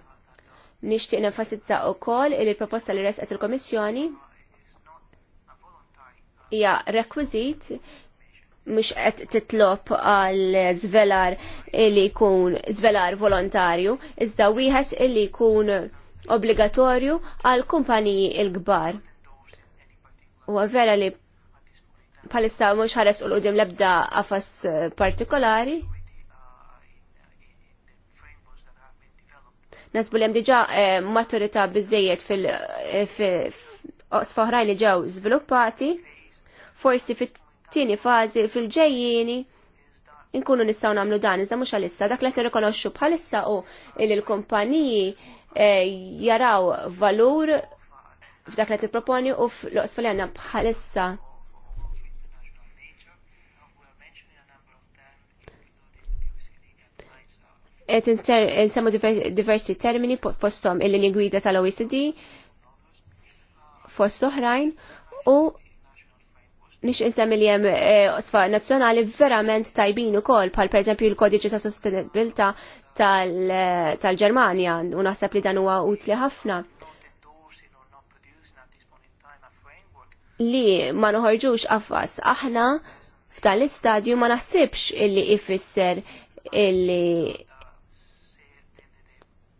Nixtieq nenfasizza wkoll li l-proposta li resqet il-Komissjoni hija rekwiżit mux qed titlob għal zvelar illi jkun zvelar volontarju, iżda wieħed illi jkun obbligatorju għal kumpaniji il-kbar. U vera li palissa mhux ħares u l qudiem lebda għafas partikolari. Nasbu li diġà eh, maturità biżejjed fil eh, oħrajn li ġew żviluppati, forsi fit tini fażi fil ġejjini inkunu nistgħu nagħmlu dan iżda mhux għalissa dak li għet nirrikonoxxu bħalissa u li l-kumpaniji eh, jaraw valur f'dak li tipproponi u f'loqs li bħalissa et insemmu diversi termini fostom il lingwida tal-OECD fost oħrajn u nix insem li jem eh, osfa nazjonali verament tajbin u kol, pal per esempio il-kodiċi ta' sostenibilta tal-Germania, eh, u naħseb li dan huwa utli ħafna. Li ma noħorġux affas, aħna f'tal istadju ma naħsibx illi ifisser illi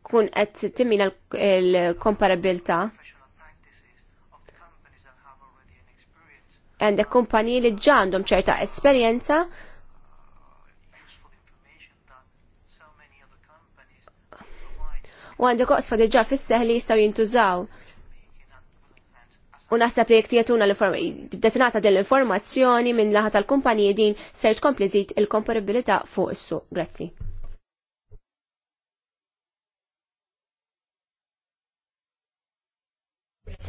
kun qed timmina l-komparabilta. għandek kumpaniji li ġandhom ċerta esperjenza u għandek oqsfa diġa fis-seħ li jistgħu jintużaw. U naħseb li jektijatuna l-informazzjoni, dell-informazzjoni minn laħat tal-kumpaniji din ser tkompli zid il-komparabilità fuq is-suq. Grazzi.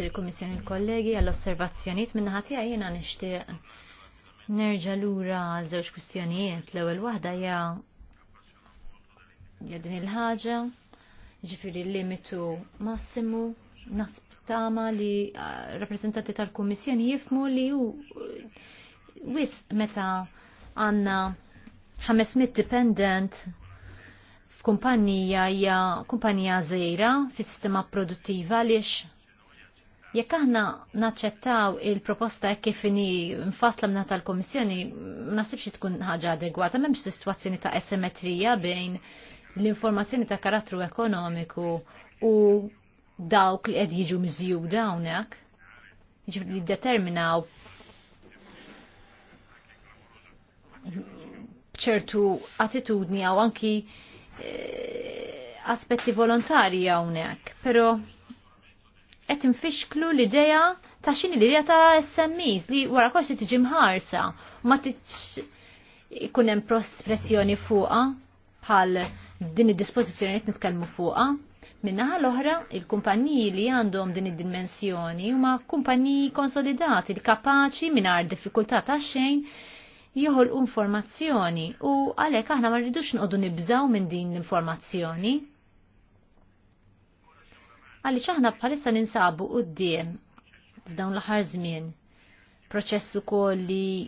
il-Kummissjoni l-kollegi għall-osservazzjonijiet minn tiegħi jiena nixtieq nerġa' lura żewġ kwistjonijiet. L-ewwel waħda hija ja din il-ħaġa, l limitu massimu nasb tama li rappreżentanti tal-Kummissjoni jifmu li hu wis meta għandna 500 dipendent f'kumpanija hija kumpanija żgħira fis-sistema produttiva għaliex Jekk aħna naċċettaw il-proposta kif inhi mfasla minn tal-Komissjoni, nasibx tkun ħaġa adegwata, m'hemmx sitwazzjoni ta' esimetrija bejn l-informazzjoni ta' karattru ekonomiku u dawk li qed jiġu miżju dawnek, jiġifieri determinaw ċertu attitudni għaw anki eh, aspetti volontari għawnek, pero qed infixklu l-idea ta' xini l-idea ta' SMEs li wara kollox tiġi mħarsa ma titx ikun hemm pressjoni fuqha bħal din id-dispożizzjoni qed nitkellmu fuqha. Minnaħa l-oħra, il-kumpaniji li għandhom din id-dimensjoni huma kumpaniji konsolidati li kapaċi mingħajr diffikultà ta' xejn joħol informazzjoni u għalhekk aħna ma rridux nqogħdu nibżaw minn din l-informazzjoni għaliex aħna bħalissa ninsabu quddiem f'dawn l-aħħar żmien. Proċess ukoll li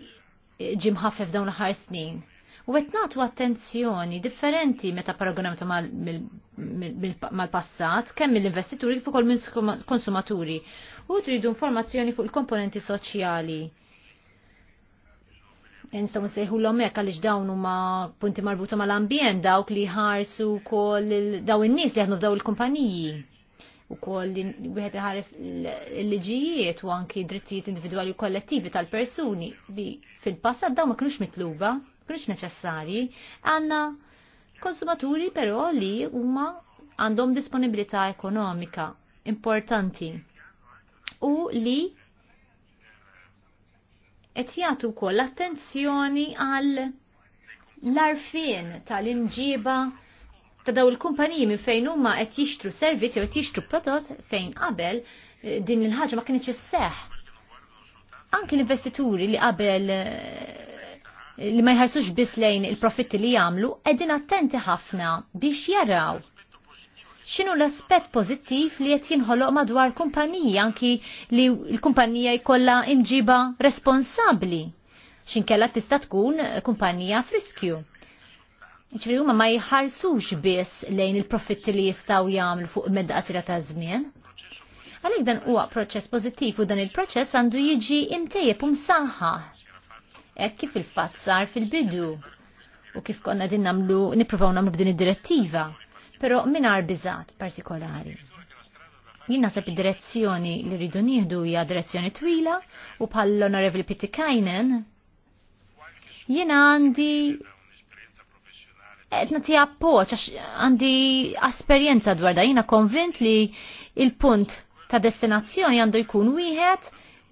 ġim ħafef dawn l-aħħar snin. U qed nagħtu attenzjoni differenti meta paragonamtu mal-passat kemm mill-investituri kif ukoll minn konsumaturi u tridu informazzjoni fuq il-komponenti soċjali nistaw nsejħu l-omek għalix dawn huma punti marbuta mal-ambjent dawk li ħarsu kol daw in-nies li għadnu f'daw il-kumpaniji u koll li wieħed iħares l-liġijiet u anki drittijiet individwali u kollettivi tal-persuni li fil-passat daw ma kienux mitluba, kienux neċessarji, għanna konsumaturi però li huma għandhom disponibilità ekonomika importanti u li qed jagħtu wkoll attenzjoni għal l-arfin tal-imġiba ta' daw il-kumpaniji minn fejn huma qed jixtru servizz jew qed jixtru prodott fejn qabel eh, din il-ħaġa ma kienx isseħħ. Anki l-investituri li qabel eh, li ma jħarsux biss lejn il-profitti li jagħmlu qegħdin attenti ħafna biex jaraw X'inhu l-aspett pożittiv li qed jinħoloq madwar kumpanija anki li l-kumpanija jkollha imġiba responsabbli x'inkella tista' tkun kumpanija friskju. Ġifiri huma ma jħarsux biss lejn il-profitti li jistgħu jagħmlu fuq medda qasira ta' żmien. Għalhekk dan huwa proċess pożittiv u dan il-proċess għandu jiġi imtejjeb u msaħħa. Hekk kif il-fatt sar fil-bidu u kif konna din nagħmlu nippruvaw nagħmlu b'din id-direttiva, però mingħajr biżat partikolari. Jien naħseb id-direzzjoni li rridu nieħdu hija direzzjoni twila u bħall onorevoli Pittikajnen jiena għandi etna ti appoċ, għandi esperienza dwar da, jina konvint li il-punt ta' destinazzjoni għandu jkun wieħed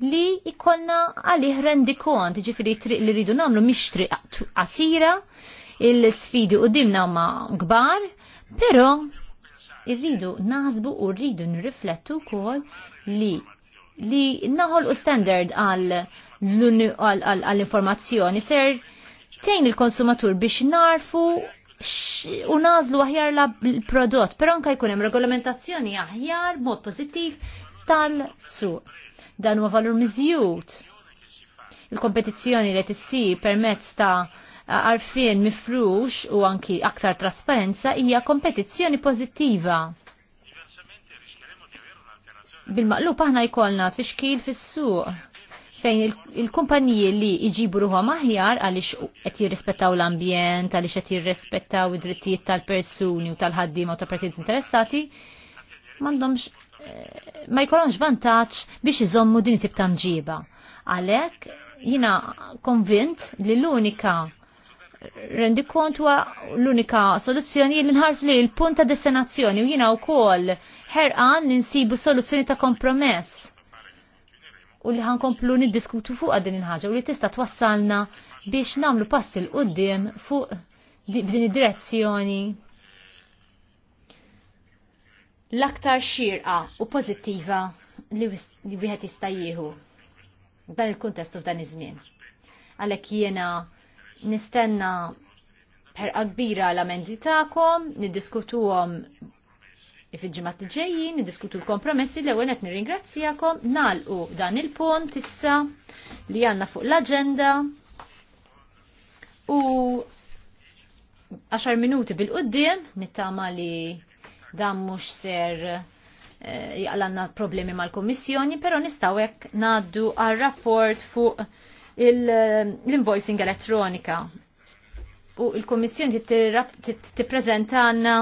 li ikolna għalih rendi kont, ġifiri triq li rridu namlu mixtri triq qasira, il-sfidi u dimna ma gbar, pero irridu naħsbu u rridu nriflettu kol li li naħol u standard għall informazzjoni ser tejn il-konsumatur biex narfu unazlu aħjar la prodott, pero anke jkun hemm regolamentazzjoni aħjar mod pożittiv tal-suq. Dan huwa valur miżjud. Il-kompetizzjoni li tissir permezz ta' arfien mifrux u anki aktar trasparenza hija kompetizzjoni pożittiva bil-maqlub aħna jkollna tfixkil fis-suq fejn il-kumpaniji li iġibu ruħom maħjar għaliex qed jirrispettaw l-ambjent, għaliex qed jirrispettaw id-drittijiet tal-persuni u tal ħaddim u tal-partijiet interessati, mandomx eh, ma jkollhomx vantaġġ biex iżommu din tip ta' mġiba. Għalhekk jiena konvint li l-unika rendi kont huwa l-unika soluzzjoni li nħarż li l-punt ta' destinazzjoni u jiena wkoll ħerqan li nsibu soluzzjoni ta' kompromess u li ħankomplu niddiskutu fuq din il-ħaġa u li tista' twassalna biex nagħmlu passi l qoddim fuq din id-direzzjoni l-aktar xirqa u pożittiva li wieħed jista' jieħu dan il-kuntest u f'dan iż-żmien. Għalhekk jiena nistenna perqa kbira l-amendi tagħkom, niddiskutuhom If fil-ġimat ġejjin niddiskutu l-kompromessi l ewwel qed nirringrazzjakom nalqu dan il-punt issa li għandna fuq l-aġenda u 10 minuti bil-qoddim nittama li dan mhux ser eh, jgħalanna problemi mal-Komissjoni, pero nistawek naddu għal rapport fuq l-invoicing elettronika u il-Komissjoni tippreżenta għanna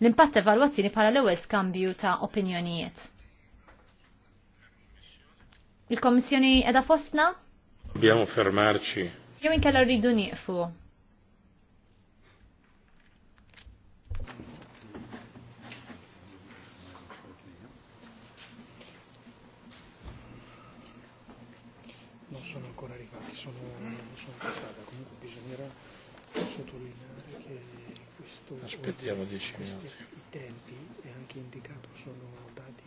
l-impatt evalwazzjoni bħala l-ewwel skambju ta' opinjonijiet. Il-Komissjoni edha fostna? Dobbiamo fermarci. Jew inkella rridu nieqfu. Non sono ancora arrivati, sono Aspettiamo 10 minuti. I tempi è e anche indicato, sono dati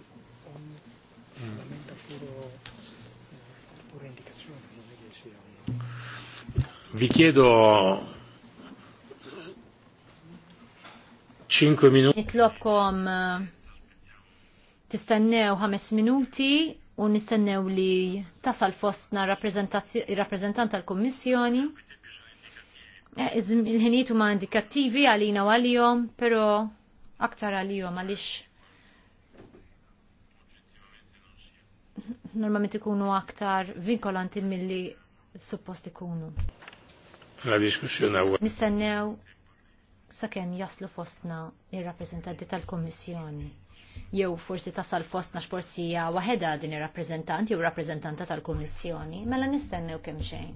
on, mm. solamente puro, eh, pura indicazione, non è che sia un... Vi chiedo 5 minuti. Nitlobkom eh, tistennew 5 minuti u nistennew li tasal fostna rappresentant tal-Kommissjoni Eh, il-ħiniet huma indikattivi għalina u għalihom, però aktar għalihom għaliex normalment ikunu aktar vinkolanti milli suppost ikunu. La diskussjoni għu. Nistennew sakemm jaslu fostna il rappreżentanti tal-Kommissjoni. Jew forsi tasal fostna x'forsi hija waħedha din ir-rappreżentanti jew rappreżentanta tal-Kummissjoni, mela nistennew kemm xejn.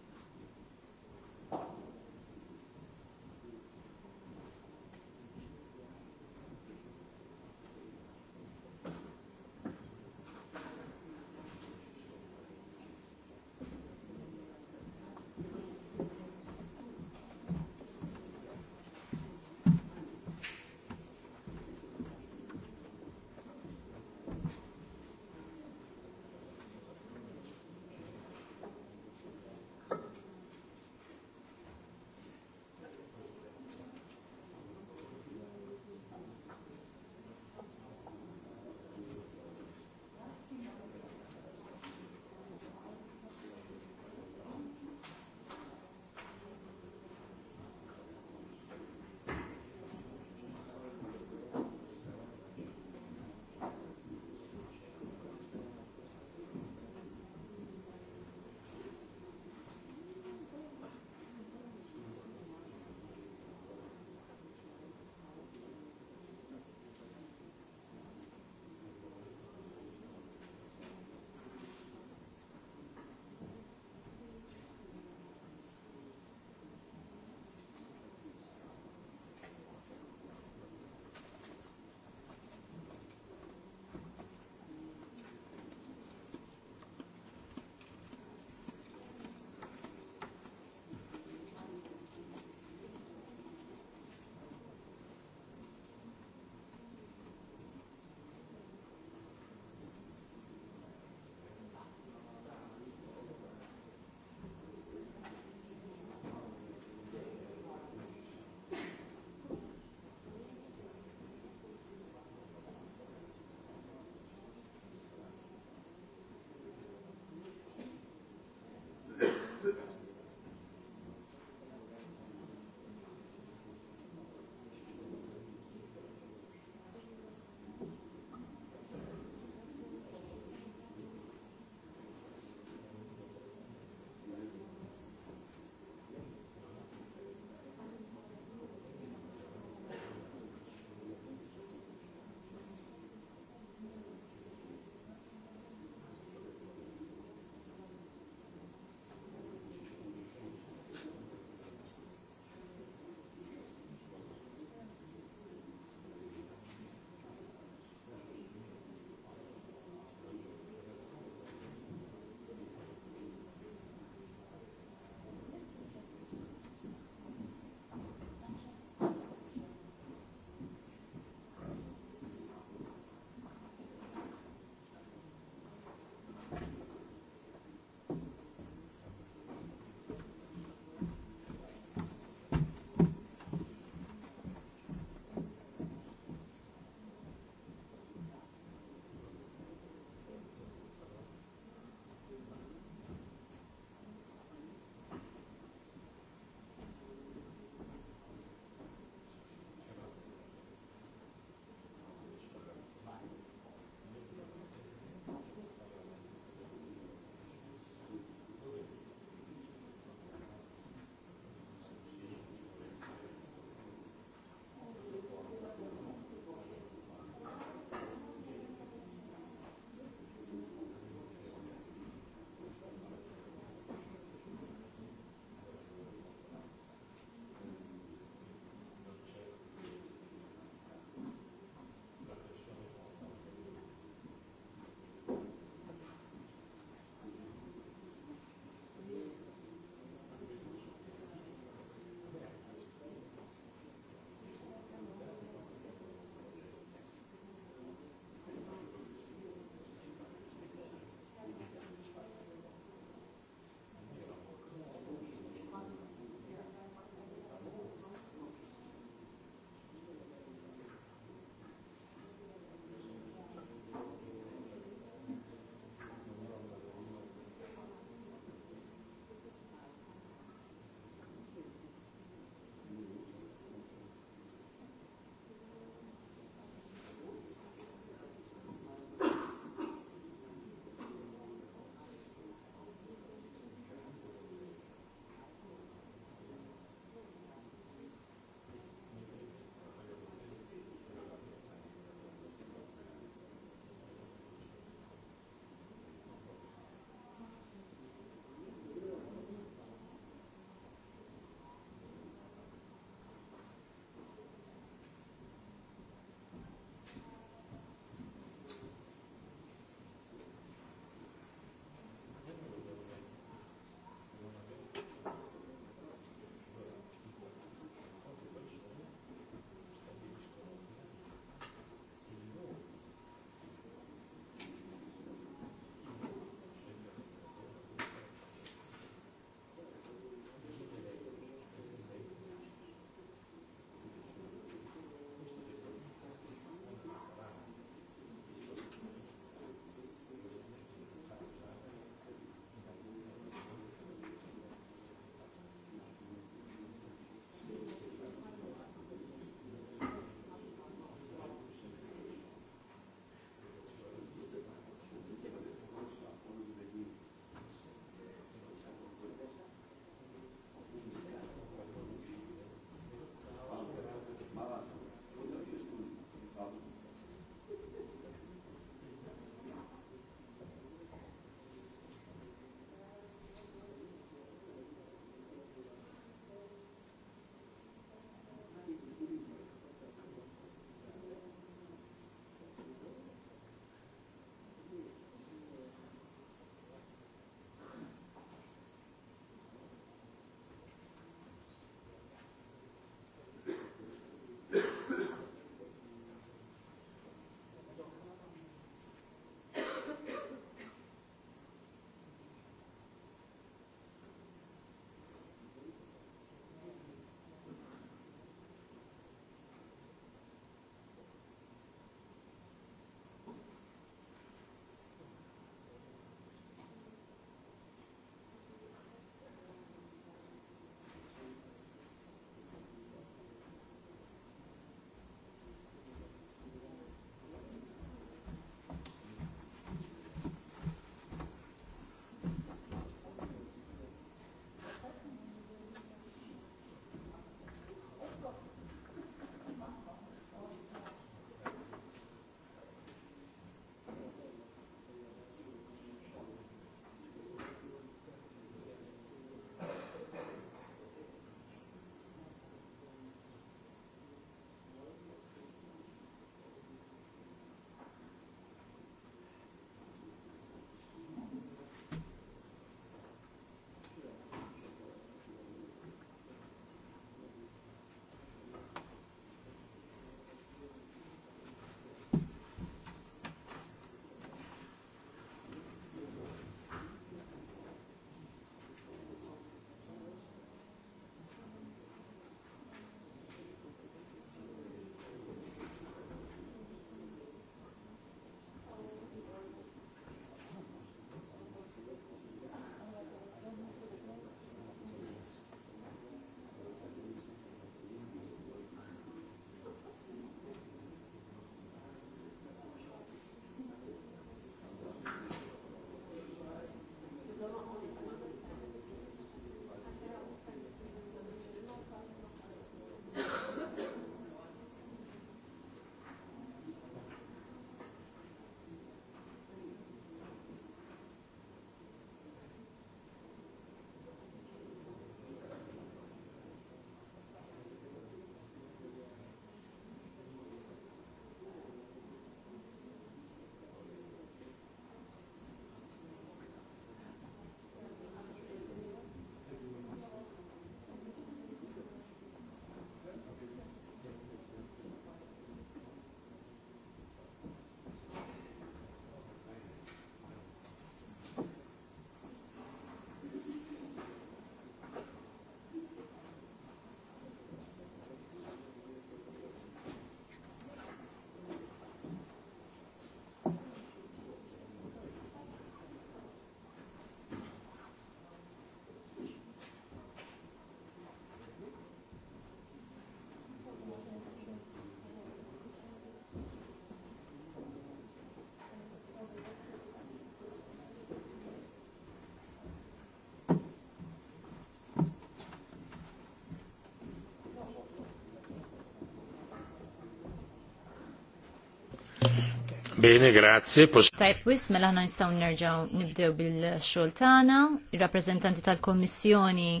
Bene, grazie. Tajb, wis, mela ħna nistaw nerġaw nibdew bil xoltana il ir-rappreżentanti tal-Kommissjoni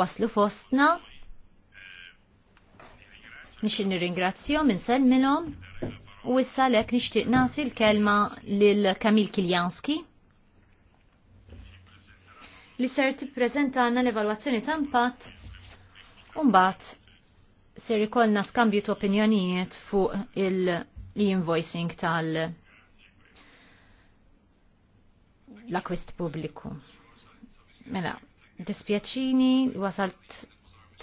waslu fostna. Nixin nirringrazzju minn selmilom. u issa lek nixtieq nagħti l-kelma lil Kamil Kiljanski li ser tippreżentana l-evalwazzjoni ta' impatt u mbagħad ser ikollna skambju ta' opinjonijiet fuq il- invoicing tal l-akwist pubbliku. Mela, dispjaċini, wasalt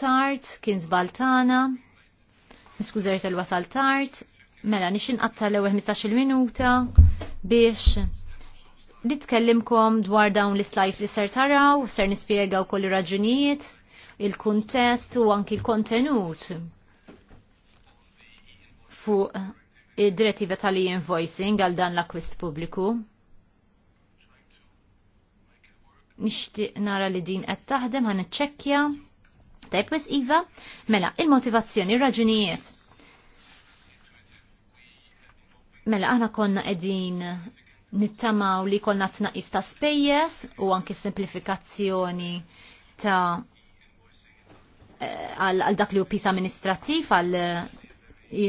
tard, kien zbaltana, niskużer l-wasalt tard, mela nixin qatta l 15 minuta biex nitkellimkom dwar dawn l-slides li ser taraw, ser nispiegaw koll raġunijiet, il-kuntest u anki l-kontenut fuq id-direttiva tal-invoicing għal dan l-akwist pubbliku nixtieq nara li din qed taħdem ħan iċċekkja. Tajb iva, mela il-motivazzjoni, ir-raġunijiet. Mela aħna konna qegħdin nittamaw li konna tnaqis ta' spejjes u anki simplifikazzjoni ta' eh, għal dak li u pis amministrativ għal eh,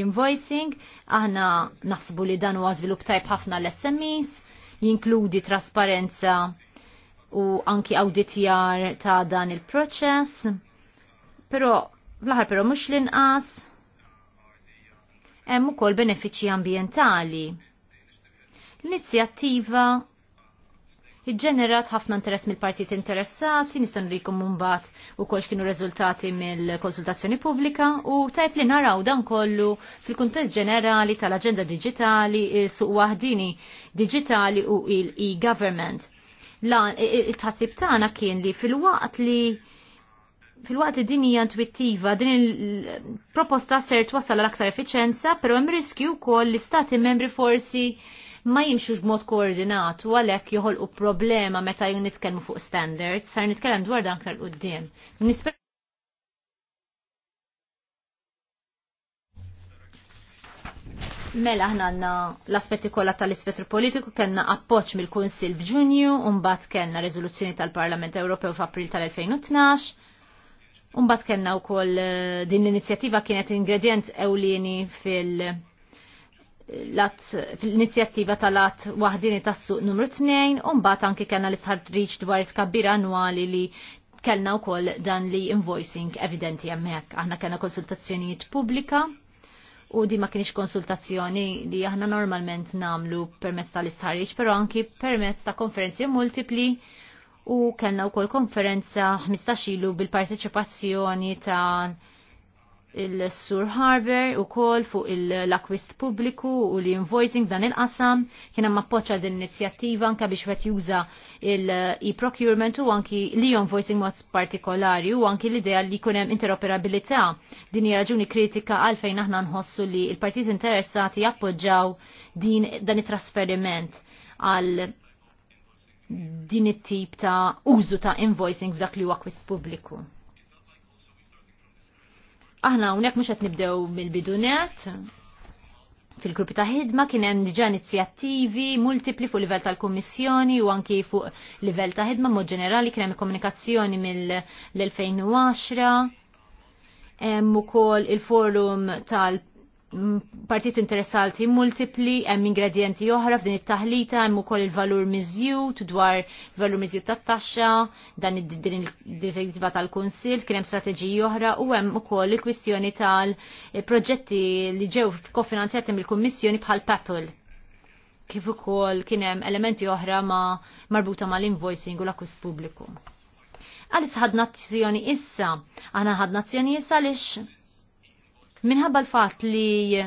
invoicing, aħna naħsbu li dan huwa żvilupp tajb ħafna l-SMEs, jinkludi trasparenza u anki awditjar ta' dan il-proċess. Pero, l ħar pero mux l-inqas, hemm ukoll benefiċċji ambjentali. L-inizjattiva iġġenerat ħafna interess mill-partijiet interessati, nistan li jkun mbagħad kol kienu riżultati mill-konsultazzjoni pubblika u tajb li naraw dan kollu fil-kuntest ġenerali tal-aġenda digitali, eh, suq wahdini digitali u il-e-government. La il tasib tagħna kien li fil-waqt li fil-waqt li din hija intwittiva, din il-proposta ser twassal l-aktar effiċenza, però hemm riskju wkoll li stati membri forsi ma jimxux b'mod koordinat u għalhekk joħolqu problema meta jien nitkellmu fuq standards, sar nitkellem dwar dan aktar quddiem. Nisper Mela ħna għanna l-aspetti kollha tal-ispettru politiku kellna appoġġ mill-Kunsil f'Ġunju, mbagħad kellna riżoluzzjoni tal-Parlament Ewropew f'April tal-2012. Mbagħad kellna wkoll eh, din l-inizjattiva kienet ingredient ewlieni fil- fil-inizjattiva tal-att waħdini tas-suq numru 2, u mbagħad anke kellna l-istħarriġ dwar it kabbira annwali li kellna wkoll dan li invoicing evidenti hemmhekk. Aħna kellna konsultazzjonijiet pubblika u di ma kienx konsultazzjoni li aħna normalment namlu permezz tal-istħarriġ, pero anki permezz ta' konferenzi multipli u kellna wkoll konferenza 15 ilu bil-parteċipazzjoni ta' il-Sur Harbor u kol fuq l-akwist publiku u l-invoicing dan il-qasam kien hemm appoċċa din inizjattiva anke biex qed juża l-e-procurement u anki li invoicing mod partikolari u anki l-idea li jkun hemm interoperabilità din hija raġuni kritika għalfejn aħna nħossu li l-partit interessati jappoġġaw din dan it-trasferiment għal din it-tip ta' użu ta' invoicing f'dak li huwa akwist pubbliku. Aħna hawnhekk mhux qed nibdew mill-bidunet, fil-gruppi ta' ħidma kien hemm diġà inizjattivi multipli fuq livell tal-Kummissjoni u anki fuq livell ta' ħidma mod ġenerali kien hemm komunikazzjoni mill-2010. Hemm ukoll il-forum tal partit interessanti multipli, hemm ingredienti oħra f'din it-taħlita, hemm ukoll il-valur miżjud dwar valur miżjud tat-taxxa, dan id din id-direttiva tal-Kunsill, kien hemm strateġiji oħra u hemm ukoll il-kwistjoni tal-proġetti li ġew kofinanzjati mill-Kummissjoni bħal Papel kif ukoll kien hemm elementi oħra ma marbuta mal-invoicing u l akkwist pubbliku. Għalis ħadna azzjoni issa, għana ħadna azzjoni issa lix Minħabba l-fat li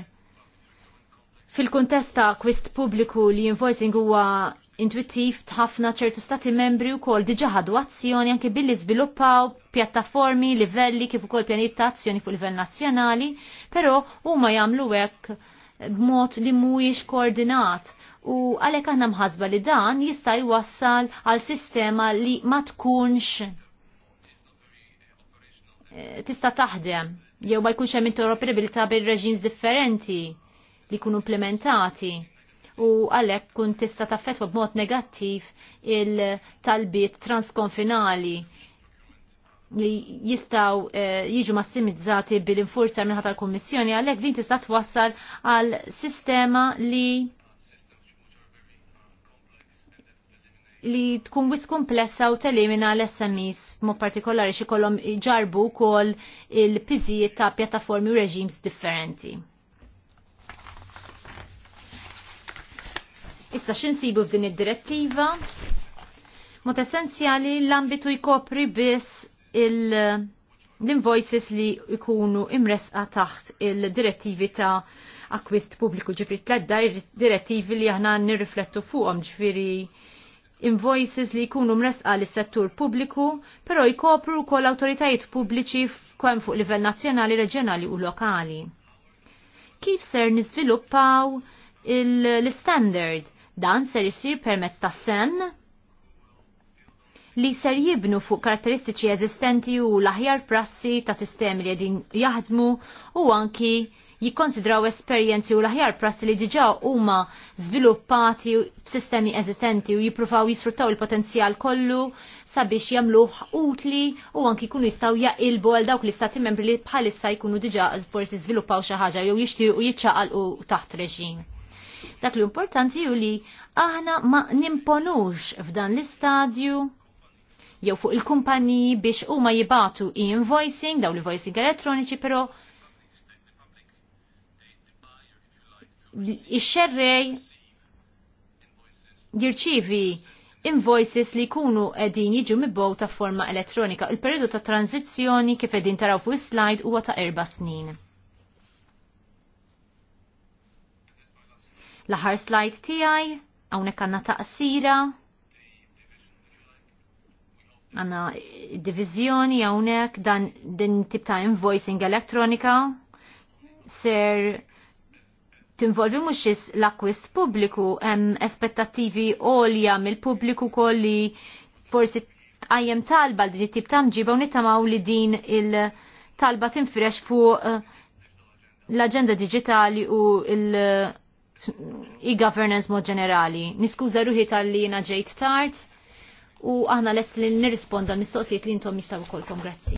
fil-kontesta kwist publiku li invoicing huwa intuitiv tħafna ċertu stati membri u kol diġa ħadu azzjoni anke billi sviluppaw pjattaformi, livelli kif ukoll pjanijiet ta' azzjoni fuq livell nazzjonali, però huma jagħmlu hekk b'mod li mhuwiex koordinat u għalhekk aħna mħasba li dan jista' jwassal għal sistema li ma tkunx eh, tista' taħdem jew ma jkunx hemm interoperabilità bejn reġims differenti li jkunu implementati u għalhekk kun tista' taffetwa b'mod negattiv il-talbiet transkonfinali li jistaw eh, jiġu massimizzati bil-infurzar minħata tal-Kommissjoni għalhekk din tista' twassal għal sistema li li tkun wis komplessa u telimina l-SMEs, mu partikolari kolom ġarbu kol il-pizijiet ta' pjattaformi u reġims differenti. Issa xinsibu f'din id-direttiva? Mot essenzjali l-ambitu jkopri biss l-invoices li jkunu imresqa taħt il-direttivi ta' akwist pubbliku ġifri tledda direttivi li aħna nirriflettu fuqhom ġifiri invoices li jkunu mresqa l settur pubbliku, però jkopru kol autoritajiet pubbliċi kemm fuq livell nazzjonali, reġjonali u lokali. Kif ser niżviluppaw l-standard dan ser jisir permezz ta' sen li ser jibnu fuq karatteristiċi eżistenti u l-aħjar prassi ta' sistemi li jedin jaħdmu u anki jikkonsidraw esperjenzi u l-aħjar prassi li diġa huma żviluppati f'sistemi eżistenti u jippruvaw jisfruttaw il-potenzjal kollu sabiex jagħmluh utli u anki jkunu jistgħu jaqilbu għal dawk l-istati membri li bħalissa jkunu diġa forsi żviluppaw xi ħaġa jew jixtiequ jiċċaqalqu taħt reġim. Dak li importanti ju li aħna ma nimponux f'dan l-istadju jew fuq il-kumpaniji biex huma jibatu invoicing daw l-voicing elettroniċi, però ix jirċivi invoices li jkunu edin jiġu mibbow ta' forma elettronika. Il-periodu ta' tranzizjoni kif edin taraw fuq slide huwa ta' erba' snin. L-aħar slide tiegħi hawnhekk għandna taqsira. Għanna divizjoni hawnhekk dan din tip ta' invoicing elettronika ser tinvolvi mhux l-akwist pubbliku hemm espettattivi għolja mill-pubbliku kolli forsi tqajjem talba din it-tip ta' mġiba u li din il-talba tinfresh fuq eh, l-agenda digitali u il-e-governance eh, mod ġenerali. Niskuża ruħi tal-li ġejt tard u aħna lest li nirrisponda mistoqsijiet li intom mistaw kolkom. Grazzi.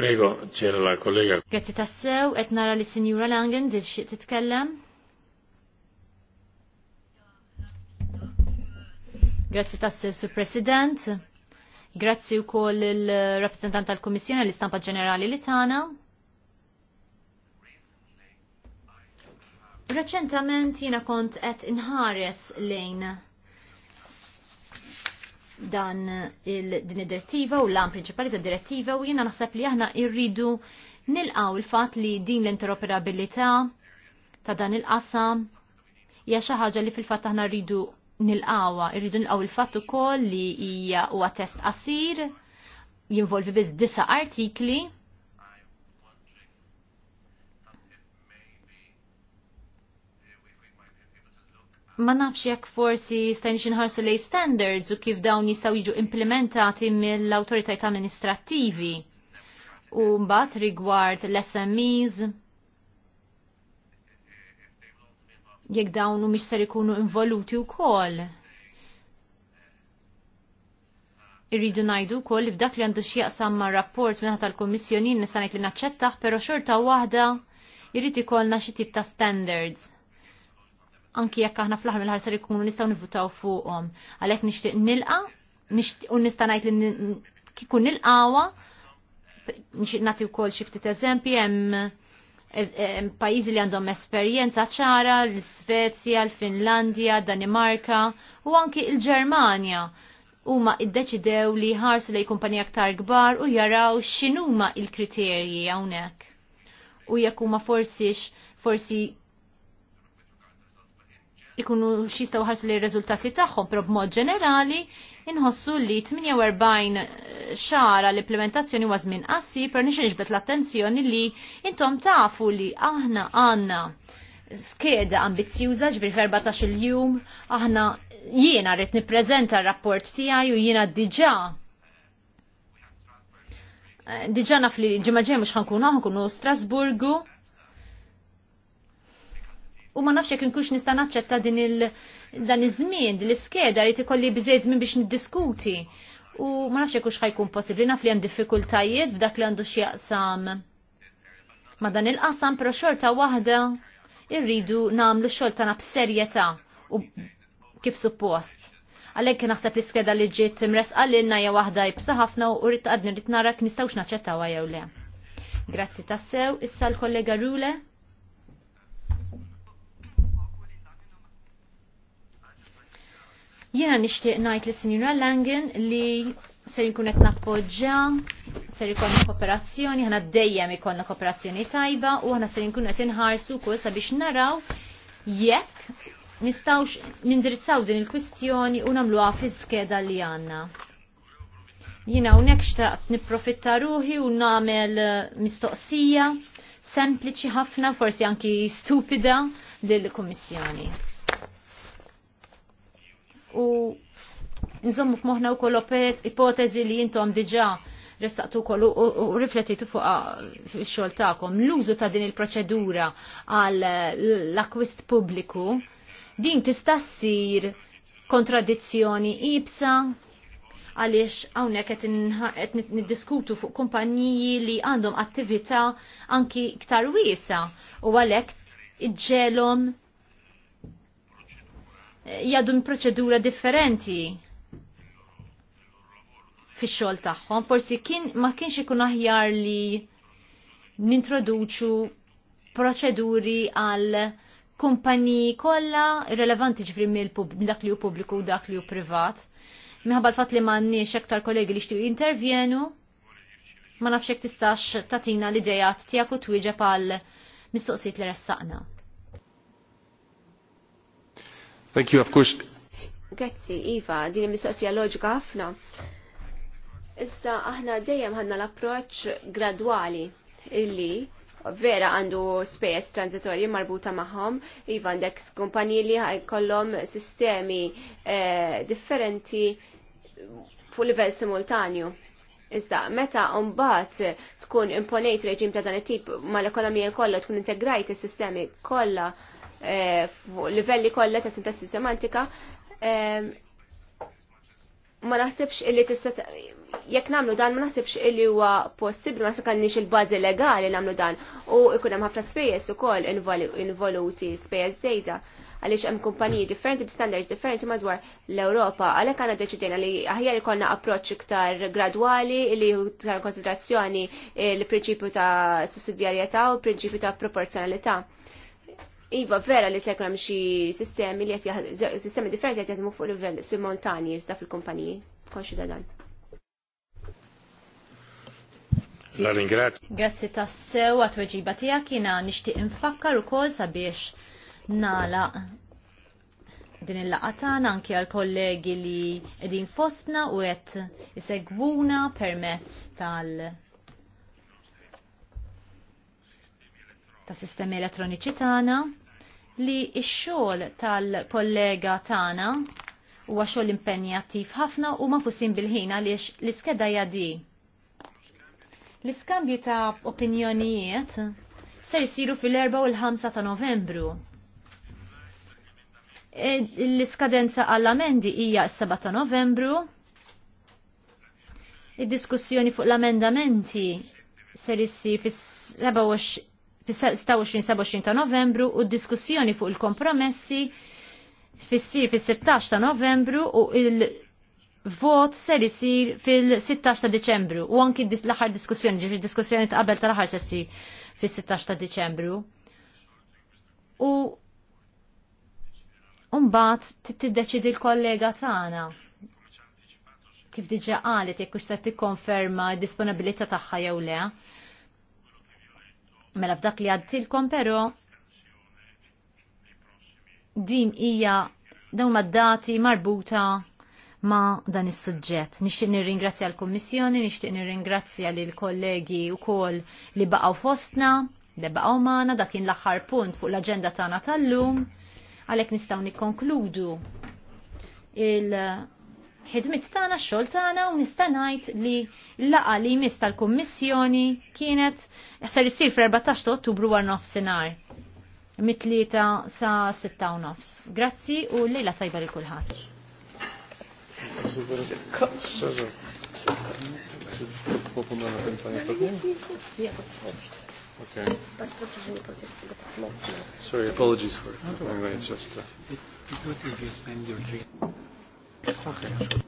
Prego, la kollega. Grazie tassew, et nara li Signora Langen, dis xie titkellem. Grazie tassew, su President. Grazie u kol il-rappresentant tal-Komissjoni l-Istampa Ġenerali li tana. Reċentament jina kont et inħares lejn dan il-din id-direttiva u l am prinċipali ta' direttiva u jiena naħseb li aħna irridu nilqaw il-fat li din l-interoperabilità ta' dan il-qasam hija xi ħaġa li fil-fatt aħna rridu nilqawha. irridu nilqaw il-fatt ukoll li hija huwa test qasir jinvolvi biss disa artikli ma nafx jekk forsi stajn xinħarsu lej standards u kif dawn jistaw jiġu implementati mill-autoritajt amministrativi u mbagħad rigward l-SMEs jekk dawn mhumiex ser ikunu involuti wkoll. Irridu ngħidu wkoll li f'dak li għandu x'jaqsam ma' rapport minna tal-Kummissjoni nista' ngħid li naċċettaħ, pero xorta waħda jrid ikollna xi tip ta' standards anki jekk aħna fl-aħħar l ħar ser ikunu nistgħu nivvutaw fuqhom. Għalhekk nixtieq nilqa' u nista' ngħid li kikun nilqawa nixtieq nagħti wkoll xi ftit eżempji hemm pajjiżi li għandhom esperjenza ċara, l-Svezja, l-Finlandja, Danimarka u anki l-Ġermanja huma iddeċidew li ħarsu lej kumpanija aktar kbar u jaraw x'inhuma l-kriterji hawnhekk. U jekk huma forsi forsi ikunu xistaw ħarsu li r-rezultati tagħhom, b b'mod ġenerali inħossu li 48 eh, xara l-implementazzjoni huwa żmien qassi, per nixi iġbet l-attenzjoni li intom tafu li aħna għandna skeda ambizjuża, ġbir 14 il-jum, aħna jiena rrid nippreżenta r-rapport tiegħi u jiena diġà eh, Diġa naf li ġimma ġej mhux ħankun kunu Strasburgu u ma nafxek nkux nista' naċċetta din il dan iż-żmien, din l-iskeda li ikolli biżejjed żmien biex niddiskuti. U ma nafx jekk ħajkun possibbli naf li hemm diffikultajiet f'dak li għandu xieqsam. ma dan il-qasam pero xorta waħda irridu nagħmlu x-xogħol tagħna u kif suppost. Għalhekk naħseb l-iskeda li ġiet mres għallinna ja waħda jibsaħafna ħafna u rrid qadni rrit nara nistgħux naċċettawha jew le. Grazzi tassew, issa l-kollega Rule. Jena nishtiq najt li Sinjura Langen li ser jkun qed nappoġġja, ser ikonna kooperazzjoni, ħana dejjem ikonna kooperazzjoni tajba u ħana ser nkun qed inħarsu wkoll sabiex naraw jekk nistgħux nindirizzaw din il-kwistjoni u nagħmluha fi skeda li għandna. Jina hawnhekk xtaqt nipprofitta ruħi u nagħmel eh, mistoqsija sempliċi ħafna, forsi anki stupida lill-Kummissjoni u nżommu f'moħna u koll ipotezi li jintom diġa restaqtu koll u riflettitu fuq xol ta'kom. L-użu ta' din il-proċedura għal l-akwist publiku din tista' ssir kontradizzjoni ibsa għaliex hawnhekk qed niddiskutu fuq kumpanniji li għandhom attività anki iktar wiesa u għalhekk iġġelhom jadun proċedura differenti fix xogħol tagħhom, forsi kien ma kienx ikun aħjar li nintroduċu proċeduri għal kumpaniji kollha relevanti ġifri mill dak li hu pubbliku u dak li hu privat. Minħabba l fat li manni xektar kollegi li xtiju intervjenu, ma nafx tistax tatina l-idejat tiegħek u twieġeb għal mistoqsijiet li ressaqna. Thank you, of course. Grazzi, Iva, din mistoqsija loġika ħafna. Issa aħna dejjem ħanna l-approċ gradwali illi vera għandu space transitorji marbuta maħom, iva għandek kumpanji li kollom sistemi eh, differenti fu livell simultanju. Iżda, meta umbat tkun imponejt reġim ta' dan it-tip ma l-ekonomija kollha tkun integrajt is-sistemi kollha Eh, fuq livelli kollha ta' sintassi semantika eh, ma naħsibx illi tista' jekk nagħmlu dan ma naħsibx illi huwa possibbli ma kanniex il-bażi legali nagħmlu dan u jkun hemm ħafna spejjeż ukoll involuti spejjeż żejda għaliex hemm kumpaniji differenti b'standards differenti madwar l-Ewropa għalhekk għandna deċidejna li aħjar ikollna approċċ iktar gradwali li tar konsiderazzjoni l-prinċipju ta' sussidjarjetà u l-prinċipju ta' proporzjonalità. Iva, vera li sekram xi sistemi li sistemi differenti qed jaħdmu fuq livell simultani iżda fil-kumpaniji. Konxi da dan. La ringrazzi. Grazzi tassew għat weġiba tiegħek jiena nixtieq infakkar ukoll sabiex nagħlaq din il-laqa tagħna anke għal kollegi li edin fostna u qed isegwuna permezz tal- ta' sistemi elettroniċi tagħna li x-xogħol tal-kollega tagħna huwa xogħol impenjattiv ħafna u ma fusin bil-ħin għaliex l-iskeda jadi. L-iskambju ta' opinjonijiet se jisiru fil-4 u l-5 ta' Novembru. E, l-iskadenza għall-amendi hija s-7 ta' Novembru. Id-diskussjoni fuq l-amendamenti ser issir fis-27 fis-26-27 ta' novembru u d-diskussjoni fuq il-kompromessi fissir fis-16 ta' novembru u il-vot ser isir fil-16 ta' Deċembru u anki l-aħħar diskussjoni ġifri diskussjoni ta' qabel tal-aħħar se fil fis-16 ta' Deċembru. U mbagħad tiddeċidi l-kollega tagħna kif diġa qalet jekk hux se tikkonferma d-disponibilità tagħha jew le Mela f'dak li għaddilkom però din hija dawn mad-dati marbuta ma dan is suġġett Nixtieq nirringrazzja l-Kummissjoni, nixtieq nirringrazzja lil kollegi wkoll li baqgħu fostna, li baqgħu magħna dak kien l-aħħar punt fuq l-aġenda tagħna tal-lum, għalhekk nistgħu nikkonkludu il- ħidmit tana x-xogħol tagħna u nista' ngħid li laqa li jmiss tal-Kummissjoni kienet ser jisir fl-14 Ottubru għar nofsinhar senar tlieta sa 6 nofs. Grazzi u lejla tajba li kulħadd. Okay. Sorry, apologies for it. Anyway, it's just. Uh... your dream. Grazie.